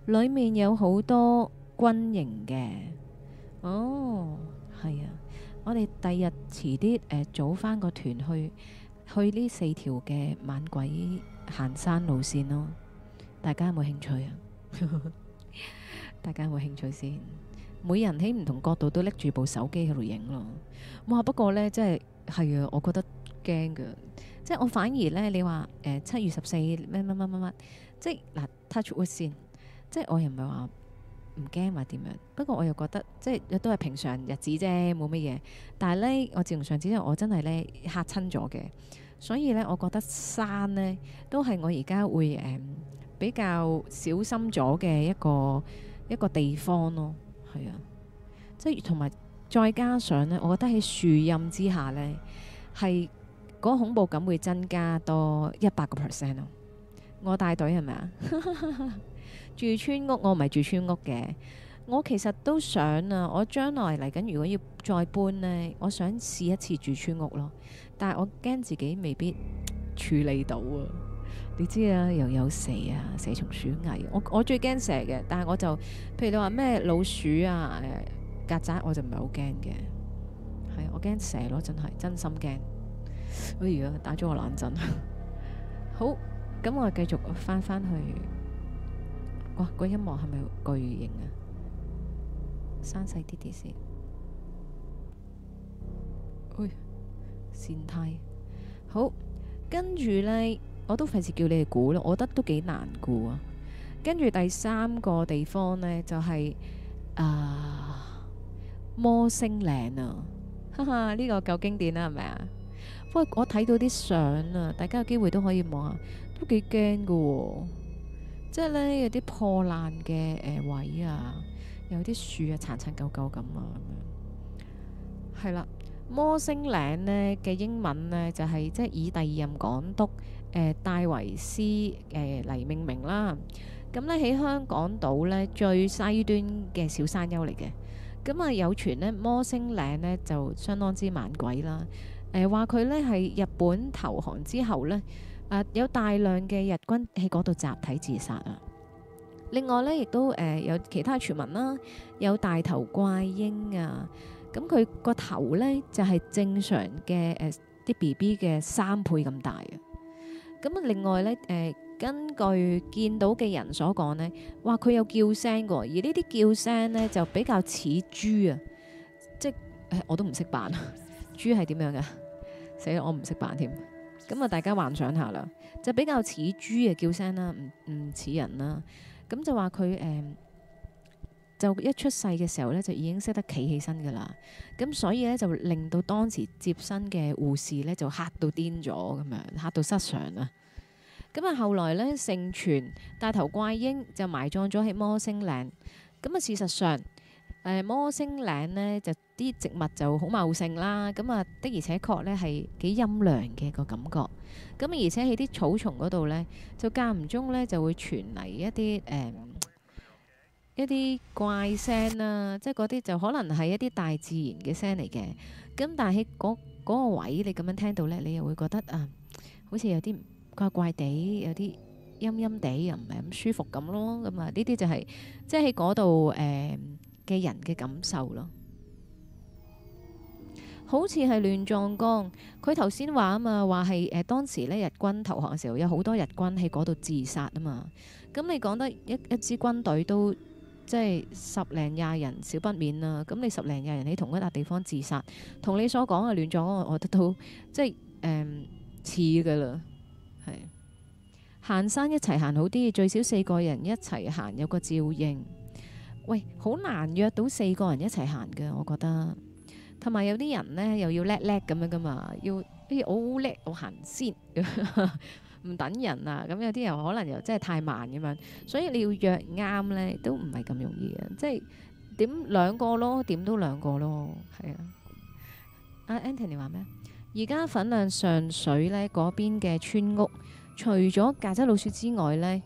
裏面有好多軍營嘅哦，係啊。我哋第日遲啲誒組翻個團去去呢四條嘅猛鬼行山路線咯，大家有冇興趣啊？ 大家有冇興趣先？每人喺唔同角度都拎住部手機喺度影咯。哇！不過呢，真係係啊，我覺得驚㗎，即係我反而呢，你話誒七月十四乜乜乜乜乜，即係嗱 Touch Wood 先，即係我又唔係話。唔驚話點樣，不過我又覺得即係都係平常日子啫，冇乜嘢。但係呢，我自從上次之後我真係呢嚇親咗嘅，所以呢，我覺得山呢，都係我而家會、呃、比較小心咗嘅一個一個地方咯。係啊，即係同埋再加上呢，我覺得喺樹蔭之下呢，係嗰、那個、恐怖感會增加多一百個 percent 咯。我帶隊係咪啊？ 住村屋，我唔係住村屋嘅。我其實都想啊，我將來嚟緊如果要再搬呢，我想試一次住村屋咯。但係我驚自己未必處理到啊！你知啊，又有蛇啊，蛇蟲鼠蟻。我我最驚蛇嘅，但係我就譬如你話咩老鼠啊、誒曱甴，我就唔係好驚嘅。係啊，我驚蛇咯，真係真心驚。不如啊，打咗個冷震。好，咁我繼續返返去。哇，個音樂係咪巨型啊？刪細啲啲先。喂，善太，好，跟住呢，我都費事叫你嚟估咯，我覺得都幾難估啊。跟住第三個地方呢，就係啊，摩星嶺啊，哈哈，呢個夠經典啦，係咪啊？不過我睇到啲相啊，大家有機會都可以望下，都幾驚噶。即係咧，有啲破爛嘅誒位啊，有啲樹啊殘殘舊舊咁啊，咁樣係啦。摩星嶺呢嘅英文呢，就係、是、即係以第二任港督、呃、戴維斯嚟、呃、命名啦。咁呢，喺香港島呢最西端嘅小山丘嚟嘅。咁啊有傳呢，摩星嶺呢就相當之猛鬼啦。誒話佢呢係日本投降之後呢。啊、有大量嘅日軍喺嗰度集體自殺啊！另外呢，亦都誒、呃、有其他傳聞啦、啊，有大頭怪嬰啊！咁佢個頭呢，就係、係、正常嘅誒啲 B B 嘅三倍咁大啊！咁另外呢，誒、呃，根據見到嘅人所講呢，哇！佢有叫聲喎，而呢啲叫聲呢，就比較似豬啊！即係我都唔識扮，豬係點樣嘅？死！我唔識扮添。咁啊，大家幻想下啦，就比較似豬嘅叫聲啦，唔唔似人啦。咁就話佢誒，就一出世嘅時候呢，就已經識得企起身噶啦。咁所以呢，就令到當時接生嘅護士呢，就嚇到癲咗咁樣，嚇到失常啦。咁啊，後來呢，盛傳大頭怪嬰就埋葬咗喺摩星嶺。咁啊，事實上誒、呃、摩星嶺呢，就，啲植物就好茂盛啦，咁啊的而且確咧係幾陰涼嘅個感覺。咁啊，而且喺啲草叢嗰度咧，就間唔中咧就會傳嚟一啲誒一啲怪聲啦。即係嗰啲就可能係一啲大自然嘅聲嚟嘅。咁但係喺嗰嗰個位，你咁樣聽到咧，你又會覺得啊，好似有啲怪怪哋，有啲陰陰哋，又唔係咁舒服咁咯。咁啊，呢啲就係即係喺嗰度誒嘅人嘅感受咯。好似係亂葬崗，佢頭先話啊嘛，話係誒當時咧日軍投降嘅時候，有好多日軍喺嗰度自殺啊嘛。咁你講得一一支軍隊都即係十零廿人，少不免啊。咁你十零廿人喺同一笪地方自殺，同你所講嘅亂葬崗，我覺得都即係誒、呃、似噶啦。係行山一齊行好啲，最少四個人一齊行，有個照應。喂，好難約到四個人一齊行嘅，我覺得。同埋有啲人咧又要叻叻咁樣噶嘛，要誒好叻好行先，唔 等人啊！咁有啲人可能又真係太慢咁樣，所以你要約啱咧都唔係咁容易嘅、啊，即係點兩個咯，點都兩個咯，係啊！阿 Anthony 話咩？而家粉嶺上水咧嗰邊嘅村屋，除咗曱甴、老鼠之外咧，誒、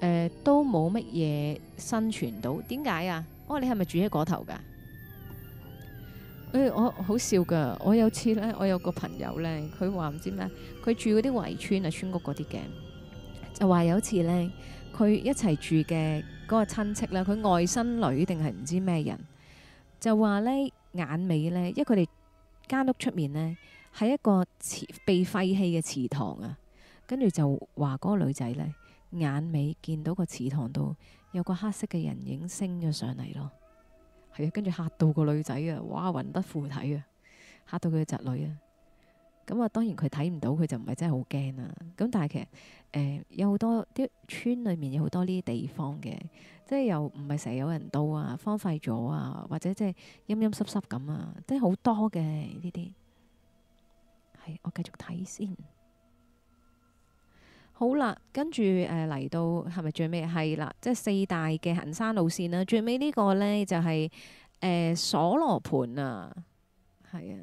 呃、都冇乜嘢生存到。點解啊？哦，你係咪住喺嗰頭㗎？誒、欸、我好笑噶，我有次呢，我有個朋友呢，佢話唔知咩，佢住嗰啲圍村啊，村屋嗰啲嘅，就話有次呢，佢一齊住嘅嗰個親戚啦，佢外甥女定係唔知咩人，就話呢，眼尾呢，因為佢哋間屋出面呢，喺一個祠被廢棄嘅祠堂啊，跟住就話嗰個女仔呢，眼尾見到個祠堂度有個黑色嘅人影升咗上嚟咯。係啊，跟住嚇到個女仔啊，哇，魂不附體啊，嚇到佢嘅侄女啊。咁啊，當然佢睇唔到，佢就唔係真係好驚啊。咁但係其實誒、呃，有好多啲村裏面有好多呢啲地方嘅，即係又唔係成日有人到啊，荒廢咗啊，或者即係陰陰濕濕咁啊，即係好多嘅呢啲。係，我繼續睇先。好啦，跟住誒嚟到係咪最尾係啦，即係四大嘅行山路線啦。最尾呢個呢，就係誒鎖羅盤啊，係啊。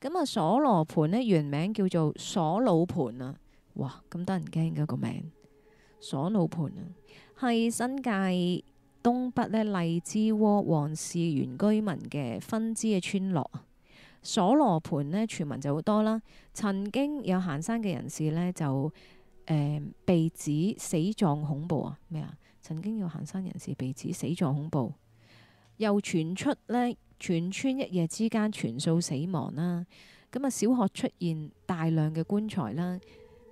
咁啊，鎖羅盤呢，原名叫做鎖腦盤啊，哇，咁得人驚嘅個名，鎖腦盤啊，係新界東北呢荔枝窩黃氏原居民嘅分支嘅村落。所羅盤呢，傳聞就好多啦，曾經有行山嘅人士呢，就、呃、被指死狀恐怖啊咩啊，曾經有行山人士被指死狀恐怖，又傳出呢，全村一夜之間全數死亡啦，咁啊小學出現大量嘅棺材啦，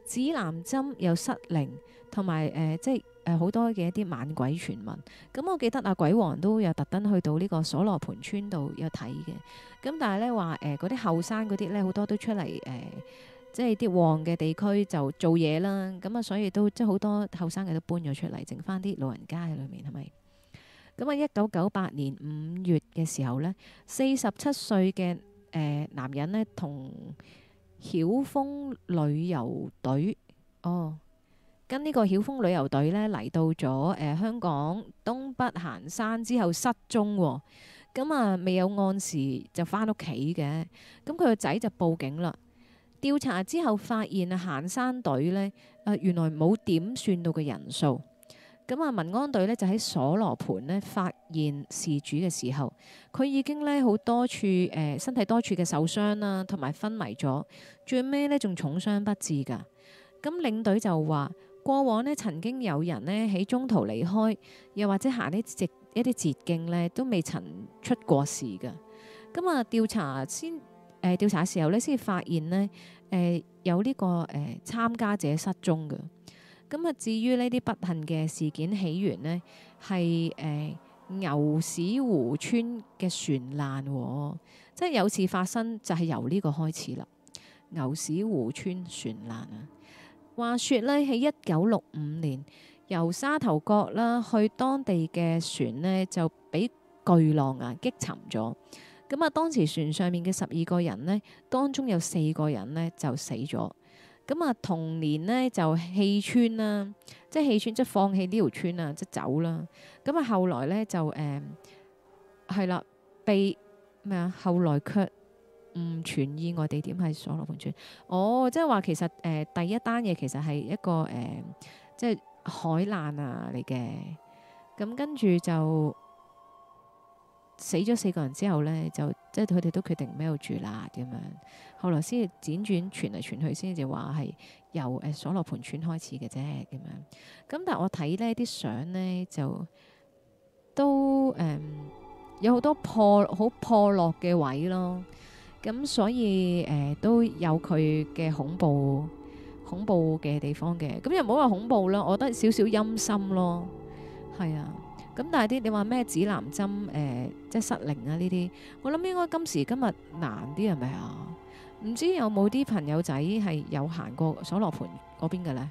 指南針又失靈，同埋誒即係。誒好、呃、多嘅一啲晚鬼傳聞，咁、嗯、我記得阿、啊、鬼王都有特登去到呢個所羅盤村度有睇嘅，咁、嗯、但係呢話誒嗰啲後生嗰啲呢，好、呃、多都出嚟誒、呃，即係啲旺嘅地區就做嘢啦，咁、嗯、啊所以都即係好多後生嘅都搬咗出嚟，剩翻啲老人家喺裏面係咪？咁啊，一九九八年五月嘅時候呢，四十七歲嘅誒、呃、男人呢，同曉峰旅遊隊哦。Oh, 跟個曉呢個曉峰旅遊隊咧嚟到咗誒、呃、香港東北行山之後失蹤喎、哦，咁啊未有按時就返屋企嘅，咁佢個仔就報警啦。調查之後發現啊，行山隊呢啊、呃、原來冇點算到嘅人數，咁啊民安隊呢就喺鎖羅盆呢發現事主嘅時候，佢已經呢好多處誒、呃、身體多處嘅受傷啦、啊，同埋昏迷咗，最尾呢仲重傷不治㗎。咁、嗯、領隊就話。過往咧曾經有人咧喺中途離開，又或者行啲直一啲捷徑咧，都未曾出過事嘅。咁啊調查先誒、呃、調查嘅時候咧，先發現咧誒、呃、有呢、這個誒、呃、參加者失蹤嘅。咁啊至於呢啲不幸嘅事件起源咧，係誒、呃、牛屎湖村嘅船難、哦，即係有次發生就係由呢個開始啦。牛屎湖村船難啊！話説咧，喺一九六五年，由沙頭角啦去當地嘅船呢，就俾巨浪啊擊沉咗。咁啊，當時船上面嘅十二個人呢，當中有四個人呢，就死咗。咁啊，同年呢，就棄村啦，即係棄村，即係放棄呢條村啊，即走啦。咁啊，後來呢，就、嗯、誒，係啦，被咩啊？後來卻。嗯，全意外地點係鎖羅盆村哦，即係話其實誒第一單嘢其實係一個誒，即係海難啊嚟嘅。咁、嗯、跟住就死咗四個人之後呢，就即係佢哋都決定唔喺度住啦。咁樣後來先至輾轉傳嚟傳去，先至話係由誒鎖、呃、羅盆村開始嘅啫。咁樣咁、嗯，但我睇呢啲相呢，就都誒、呃、有好多破好破落嘅位咯。咁所以誒、呃、都有佢嘅恐怖恐怖嘅地方嘅，咁又唔好話恐怖啦，我覺得少少陰森咯，係啊。咁但係啲你話咩指南針誒、呃、即係失靈啊呢啲，我諗應該今時今日難啲係咪啊？唔知有冇啲朋友仔係有行過鎖羅盆嗰邊嘅呢？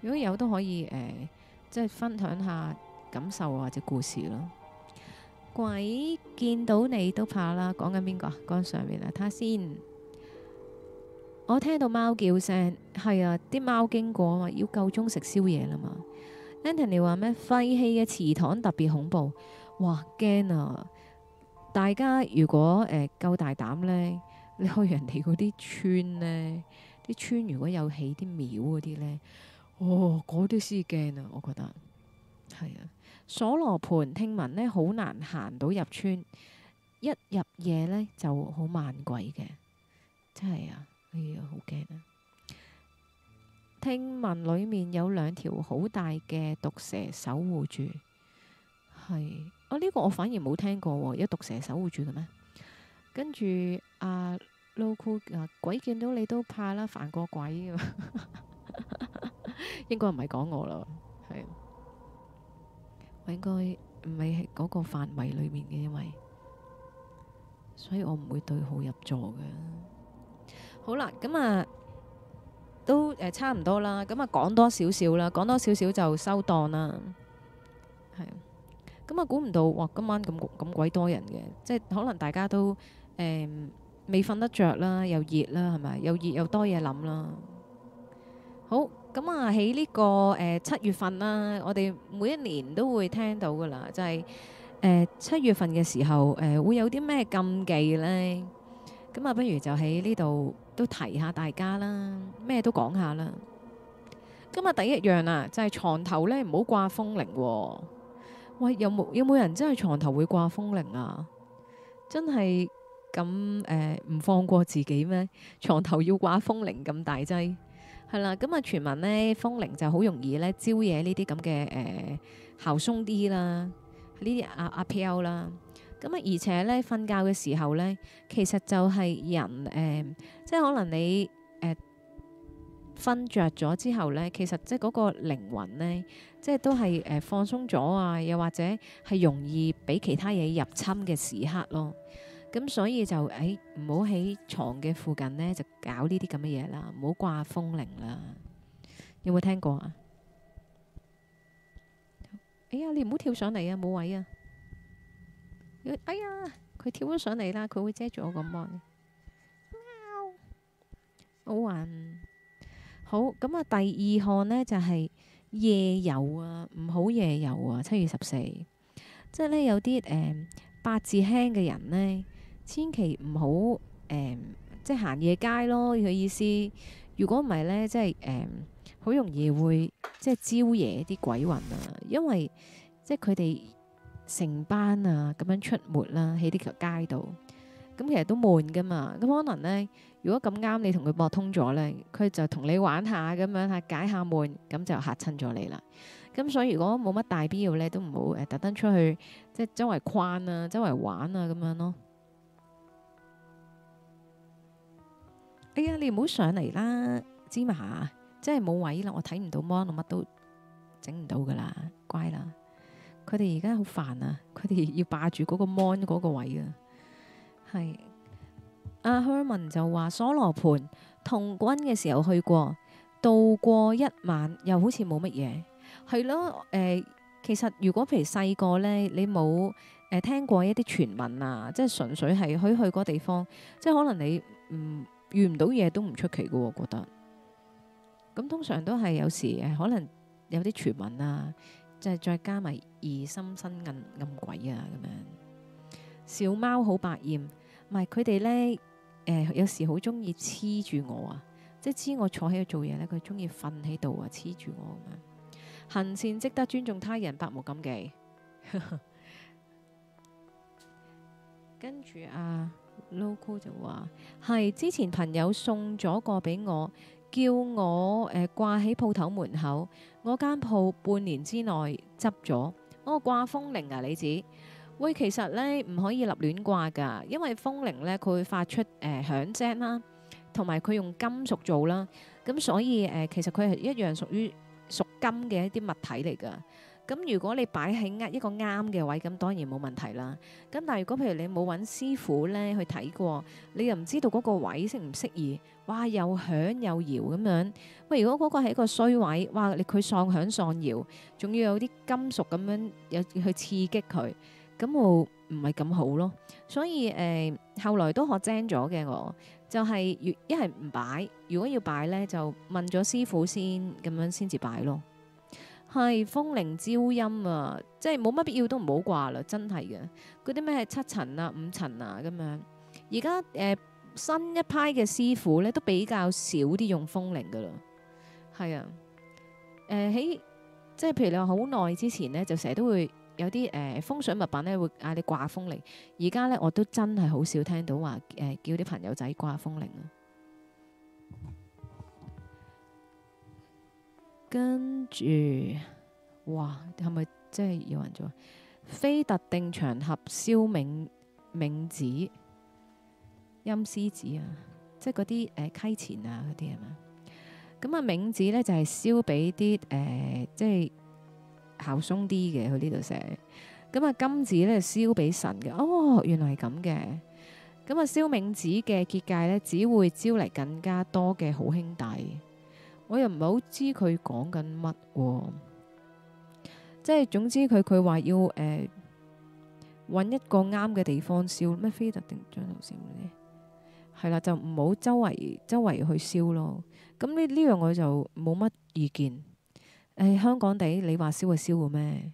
如果有都可以誒、呃，即係分享下感受或者故事咯。鬼見到你都怕啦！講緊邊個啊？講緊上面啊，睇下先。我聽到貓叫聲，係啊，啲貓經過啊，要夠鐘食宵夜啦嘛。Anthony 話咩？廢棄嘅祠堂特別恐怖，哇驚啊！大家如果誒、呃、夠大膽呢，你去人哋嗰啲村呢，啲村如果有起啲廟嗰啲呢，哦，嗰啲先驚啊！我覺得係啊。所羅盆聽聞呢好難行到入村，一入夜呢就好猛鬼嘅，真係啊！哎呀，好驚啊！聽聞裏面有兩條好大嘅毒蛇守護住，係啊呢、這個我反而冇聽過喎、啊，有毒蛇守護住嘅咩？跟住阿 local 啊，鬼見到你都怕啦，煩過鬼啊， 應該唔係講我啦，係。應該唔係喺嗰個範圍裏面嘅，因為所以我唔會對號入座嘅。好啦，咁啊都誒、呃、差唔多啦，咁啊講多少少啦，講多少少就收檔啦。係，咁啊估唔到哇，今晚咁咁鬼多人嘅，即係可能大家都誒、呃、未瞓得着啦，又熱啦，係咪？又熱又多嘢諗啦。好。咁啊，喺呢個誒七月份啦，我哋每一年都會聽到噶啦，就係誒七月份嘅時候，誒會有啲咩禁忌呢？咁啊，不如就喺呢度都提下大家啦，咩都講下啦。今日第一樣啊，就係牀頭咧唔好掛風鈴喎。喂，有冇有冇人真係牀頭會掛風鈴啊？真係咁誒唔放過自己咩？牀頭要掛風鈴咁大劑？係啦，咁啊、嗯，傳聞咧，風鈴就好容易咧招惹呢啲咁嘅誒校鬆啲啦，呢啲啊啊飄啦，咁、嗯、啊而且咧瞓覺嘅時候咧，其實就係人誒、呃，即係可能你誒瞓着咗之後咧，其實即係嗰個靈魂咧，即係都係誒、呃、放鬆咗啊，又或者係容易俾其他嘢入侵嘅時刻咯。咁所以就誒唔好喺牀嘅附近咧，就搞呢啲咁嘅嘢啦，唔好掛風鈴啦。有冇聽過啊？哎呀，你唔好跳上嚟啊！冇位啊！誒哎呀，佢跳咗上嚟啦，佢會遮住我個芒。好還好咁啊！第二項咧就係夜遊啊，唔好夜遊啊！七月十四，即係咧有啲誒八字輕嘅人咧。千祈唔好，誒、呃，即係行夜街咯。佢、這個、意思，如果唔係呢，即係誒，好、呃、容易會即係招惹啲鬼魂啊。因為即係佢哋成班啊咁樣出沒啦，喺呢條街度咁，其實都悶噶嘛。咁可能呢，如果咁啱你同佢博通咗呢，佢就同你玩下咁樣吓解下悶，咁就嚇親咗你啦。咁所以如果冇乜大必要呢，都唔好誒特登出去即係周圍框啊，周圍玩啊咁樣咯。哎呀，你唔好上嚟啦，芝麻，即係冇位啦。我睇唔到芒，我乜都整唔到噶啦。乖啦，佢哋而家好煩啊。佢哋要霸住嗰個芒嗰個位啊。係阿 Herman 就話，鎖羅盆同軍嘅時候去過，度過一晚，又好似冇乜嘢係咯。誒、呃，其實如果譬如細個呢，你冇誒聽過一啲傳聞啊，即係純粹係去去嗰個地方，即係可能你唔。嗯遇唔到嘢都唔出奇㗎，我覺得咁，通常都係有時可能有啲傳聞啊，就係、是、再加埋疑心生暗暗鬼啊咁樣。小貓好百厭，唔係佢哋呢、呃，有時好中意黐住我啊，即係黐我坐喺度做嘢呢，佢中意瞓喺度啊，黐住我咁樣。行善積德，尊重他人，百無禁忌。 跟住啊。local 就話係之前朋友送咗個俾我，叫我誒、呃、掛喺鋪頭門口。我間鋪半年之內執咗我掛風鈴啊，李子喂，其實咧唔可以立亂掛噶，因為風鈴咧佢會發出誒、呃、響聲啦，同埋佢用金屬做啦，咁所以誒、呃、其實佢係一樣屬於屬金嘅一啲物體嚟噶。咁如果你擺喺呃一個啱嘅位，咁當然冇問題啦。咁但係如果譬如你冇揾師傅咧去睇過，你又唔知道嗰個位適唔適宜，哇又響又搖咁樣。喂，如果嗰個係一個衰位，哇你佢喪響喪搖，仲要有啲金屬咁樣又去刺激佢，咁我唔係咁好咯。所以誒，後來都學精咗嘅我，就係越一係唔擺，如果要擺咧，就問咗師傅先，咁樣先至擺咯。係風鈴招陰啊！即係冇乜必要都唔好掛啦，真係嘅。嗰啲咩七層啊、五層啊咁樣。而家誒新一派嘅師傅咧，都比較少啲用風鈴噶啦。係啊，誒、呃、喺即係譬如你話好耐之前呢，就成日都會有啲誒、呃、風水物品咧會嗌你掛風鈴。而家咧我都真係好少聽到話誒、呃、叫啲朋友仔掛風鈴。跟住，哇，係咪即係有人做？非特定場合燒冥冥紙、陰司紙啊，即係嗰啲誒溪錢啊嗰啲係嘛？咁啊冥紙咧就係燒俾啲誒即係效松啲嘅，佢、嗯、呢度寫。咁啊金紙咧燒俾神嘅。哦，原來係咁嘅。咁啊燒冥紙嘅結界咧只會招嚟更加多嘅好兄弟。我又唔係好知佢講緊乜，即係總之佢佢話要誒揾、呃、一個啱嘅地方燒，咩非特定張頭燒嗰係啦，就唔好周圍周圍去燒咯。咁呢呢樣我就冇乜意見。誒、呃、香港地你話燒就燒嘅咩？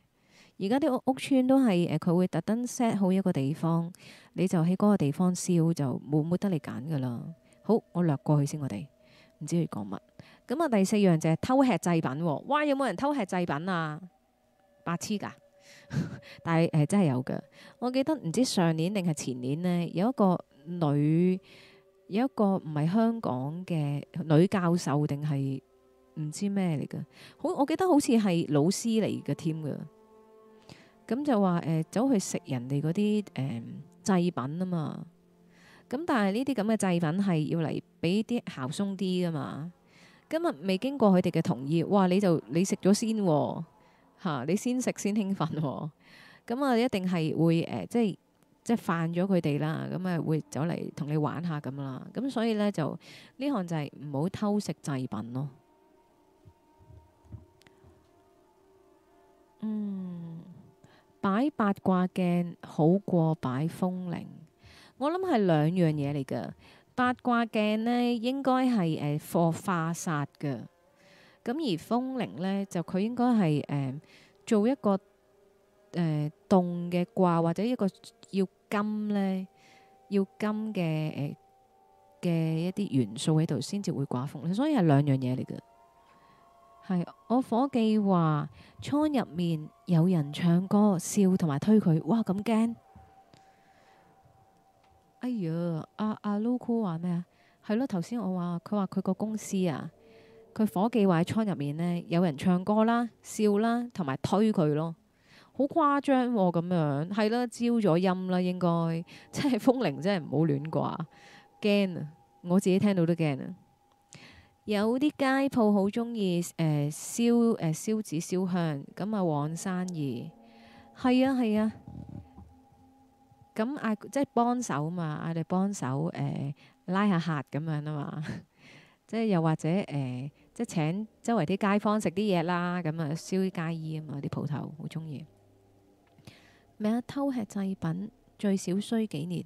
而家啲屋屋村都係佢、呃、會特登 set 好一個地方，你就喺嗰個地方燒就冇冇得你揀噶啦。好，我掠過去先我，我哋唔知佢講乜。咁啊！第四樣就係偷吃祭品、哦。哇！有冇人偷吃祭品啊？白痴噶、啊！ 但係、呃、真係有嘅。我記得唔知上年定係前年呢，有一個女，有一個唔係香港嘅女教授定係唔知咩嚟嘅。好，我記得好似係老師嚟嘅添嘅。咁就話誒、呃、走去食人哋嗰啲誒祭品啊嘛。咁但係呢啲咁嘅祭品係要嚟俾啲孝松啲啊嘛。今日未經過佢哋嘅同意，哇！你就你食咗先、哦，嚇、啊、你先食先興奮、哦，咁、嗯、啊、嗯、一定係會誒、呃，即係即係犯咗佢哋啦，咁、嗯、啊會走嚟同你玩下咁啦，咁、嗯、所以呢，就呢項就係唔好偷食祭品咯。嗯，擺八卦鏡好過擺風鈴，我諗係兩樣嘢嚟㗎。八卦鏡呢，應該係誒貨化煞嘅，咁而風鈴呢，就佢應該係誒、呃、做一個誒動嘅掛，或者一個要金呢要金嘅嘅、呃、一啲元素喺度先至會刮風，所以係兩樣嘢嚟嘅。係 我伙計話，窗入面有人唱歌笑同埋推佢，哇咁驚！哎呀，阿阿 LoCo 話咩啊？係、啊、咯，頭先我話佢話佢個公司啊，佢伙計話喺倉入面咧有人唱歌啦、笑啦，同埋推佢咯，好誇張咁樣。係咯，招咗陰啦，應該即係風鈴，真係唔好亂掛，驚啊！我自己聽到都驚啊！有啲街鋪好中意誒燒誒燒紙燒香，咁啊旺生意。係啊，係啊。咁啊，即係幫手嘛，啊，我哋幫手誒，拉下客咁樣啊嘛，即係又或者誒、呃，即係請周圍啲街坊食啲嘢啦，咁啊燒街衣啊嘛，啲鋪頭好中意。咩啊？ 偷吃祭品最少衰幾年？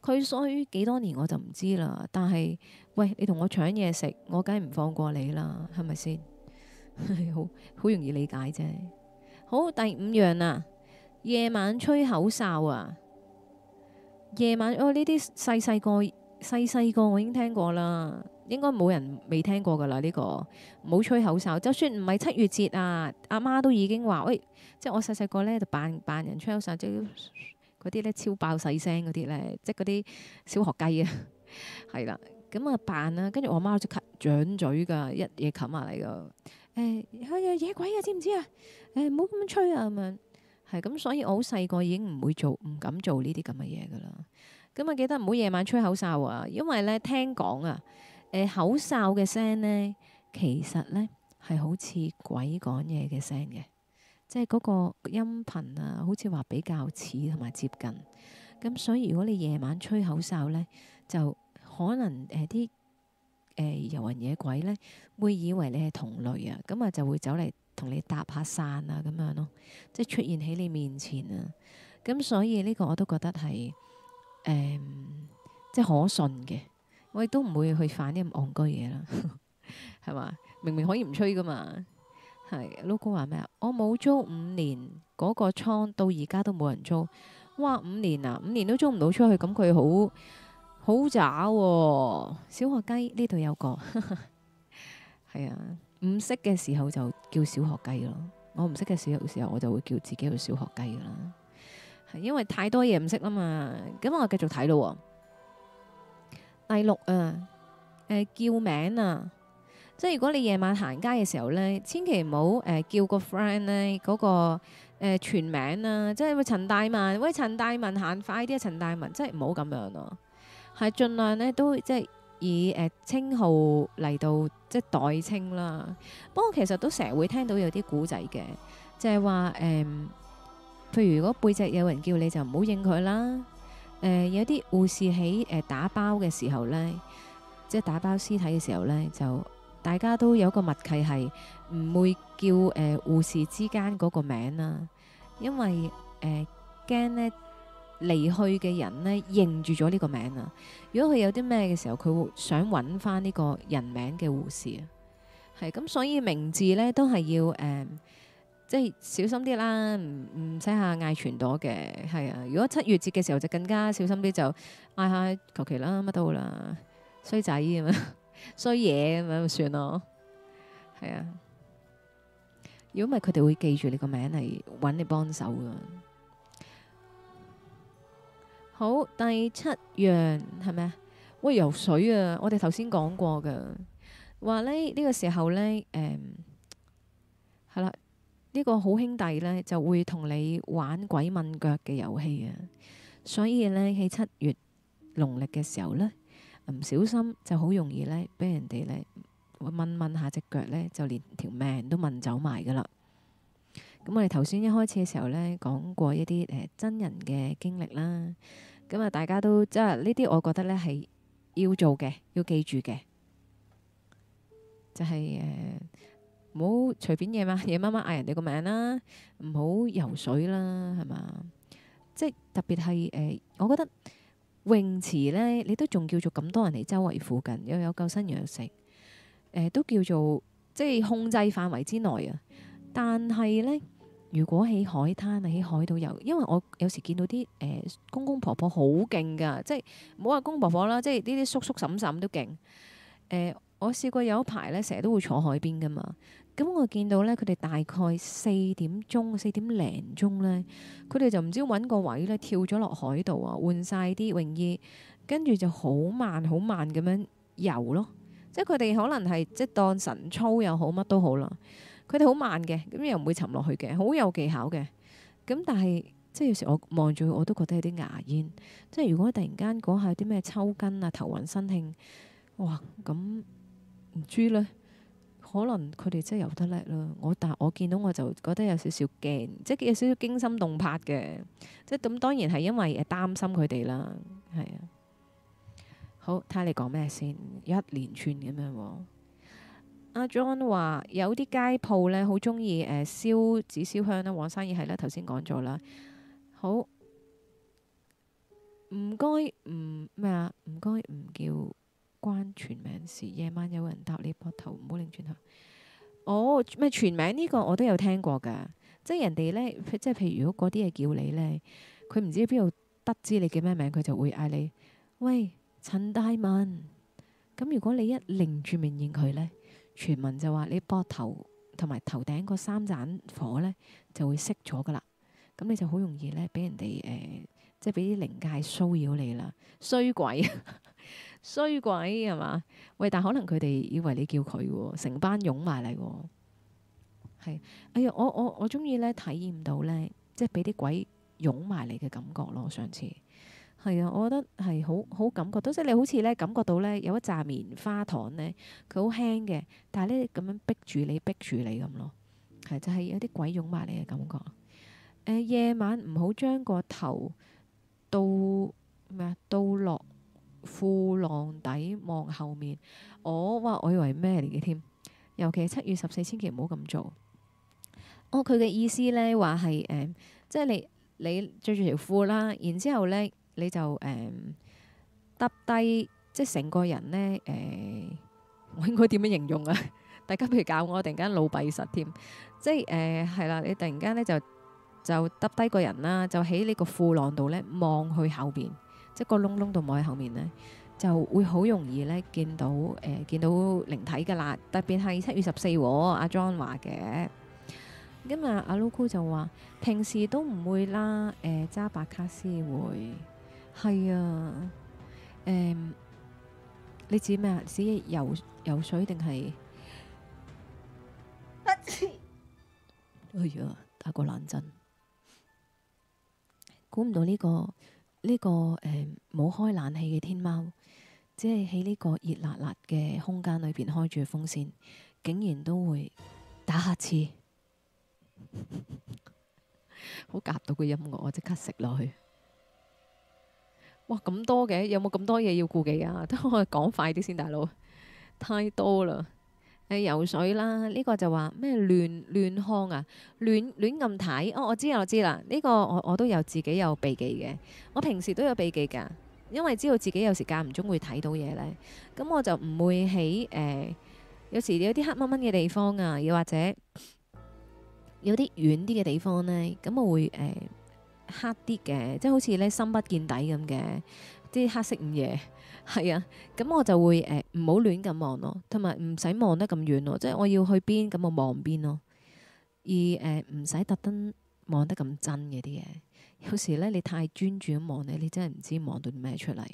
佢衰幾多年我就唔知啦。但係，喂，你同我搶嘢食，我梗係唔放過你啦，係咪先？ 好好容易理解啫。好，第五樣啊，夜晚吹口哨啊。夜晚哦，呢啲細細個細細個我已經聽過啦，應該冇人未聽過㗎啦，呢個唔好吹口哨。就算唔係七月節啊，阿媽，媽都已經話：喂、哎，即係我細細個咧就扮扮人吹口哨，即嗰啲咧超爆細聲嗰啲咧，即係嗰啲小學雞啊，係 啦、啊，咁啊扮啦。跟住我阿媽，媽就咳掌嘴㗎，一嘢冚下嚟㗎。誒，係啊，野鬼啊，知唔知、欸、啊？誒，唔好咁樣吹啊咁樣。係咁，所以我好細個已經唔會做、唔敢做呢啲咁嘅嘢㗎啦。咁啊，記得唔好夜晚吹口哨啊，因為咧聽講啊，誒、呃、口哨嘅聲咧，其實咧係好似鬼講嘢嘅聲嘅，即係嗰個音頻啊，好似話比較似同埋接近。咁所以如果你夜晚吹口哨咧，就可能誒啲誒遊魂野鬼咧會以為你係同類啊，咁啊就會走嚟。同你搭下傘啊，咁樣咯、啊，即係出現喺你面前啊，咁所以呢個我都覺得係、嗯，即係可信嘅，我亦都唔會去反啲咁戇居嘢啦，係嘛，明明可以唔吹噶嘛，係，logo 話咩啊？我冇租五年嗰、那個倉到而家都冇人租，哇，五年啊，五年都租唔到出去，咁佢好好渣，小學雞呢度有個，係啊。唔識嘅時候就叫小學雞咯，我唔識嘅時候時候我就會叫自己做小學雞㗎啦，係因為太多嘢唔識吖嘛。咁我繼續睇咯、喔。第六啊，誒、呃、叫名啊，即係如果你夜晚行街嘅時候呢，千祈唔好誒叫個 friend 呢嗰、那個、呃、全名啊，即係陳大文，喂陳大文行快啲啊，陳大文，即係唔好咁樣咯、啊，係盡量呢都即係。以誒、呃、稱號嚟到即係代稱啦，不過其實都成日會聽到有啲古仔嘅，就係話誒，譬如如果背脊有人叫你就唔好應佢啦。誒、呃、有啲護士喺誒、呃、打包嘅時候咧，即係打包屍體嘅時候咧，就大家都有個默契係唔會叫誒、呃、護士之間嗰個名啦，因為誒驚咧。呃離去嘅人呢，認住咗呢個名啊！如果佢有啲咩嘅時候，佢會想揾翻呢個人名嘅護士啊。係咁，所以名字呢，都係要誒，即、嗯、係、就是、小心啲啦，唔唔使下嗌全朵」嘅。係啊，如果七月節嘅時候就更加小心啲， 就嗌下求其啦乜都好啦，衰仔咁樣衰嘢咁樣算咯。係啊，如果唔係佢哋會記住你個名嚟揾你幫手噶。好，第七樣係咩？喂，游水啊！我哋頭先講過嘅，話呢，呢，呢個時候呢，誒係啦，呢，呢個好兄弟呢，就會同你玩鬼問腳嘅遊戲啊！所以呢，喺七月農曆嘅時候呢，唔小心就好容易呢，俾人哋呢問問下隻腳呢，就連條命都問走埋噶啦！咁我哋頭先一開始嘅時候呢，講過一啲誒真人嘅經歷啦。咁啊！大家都即係呢啲，我覺得呢係要做嘅，要記住嘅，就係、是、誒，唔、呃、好隨便夜晚，夜媽媽嗌人哋個名啦，唔好游水啦，係嘛？即、就、係、是、特別係誒、呃，我覺得泳池呢，你都仲叫做咁多人嚟周圍附近，又有，有救生員有成，都叫做即係、就是、控制範圍之內啊。但係呢。如果喺海灘啊，喺海度遊，因為我有時見到啲誒、呃、公公婆婆好勁㗎，即係唔好話公婆婆啦，即係呢啲叔叔嬸嬸都勁。誒、呃，我試過有一排咧，成日都會坐海邊㗎嘛，咁我見到咧，佢哋大概四點鐘、四點零鐘咧，佢哋就唔知揾個位咧，跳咗落海度啊，換晒啲泳衣，跟住就好慢好慢咁樣游咯。即係佢哋可能係即當神操又好，乜都好啦。佢哋好慢嘅，咁又唔會沉落去嘅，好有技巧嘅。咁但係即係有時我望住佢，我都覺得有啲牙煙。即係如果突然間嗰下有啲咩抽筋啊、頭暈身興，哇！咁唔知咧，可能佢哋真係游得叻啦。我但係我見到我就覺得有少少驚，即係有少少驚心動魄嘅。即係咁當然係因為誒擔心佢哋啦，係啊。好睇下你講咩先，一連串咁樣喎。阿 John 話有啲街鋪呢，好中意誒燒紙燒香啦，旺生意係啦。頭先講咗啦，好唔該唔咩啊？唔該唔叫關全名事。夜晚有人搭你膊頭，唔好擰轉頭。哦，咩全名呢個我都有聽過㗎，即係人哋呢，即係譬，譬如如果嗰啲嘢叫你呢，佢唔知邊度得知你叫咩名，佢就會嗌你喂，陳大文。咁如果你一擰住名應佢呢。傳聞就話你膊頭同埋頭頂個三盞火咧就會熄咗噶啦，咁你就好容易咧俾人哋誒、呃，即係俾啲靈界騷擾你啦，衰鬼衰 鬼係嘛？喂，但可能佢哋以為你叫佢，成班擁埋嚟喎，係，哎呀，我我我中意咧體驗到咧，即係俾啲鬼擁埋嚟嘅感覺咯，上次。係啊，我覺得係好好感覺到，即係你好似咧感覺到咧有一紮棉花糖咧，佢好輕嘅，但係咧咁樣逼住你，逼住你咁咯，係就係、是、有啲鬼擁埋你嘅感覺。誒、呃、夜晚唔好將個頭到咩啊？到落褲浪底望後面。我、哦、哇，我以為咩嚟嘅添？尤其係七月十四千祈唔好咁做。我佢嘅意思咧話係誒，即係你你着住條褲啦，然之後咧。你就誒揼低，即係成個人呢，誒、呃，我應該點樣形容啊？ 大家譬如教我，突然間腦閉塞添，即係誒係啦，你突然間呢，就就揼低個人啦，就喺呢個褲浪度呢望去後面，即係個窿窿度望去後面呢，就會好容易呢見到誒、呃、見到靈體嘅啦。特別係七月十四，阿 John 話嘅。今日阿 Lucu 就話，平時都唔會啦，誒揸白卡斯會。係啊，誒、嗯，你指咩啊？指游游水定係？打刺。 哎呀，打冷、這個冷震。估唔到呢個呢個誒，冇、嗯、開冷氣嘅天貓，只係喺呢個熱辣辣嘅空間裏邊開住風扇，竟然都會打乞嗤。好 夾到個音樂，我即刻食落去。哇，咁多嘅，有冇咁多嘢要顧忌啊？等 我講快啲先，大佬太多啦！誒、呃、游水啦，呢、這個就話咩亂亂腔啊，亂亂咁睇。哦，我知道，我知啦，呢、這個我我都有自己有避忌嘅。我平時都有避忌㗎，因為知道自己有時間唔中會睇到嘢咧。咁我就唔會喺誒、呃，有時有啲黑掹掹嘅地方啊，又或者有啲遠啲嘅地方咧，咁我會誒。呃黑啲嘅，即係好似咧深不見底咁嘅啲黑色唔夜。係啊。咁我就會誒唔好亂咁望咯，同埋唔使望得咁遠咯。即係我要去邊，咁我望邊咯。而誒唔使特登望得咁真嘅啲嘢。有時咧你太專注咁望你，你真係唔知望到咩出嚟。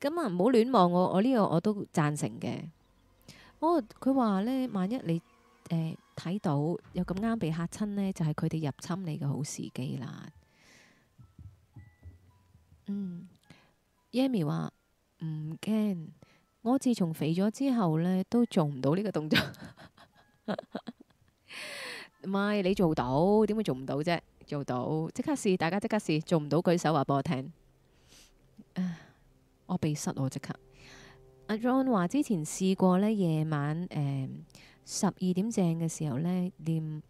咁啊唔好亂望我，我呢個我都贊成嘅。哦，佢話咧，萬一你誒睇到又咁啱被嚇親呢，就係佢哋入侵你嘅好時機啦。嗯，Yami 話唔驚，我自從肥咗之後呢，都做唔到呢個動作。 咪你做到，點會做唔到啫？做到，即刻試，大家即刻試，做唔到舉手話俾我聽。我鼻塞，我即刻。阿 John 話之前試過呢，夜晚十二點正嘅時候呢，念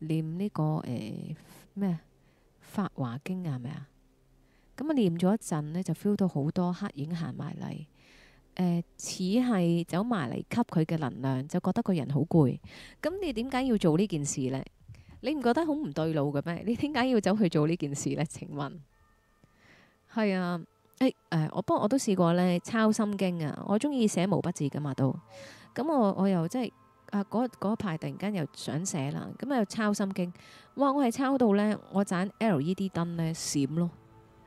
念呢、這個咩、呃《法華經》啊，係咪啊？咁啊，念咗一陣呢，就 feel 到好多黑影行埋嚟，似係走埋嚟吸佢嘅能量，就覺得個人好攰。咁你點解要做呢件事呢？你唔覺得好唔對路嘅咩？你點解要走去做呢件事呢？請問係啊？誒、欸、誒、呃，我不過我都試過呢，抄心經啊。我中意寫毛筆字㗎嘛，都咁我我又即、就、係、是、啊嗰一排突然間又想寫啦，咁啊又抄心經哇！我係抄到呢，我盞 LED 燈呢，閃咯。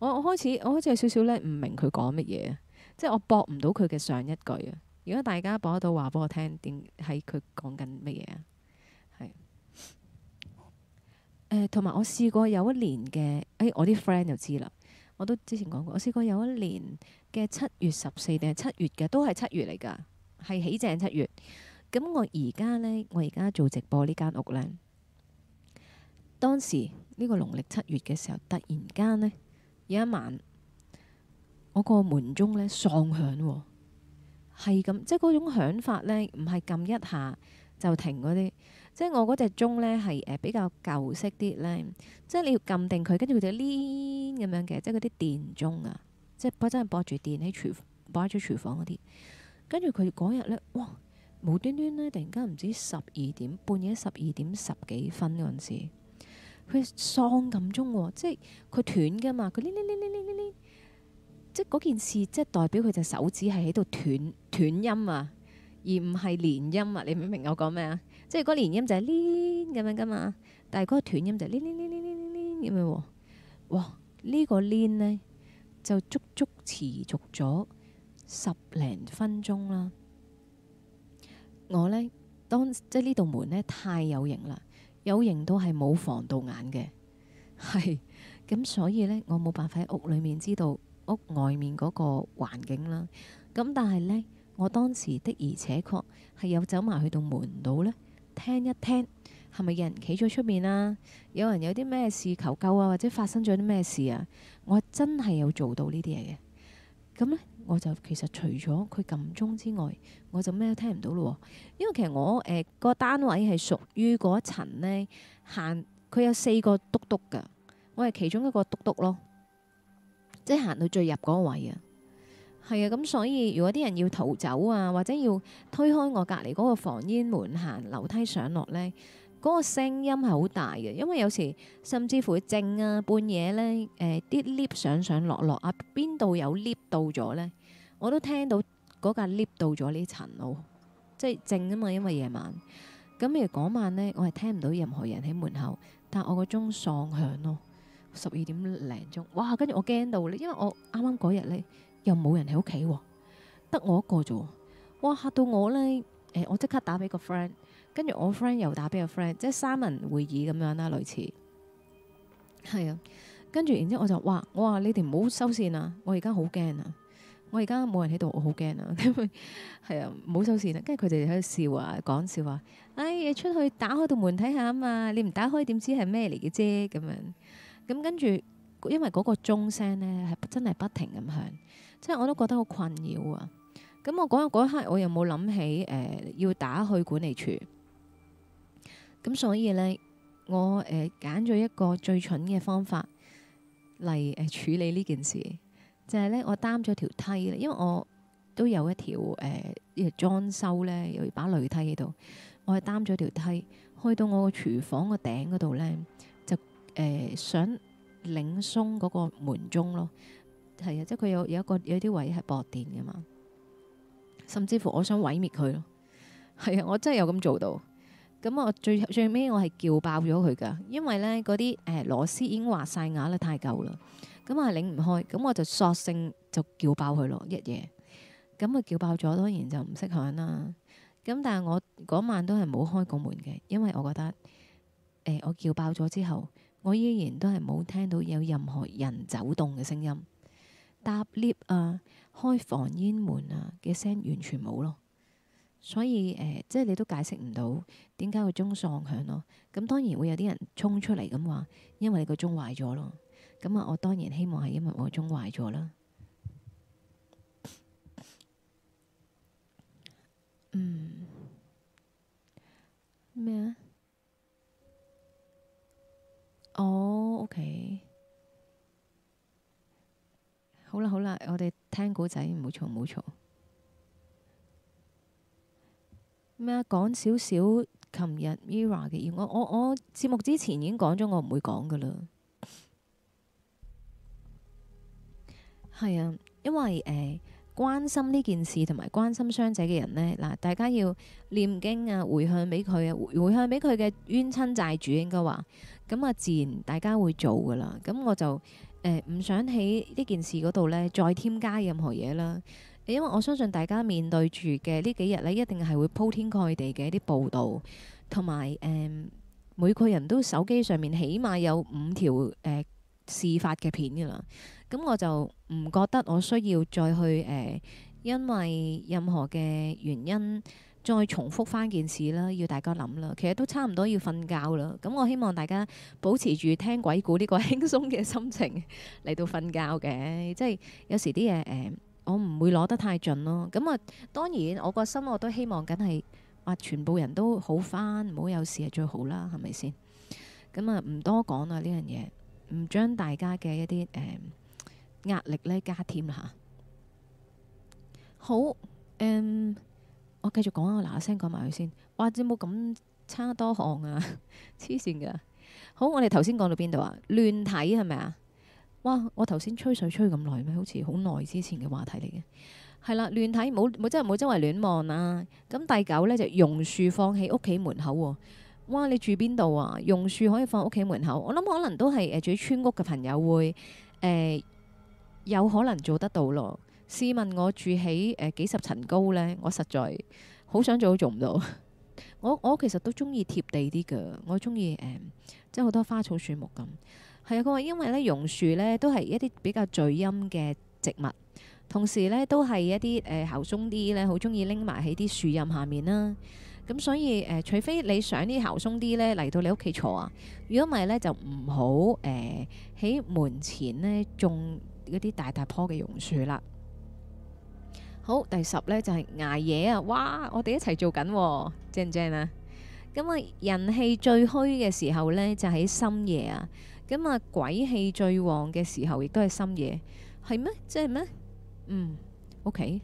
我我開始，我開始有少少咧，唔明佢講乜嘢啊！即係我駁唔到佢嘅上一句啊。如果大家駁得到，話俾我聽點喺佢講緊乜嘢啊？係，同埋我試過有一年嘅，誒、哎、我啲 friend 就知啦。我都之前講過，我試過有一年嘅七月十四定係七月嘅，都係七月嚟㗎，係起正七月。咁我而家呢，我而家做直播呢間屋呢，當時呢個農曆七月嘅時候，突然間呢。有一晚，我個門鐘咧喪響，係咁、哦，即係嗰種響法咧，唔係撳一下就停嗰啲，即係我嗰隻鐘咧係誒比較舊式啲咧，即係你要撳定佢，跟住佢就唸咁樣嘅，即係嗰啲電鐘啊，即係本身係駁住電喺廚，擺喺咗廚房嗰啲，跟住佢嗰日咧，哇，無端端咧突然間唔知十二點半夜十二點十幾分嗰陣時。佢喪咁中喎，即係佢斷噶嘛，佢呢呢呢呢唸唸即係嗰件事即係代表佢隻手指係喺度斷斷音啊，而唔係連音啊，你明唔明我講咩啊？即係嗰連音就係唸咁樣噶嘛，但係嗰個斷音就唸唸唸唸呢唸唸咁樣喎，哇！呢個唸咧就足足持續咗十零分鐘啦。我呢，當即係呢度門呢，太有型啦。有型都係冇防盜眼嘅。係咁所以呢，我冇辦法喺屋裏面知道屋外面嗰個環境啦。咁但係呢，我當時的而且確係有走埋去到門度呢，聽一聽係咪有人企咗出面啊？有人有啲咩事求救啊？或者發生咗啲咩事啊？我真係有做到呢啲嘢嘅。咁咧，我就其實除咗佢撳鐘之外，我就咩都聽唔到咯。因為其實我誒、呃嗰個單位係屬於嗰層呢，行佢有四個督篤㗎，我係其中一個督篤咯，即係行到最入嗰位啊。係啊，咁所以如果啲人要逃走啊，或者要推開我隔離嗰個防煙門行樓梯上落呢。嗰個聲音係好大嘅，因為有時甚至乎靜啊，半夜呢誒啲 lift 上上落落啊，邊度有 lift 到咗呢？我都聽到嗰架 lift 到咗呢層咯，即係靜啊嘛，因為夜晚咁。譬如嗰晚呢，我係聽唔到任何人喺門口，但我個鐘喪響咯，十二點零鐘哇，跟住我驚到呢，因為我啱啱嗰日呢，又冇人喺屋企喎，得我一個咋，哇嚇到我呢，誒，我即刻打俾個 friend。跟住我 friend 又打俾個 friend，即係三人會議咁樣啦，類似係啊。跟住然之後我就哇，我話你哋唔好收線 啊！我而家好驚啊！我而家冇人喺度，我好驚啊！因為係啊，冇收線啊。跟住佢哋喺度笑啊，講笑話。哎，你出去打開道門睇下啊嘛！你唔打開點知係咩嚟嘅啫？咁樣咁跟住，因為嗰個鐘聲咧係真係不停咁響，即係我都覺得好困擾啊。咁我嗰日嗰一刻，我又冇諗起誒、呃、要打去管理處。咁所以呢，我誒揀咗一個最蠢嘅方法嚟誒、呃、處理呢件事，就係、是、呢，我擔咗條梯啦，因為我都有一條誒、呃、裝修呢，有把鋁梯喺度，我係擔咗條梯，開到我個廚房個頂嗰度呢，就誒、呃、想擰鬆嗰個門鐘咯，係啊，即係佢有有一個有啲位係駁電嘅嘛，甚至乎我想毀滅佢咯，係啊，我真係有咁做到。咁我最最尾我係撬爆咗佢噶，因為呢嗰啲誒螺絲已經滑晒牙啦，太舊啦，咁我係擰唔開，咁我就索性就撬爆佢咯，一夜。咁佢撬爆咗，當然就唔識響啦。咁但係我嗰晚都係冇開過門嘅，因為我覺得誒、呃、我撬爆咗之後，我依然都係冇聽到有任何人走動嘅聲音，搭 lift 啊、開防煙門啊嘅聲完全冇咯。所以誒、呃，即係你都解釋唔到點解個鐘喪響咯？咁當然會有啲人衝出嚟咁話，因為你個鐘壞咗咯。咁啊，我當然希望係因為我個鐘壞咗啦。嗯，咩啊？哦、oh，OK 好。好啦好啦，我哋聽古仔，唔好嘈，唔好嘈。咩啊？講少少，琴日 Mira 嘅，我我我節目之前已經講咗，我唔會講噶啦。係啊， 因為誒、呃、關心呢件事同埋關心傷者嘅人呢，嗱，大家要念經啊，回向俾佢啊，回向俾佢嘅冤親債主應該話，咁啊自然大家會做噶啦。咁我就誒唔、呃、想喺呢件事嗰度呢，再添加任何嘢啦。因為我相信大家面對住嘅呢幾日咧，一定係會鋪天蓋地嘅一啲報導，同埋誒每個人都手機上面起碼有五條誒、呃、事發嘅片噶啦。咁我就唔覺得我需要再去誒、呃，因為任何嘅原因再重複翻件事啦，要大家諗啦。其實都差唔多要瞓覺啦。咁我希望大家保持住聽鬼故呢個輕鬆嘅心情嚟到瞓覺嘅，即係有時啲嘢誒。呃我唔會攞得太盡咯，咁啊，當然我個心我都希望，梗係話全部人都好返，唔好有事係最好啦，係咪先？咁啊，唔多講啊呢樣嘢，唔將大家嘅一啲誒壓力咧加添啦吓。好，誒、呃，我繼續講啊，我嗱嗱聲講埋佢先。哇，有冇咁差多行啊？黐線㗎！好，我哋頭先講到邊度啊？亂睇係咪啊？哇！我頭先吹水吹咁耐咩？好似好耐之前嘅話題嚟嘅，係啦，亂睇冇冇，即係唔好周圍亂望啦。咁第九呢，就榕樹放喺屋企門口喎、喔。哇！你住邊度啊？榕樹可以放屋企門口，我諗可能都係誒、呃、住喺村屋嘅朋友會誒、呃、有可能做得到咯。試問我住喺誒、呃、幾十層高呢？我實在好想做都做唔到。 我我其實都中意貼地啲㗎，我中意誒即係好多花草樹木咁。係啊，佢話因為咧榕樹咧都係一啲比較聚陰嘅植物，同時咧都係一啲誒豪鬆啲咧，好鍾意拎埋喺啲樹蔭下面啦。咁所以誒、呃，除非你想啲豪鬆啲咧嚟到你屋企坐啊，如果唔係咧就唔好誒喺門前咧種嗰啲大大棵嘅榕樹啦。好，第十咧就係捱夜啊！哇，我哋一齊做緊、啊，正唔正啊？咁啊，人氣最虛嘅時候咧就喺深夜啊。咁啊，鬼氣最旺嘅時候，亦都係深夜，係咩？即係咩？嗯，OK。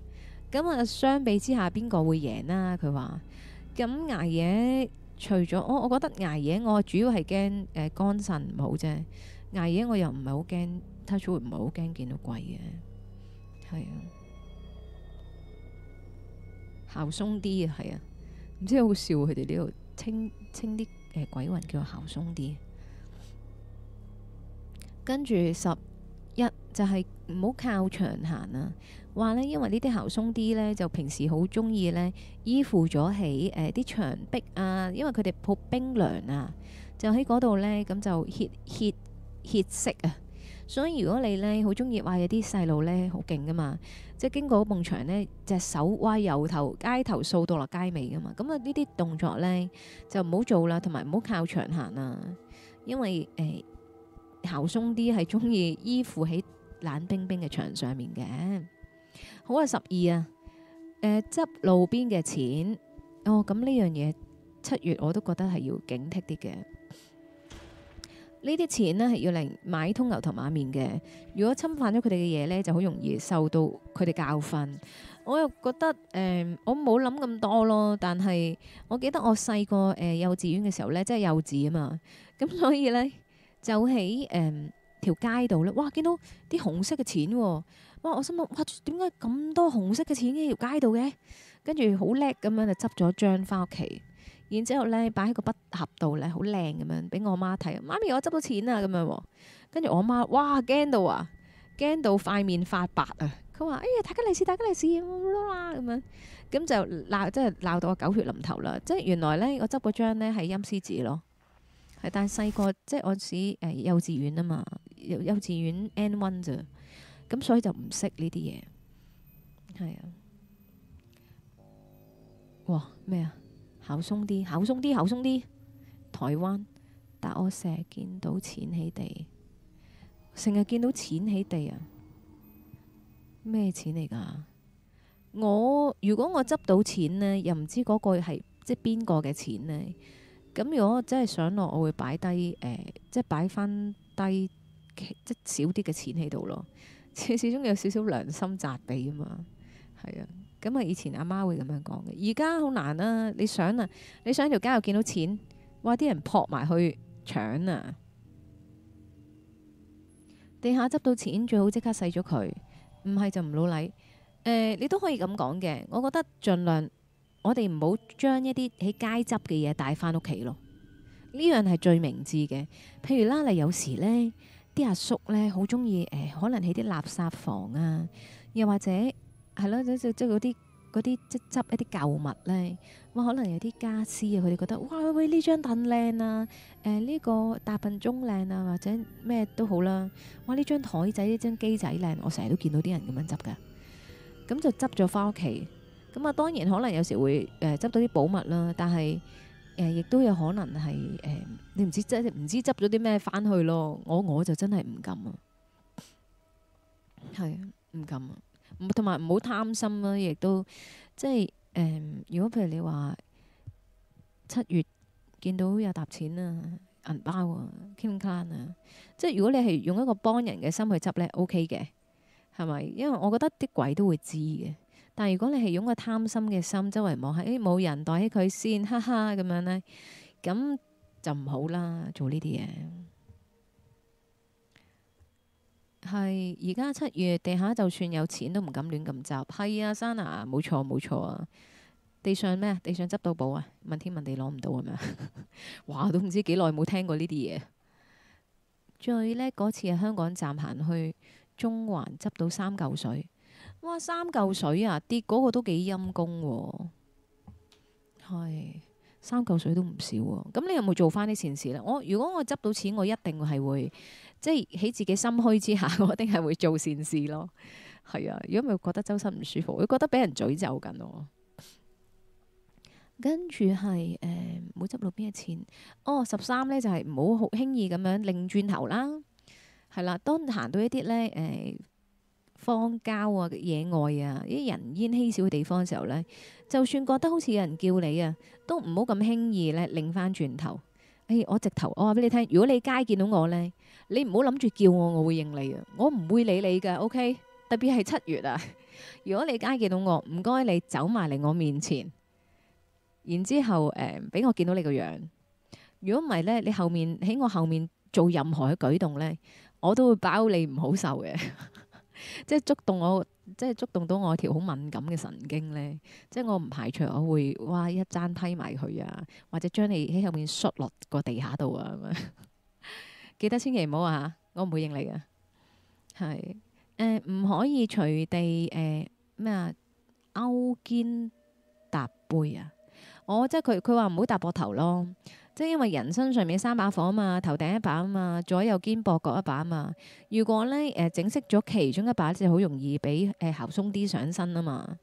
咁啊，相比之下，邊個會贏啊？佢話：咁捱夜，除咗我，我覺得捱夜，我主要係驚誒肝腎唔好啫。捱夜我又唔係好驚，Touch wood 唔係好驚見到鬼嘅，係啊，孝鬆啲啊，係啊，唔知好笑佢哋呢度清清啲誒、呃、鬼魂叫孝鬆啲。跟住十一就係唔好靠牆行啊！話咧，因為呢啲喉鬆啲咧，就平時好中意咧依附咗喺誒啲牆壁啊，因為佢哋好冰涼啊，就喺嗰度咧咁就歇歇歇息啊！所以如果你咧好中意話有啲細路咧好勁噶嘛，即係經過嗰埲牆咧隻手彎由頭街頭掃到落街尾噶嘛，咁啊呢啲動作咧就唔好做啦，同埋唔好靠牆行啊，因為誒。呃厚鬆啲係中意依附喺冷冰冰嘅牆上面嘅。好啊，十二啊，誒、呃、執路邊嘅錢哦，咁呢樣嘢七月我都覺得係要警惕啲嘅。呢啲錢呢，係要嚟買通牛頭馬面嘅。如果侵犯咗佢哋嘅嘢呢，就好容易受到佢哋教訓。我又覺得誒、呃，我冇諗咁多咯。但係我記得我細個誒幼稚園嘅時候呢，即係幼稚啊嘛，咁所以呢。就喺誒、嗯、條街度呢，哇！見到啲紅色嘅錢喎、啊，哇！我心諗哇，點解咁多紅色嘅錢喺、啊、條街度嘅？跟住好叻咁樣就執咗張返屋企，然之後呢擺喺個筆盒度呢，好靚咁樣俾我媽睇。媽咪，我執到錢啦、啊、咁樣、啊，跟住我媽哇驚到啊，驚到塊面發白啊！佢話：哎呀，大吉利是大吉利是咁樣，咁就鬧即係鬧到我狗血淋頭啦！即係原來呢，我執嗰張呢係陰司紙咯。但係細個即係我喺誒幼稚園啊嘛，幼稚園 N one 咋，咁所以就唔識呢啲嘢。係啊，哇咩啊？考鬆啲，考鬆啲，考鬆啲。台灣，但我成日見到錢起地，成日見到錢起地啊！咩錢嚟㗎？我如果我執到錢，錢呢，又唔知嗰個係即係邊個嘅錢呢？咁如果真係想落，我會擺低誒、呃，即係擺翻低，即少啲嘅錢喺度咯。始始終有少少良心責備啊嘛，係啊。咁啊，以前阿媽，媽會咁樣講嘅，而家好難啊，你想啊，你想條街又見到錢，哇！啲人撲埋去搶啊！地下執到錢，最好即刻洗咗佢，唔係就唔老禮。誒、呃，你都可以咁講嘅，我覺得盡量。我哋唔好將一啲喺街執嘅嘢帶翻屋企咯，呢樣係最明智嘅。譬如啦，你有時呢啲阿叔呢，好中意誒，可能喺啲垃圾房啊，又或者係咯，即係嗰啲嗰啲即係執一啲舊物呢。哇、呃！可能有啲家私啊，佢哋覺得哇喂，呢張凳靚啊，誒呢個大笨鐘靚啊，或者咩都好啦、啊，哇！呢張台仔、呢張機仔靚，我成日都見到啲人咁樣執噶，咁就執咗翻屋企。咁啊，當然可能有時會誒執、呃、到啲寶物啦，但係誒亦都有可能係誒、呃、你唔知即唔知執咗啲咩翻去咯。我我就真係唔敢啊，係啊唔敢啊，同埋唔好貪心啦、啊。亦都即係誒、呃，如果譬如你話七月見到有揼錢啊、銀包啊、c a 金卡啊，即係如果你係用一個幫人嘅心去執呢 OK 嘅係咪？因為我覺得啲鬼都會知嘅。但如果你係用個貪心嘅心，周圍望下，誒、哎、冇人袋起佢先，哈哈咁樣呢，咁就唔好啦，做呢啲嘢。係而家七月，地下就算有錢都唔敢亂咁執。係啊，Sana，冇錯冇錯啊。地上咩？地上執到寶啊！問天問地攞唔到咁樣。哇！ 都唔知幾耐冇聽過呢啲嘢。最叻嗰次喺香港站行去中環執到三嚿水。哇！三嚿水啊，跌嗰個都幾陰功喎，係三嚿水都唔少喎，啊。咁你有冇做翻啲善事呢？我如果我執到錢，我一定係會即係喺自己心虛之下，我一定係會做善事咯。係啊，如果咪覺得周身唔舒服，會覺得俾人詛咒緊我。跟住係誒，冇、呃、執到邊一錢。哦，十三呢就係唔好好輕易咁樣擰轉，轉頭啦。係啦，啊，當行到一啲呢。誒、呃。荒郊啊，野外啊，啲人煙稀少嘅地方嘅時候呢，就算覺得好似有人叫你啊，都唔好咁輕易咧擰翻轉頭。哎，我直頭，我話俾你聽，如果你街見到我呢，你唔好諗住叫我，我會應你啊，我唔會理你噶。OK，特別係七月啊，如果你街見到我，唔該你走埋嚟我面前，然之後誒俾、呃、我見到你個樣。如果唔係呢，你後面喺我後面做任何嘅舉動呢，我都會包你唔好受嘅。 即係觸動我，即係觸動到我條好敏感嘅神經呢。即係我唔排除我會哇一踭梯埋佢啊，或者將你喺後面摔落個地下度啊咁樣。 記得千祈唔好啊，我唔會應你嘅係誒，唔、呃、可以隨地誒咩啊勾肩搭背啊。我、哦、即係佢佢話唔好搭膊頭咯。即係因為人身上面三把火啊嘛，頭頂一把啊嘛，左右肩膊各一把啊嘛。如果咧誒、呃、整熄咗其中一把，就好容易俾誒喉鬆啲上身啊嘛。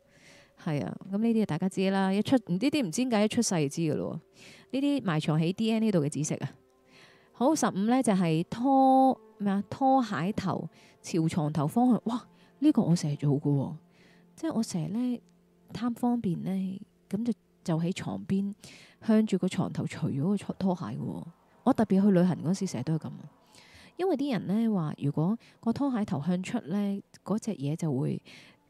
係啊，咁呢啲大家知啦。一出呢啲唔知點解一出世就知嘅咯。呢啲埋藏喺 DNA 度嘅知識啊。好，十五咧就係、係、拖咩啊拖鞋頭朝床頭方向。哇！呢、呢個我成日做嘅喎、哦，即係我成日咧貪方便咧，咁就就喺床邊，向住個床頭除咗個拖鞋嘅，我特別去旅行嗰時成日都係咁，因為啲人呢話，如果個拖鞋頭向出呢，嗰隻嘢就會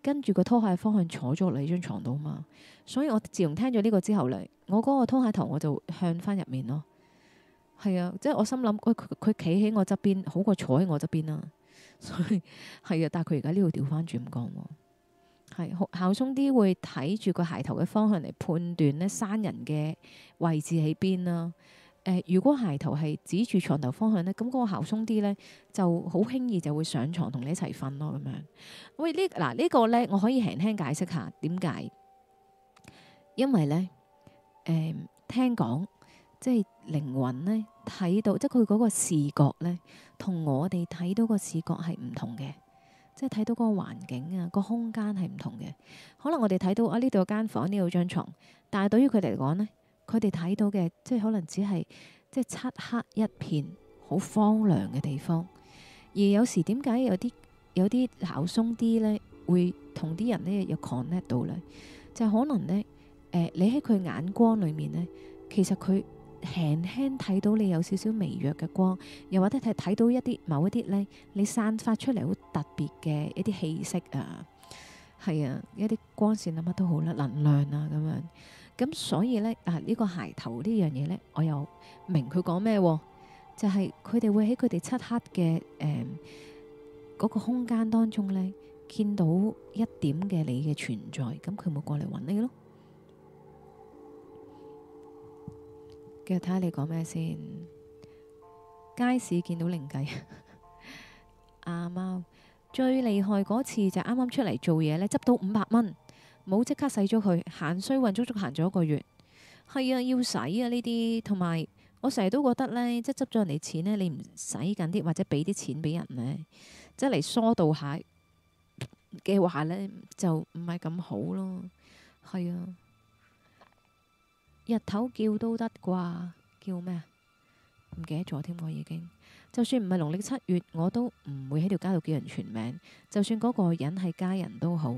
跟住個拖鞋方向坐咗落你張床度嘛，所以我自從聽咗呢個之後咧，我嗰個拖鞋頭我就向翻入面咯，係啊，即係我心諗，喂，佢企喺我側邊，好過坐喺我側邊啦，所以係啊，但係佢而家呢度調翻轉冇咁喎。係喉喉松啲會睇住個鞋頭嘅方向嚟判斷咧，生人嘅位置喺邊咯。誒、呃，如果鞋頭係指住床頭方向咧，咁嗰個喉松啲咧就好輕易就會上床同你一齊瞓咯。咁樣喂、啊這個、呢嗱呢個咧，我可以輕輕解釋下，點解？因為咧，誒、呃，聽講即係靈魂咧睇到，即係佢嗰個視覺咧，同我哋睇到個視覺係唔同嘅。即係睇到嗰個環境啊，個空間係唔同嘅。可能我哋睇到啊呢度有間房，呢度有張床。但係對於佢哋嚟講呢，佢哋睇到嘅即係可能只係即係漆黑一片、好荒涼嘅地方。而有時有有點解有啲有啲考鬆啲呢，會同啲人呢又 connect 到咧，就係、可能呢，誒、呃，你喺佢眼光裡面呢，其實佢，輕輕睇到你有少少微弱嘅光，又或者睇睇到一啲某一啲呢，你散發出嚟好特別嘅一啲氣息啊，係啊，一啲光線啊，乜都好啦，能量啊咁樣。咁所以呢，啊，呢、這個鞋頭呢樣嘢呢，我又明佢講咩，就係佢哋會喺佢哋漆黑嘅嗰、呃那個空間當中呢，見到一點嘅你嘅存在，咁佢冇過嚟揾你咯。今日繼續睇下你講咩先？街市見到零計，阿、啊、貓最厲害嗰次就啱啱出嚟做嘢呢，執到五百蚊，冇即刻使咗佢，行衰運足足行咗一個月。係啊，要使啊呢啲，同埋我成日都覺得呢，即係執咗人哋錢呢，你唔使緊啲，或者俾啲錢俾人呢，即係嚟疏導下嘅話呢，就唔係咁好咯。係啊。日頭叫都得啩，叫咩？唔記得咗添我已經。就算唔係農曆七月，我都唔會喺條街度叫人全名。就算嗰個人係家人都好，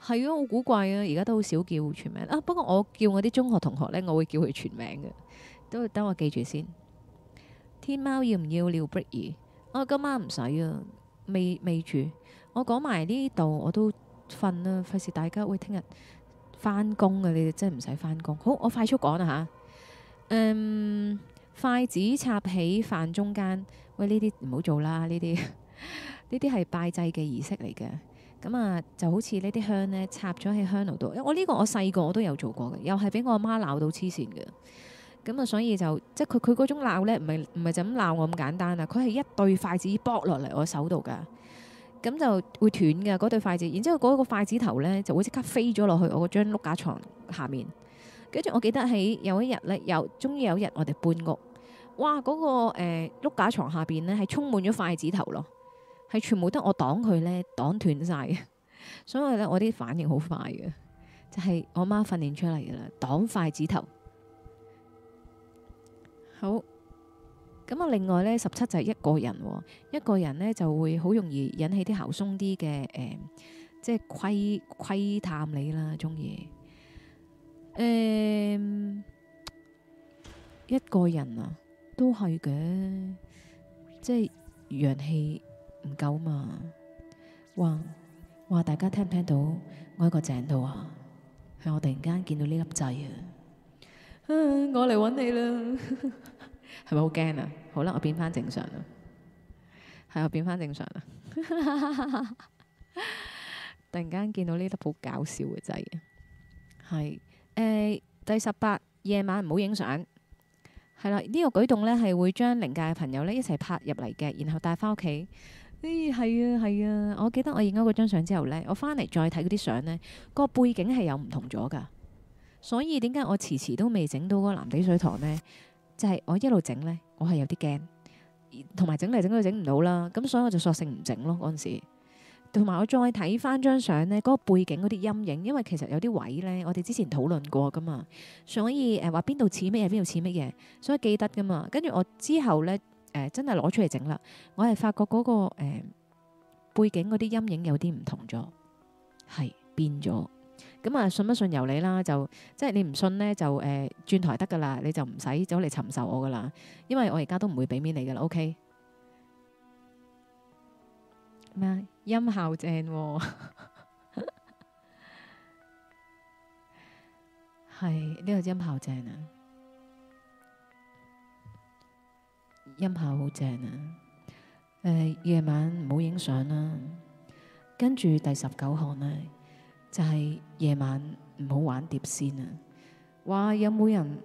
係啊，好古怪啊。而家都好少叫全名啊。不過我叫我啲中學同學呢，我會叫佢全名嘅。都等我記住先。天貓要唔要尿 break？我今晚唔使啊，未未住。我講埋呢度，我都瞓啦，費事大家會聽日。翻工啊！你哋真係唔使翻工。好，我快速講啦嚇。嗯，筷子插喺飯中間。喂，呢啲唔好做啦，呢啲呢啲係拜祭嘅儀式嚟嘅。咁啊，就好似呢啲香咧，插咗喺香爐度。因為我呢個我細個我都有做過嘅，又係俾我阿媽鬧到黐線嘅。咁啊，所以就即係佢佢嗰種鬧咧，唔係唔係就咁鬧我咁簡單啊！佢係一對筷子剝落嚟我手度㗎。咁就會斷嘅嗰對筷子，然之後嗰個筷子頭呢就會即刻飛咗落去我嗰張碌架床下面。跟住我記得喺有一日呢，有終於有一日我哋搬屋，哇！嗰個、呃、碌架床下邊呢係充滿咗筷子頭咯，係全部得我擋佢 呢，擋斷晒嘅。所以呢我啲反應好快嘅，就係我媽訓練出嚟嘅啦，擋筷子頭。好。咁啊，另外咧，十七就係一個人，一個人咧就會好容易引起啲喉松啲嘅，誒、呃，即係窺窺探你啦，中意，誒、呃，一個人啊，都係嘅，即係陽氣唔夠嘛，話、呃、話、呃、大家聽唔聽到我喺個井度啊？係我突然間見到呢粒掣啊，我嚟揾你啦。 係咪好驚啊？好啦，我變翻正常啦。係我變翻正常啦。 突然間見到呢粒好搞笑嘅仔，係誒、欸，第十八夜晚唔好影相。係啦，呢、呢個舉動呢，係會將靈界嘅朋友呢一齊拍入嚟嘅，然後帶翻屋企。咦，係啊係啊，我記得我影開嗰張相之後呢，我翻嚟再睇嗰啲相呢，個背景係有唔同咗㗎。所以點解我遲遲都未整到嗰個藍底水塘呢？就係我一路整呢，我係有啲驚，同埋整嚟整去整唔到啦，咁所以我就索性唔整咯，嗰陣時，同埋我再睇翻張相呢，嗰個背景嗰啲陰影，因為其實有啲位呢，我哋之前討論過噶嘛，所以誒話邊度似乜嘢，邊度似乜嘢，所以記得噶嘛，跟住我之後呢，誒真係攞出嚟整啦，我係發覺嗰個誒背景嗰啲陰影有啲唔同咗，係變咗。咁啊，信不信由你啦，就即係你唔信呢，就誒轉台得噶啦，你就唔使走嚟尋仇我噶啦，因為我而家都唔會俾面你噶啦，OK？咩？音效正？係呢個音效正啊，音效好正啊！誒，夜晚唔好影相啦，跟住第十九項啦。就係夜晚唔好玩碟仙啊！話有冇人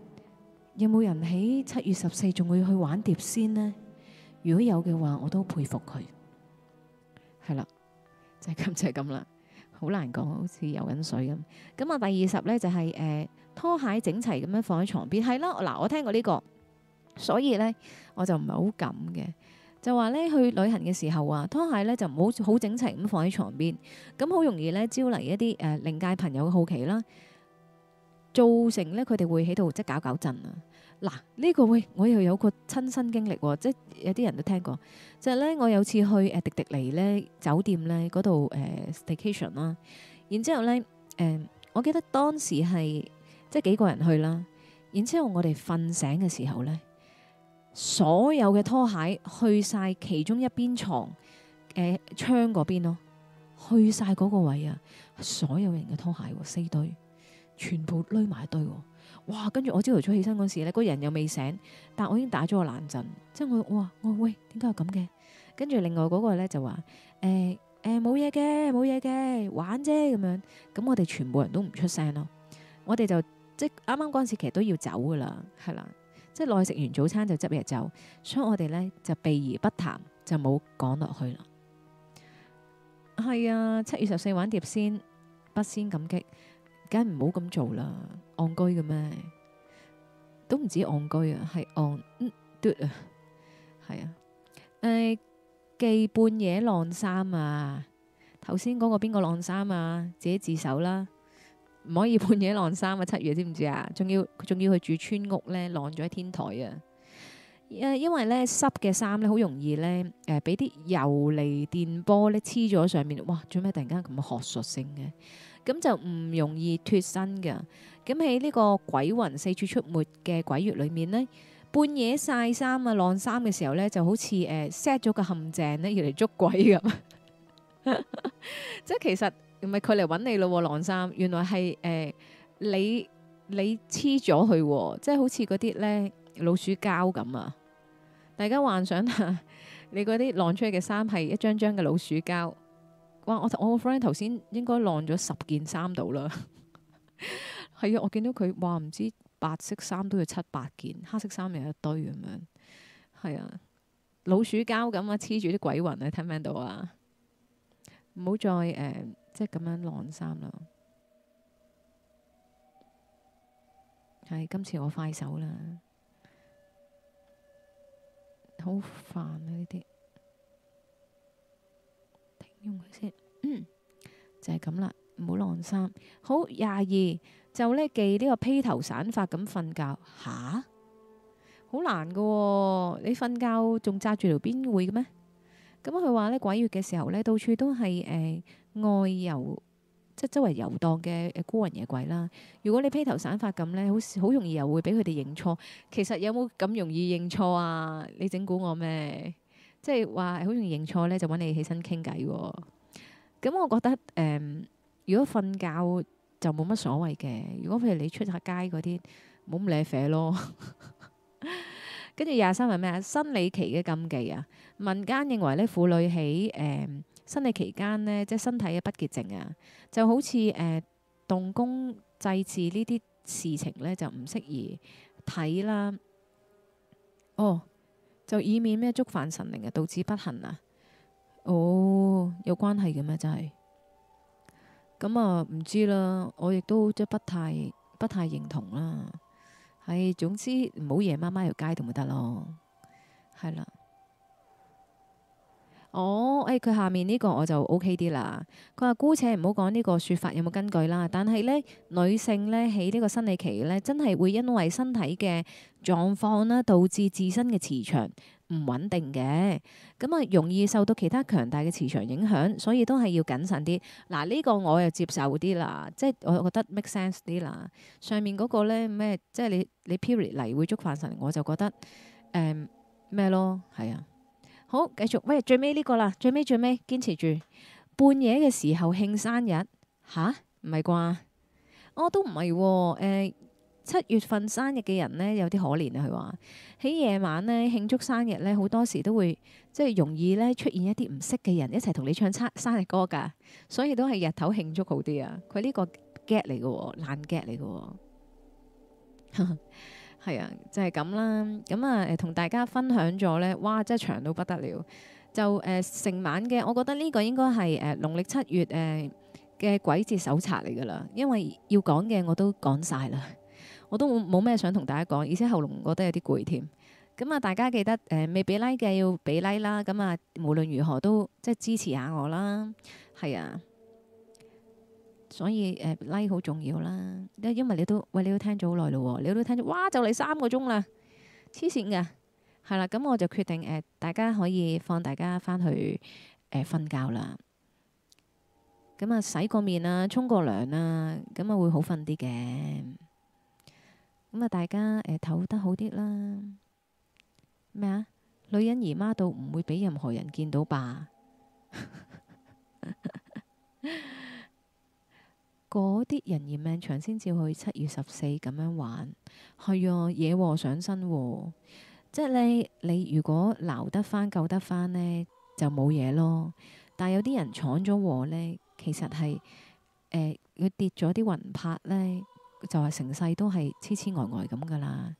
有冇人喺七月十四仲會去玩碟仙呢？如果有嘅話，我都佩服佢。係啦，就係咁就係咁啦，好難講，好似遊緊水咁。咁啊，第二十呢就係誒拖鞋整齊咁樣放喺床邊，係囉。嗱，我聽過呢個，所以呢我就唔係好敢嘅。就話咧去旅行嘅時候啊，拖鞋咧就唔好好整齊咁放喺床邊，咁好容易咧招嚟一啲誒靈界朋友嘅好奇啦，造成咧佢哋會喺度即係搞搞震啊！嗱，呢個會，我又有個親身經歷，即係有啲人都聽過，就係咧我有次去迪迪尼咧酒店咧嗰度誒 staycation 啦，然之後咧誒、呃、我記得當時係即係幾個人去啦，然之後我哋瞓醒嘅時候咧。所有嘅拖鞋去晒其中一邊床嘅、呃、窗嗰邊咯，去晒嗰個位啊！所有人嘅拖鞋四堆，全部堆埋一堆喎！哇！跟住我朝頭早起身嗰時咧，個人又未醒，但我已經打咗個冷震，即係我哇我話我喂，點解係咁嘅？跟住另外嗰個咧就話誒誒，冇嘢嘅，冇嘢嘅玩啫咁樣，咁我哋全部人都唔出聲咯，我哋就即係啱啱嗰陣時其實都要走噶啦，係啦。即係內食完早餐就執嘢走，所以我哋呢就避而不談，就冇講落去啦。係啊，七月十四玩碟仙，筆仙感激，梗係唔好咁做啦，戇居嘅咩？都唔止戇居啊，係戇咄啊，係啊。誒，忌半夜晾衫啊，頭先嗰個邊個晾衫啊，自己自首啦。唔可以半夜晾衫啊！七月知唔知啊？仲要仲要去住村屋咧，晾咗喺天台啊！呃、因為咧濕嘅衫咧，好容易咧誒，俾啲游離電波咧黐咗上面。哇！做咩突然間咁學術性嘅？咁就唔容易脱身噶。咁喺呢個鬼魂四處出沒嘅鬼月裏面咧，半夜曬衫啊，晾衫嘅時候咧，就好似誒 set 咗個陷阱咧，要嚟捉鬼咁。 即係其實。唔係佢嚟搵你咯，晾衫。原來係誒、呃、你你黐咗佢，即係好似嗰啲呢老鼠膠咁啊！大家幻想下，你嗰啲晾出去嘅衫係一張張嘅老鼠膠。哇！我我個 friend 頭先應該晾咗十件衫到啦。係 啊，我見到佢哇，唔知白色衫都要七八件，黑色衫又一堆咁樣。係啊，老鼠膠咁啊，黐住啲鬼魂啊！聽唔聽到啊？唔好再誒～、呃即係咁樣晾衫啦，係今次我快手啦，好煩啊呢啲，停用佢先，就係咁啦，唔好晾衫。好廿二就呢，記呢個披頭散髮咁瞓覺，吓，好難噶喎，你瞓覺仲揸住條辮會嘅咩？咁佢話咧，鬼月嘅時候咧，到處都係誒、呃、外遊，即係周圍遊蕩嘅孤魂野鬼啦。如果你披頭散髮咁咧，好好容易又會俾佢哋認錯。其實有冇咁容易認錯啊？你整蠱我咩？即係話好容易認錯咧，就搵你起身傾偈喎。咁我覺得誒、呃，如果瞓覺就冇乜所謂嘅。如果譬如你出下街嗰啲，冇咁靚啡咯。 跟住廿三係咩啊？生理期嘅禁忌啊，民間認為呢婦女喺誒、呃、生理期間呢，即係身體嘅不潔淨啊，就好似誒、呃、動工祭祀呢啲事情呢，就唔適宜睇啦。哦，就以免咩觸犯神靈啊，導致不幸啊。哦，有關係嘅咩？真係咁啊？唔知啦，我亦都即不太不太認同啦。係、哎，總之唔好夜媽媽條街度咪得咯，係啦。哦、oh，哎，誒，佢下面呢個我就 OK 啲啦。佢話姑且唔好講呢個說法有冇根據啦，但係呢女性呢喺呢個生理期呢，真係會因為身體嘅狀況啦，導致自身嘅磁場，唔穩定嘅，咁啊容易受到其他強大嘅磁場影響，所以都係要謹慎啲。嗱呢、呢個我又接受啲啦，即係我覺得 make sense 啲啦。上面嗰個咧咩，即係你你 period 嚟會觸犯神，我就覺得咩、嗯、咯，係啊。好，繼續，喂，最尾呢個啦，最尾最尾堅持住。半夜嘅時候慶生日，吓？唔係啩？我、哦、都唔係喎，欸七月份生日嘅人呢，有啲可憐啊。佢話喺夜晚呢，慶祝生日呢，好多時都會即係、就是、容易呢出現一啲唔識嘅人一齊同你唱生日歌㗎，所以都係日頭慶祝好啲啊。佢呢個 get 嚟嘅喎，爛 get 嚟嘅喎，係 啊，就係、是、咁啦。咁啊，同、呃、大家分享咗呢，哇，真係長到不得了。就誒、呃、成晚嘅，我覺得呢個應該係誒農曆七月嘅、呃、鬼節搜查嚟㗎啦，因為要講嘅我都講晒啦。我都冇咩想同大家講，而且喉嚨覺得有啲攰添。咁、嗯、啊，大家記得誒、呃、未俾 like 嘅要俾 like 啦。咁、嗯、啊，無論如何都即係支持下我啦。係啊，所以誒、呃、like 好重要啦。因為你都喂，你都聽咗好耐咯。你都聽咗哇，就嚟三個鐘啦，黐線㗎。係啦、啊，咁、嗯、我就決定誒、呃、大家可以放大家翻去誒瞓、呃、覺啦。咁、嗯、啊，洗個面啊，沖個涼啊，咁、嗯、啊會好瞓啲嘅。咁啊，大家誒唞得好啲啦。咩、呃、啊？女人姨媽到唔會俾任何人見到吧？嗰 啲人嫌命長，先至去七月十四咁樣玩。係啊，惹禍上身喎、啊。即係你你如果撈得返，救得返呢，就冇嘢咯。但係有啲人闖咗禍呢，其實係佢、呃、跌咗啲魂魄呢。就係成世都係痴痴呆呆咁噶啦，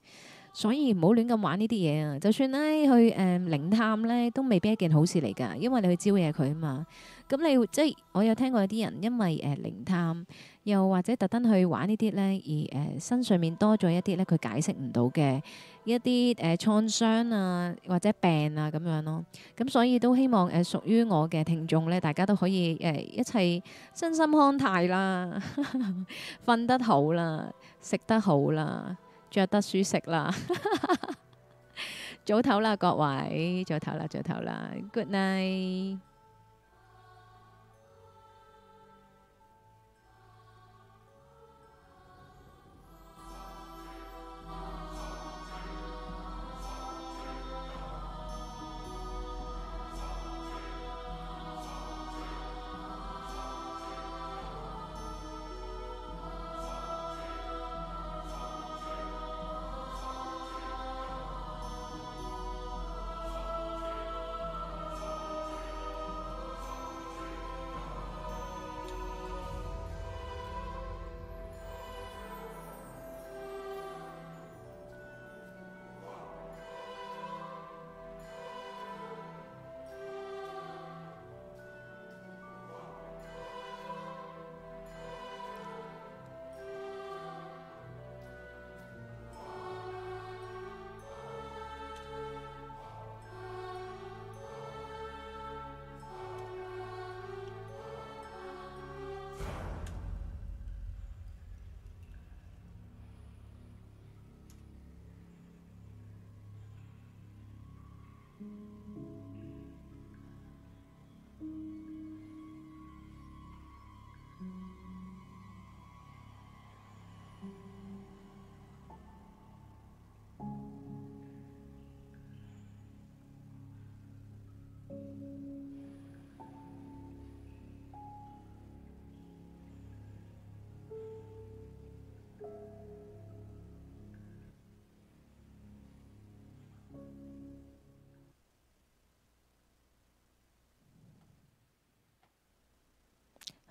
所以唔好亂咁玩呢啲嘢啊！就算咧去誒、呃、靈探呢，都未必一件好事嚟噶，因為你去招惹佢啊嘛。咁你即係我有聽過有啲人因為誒、呃、靈探。又或者特登去玩呢啲呢，而誒、呃、身上面多咗一啲呢，佢解釋唔到嘅一啲誒、呃、創傷啊，或者病啊咁樣咯。咁所以都希望誒屬、呃、於我嘅聽眾呢，大家都可以誒、呃、一齊身心康泰啦，瞓 得好啦，食得好啦，着得舒適啦。 早唞啦，各位，早唞啦，早唞啦，Good night。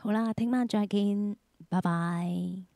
好啦，聽晚再見，拜拜。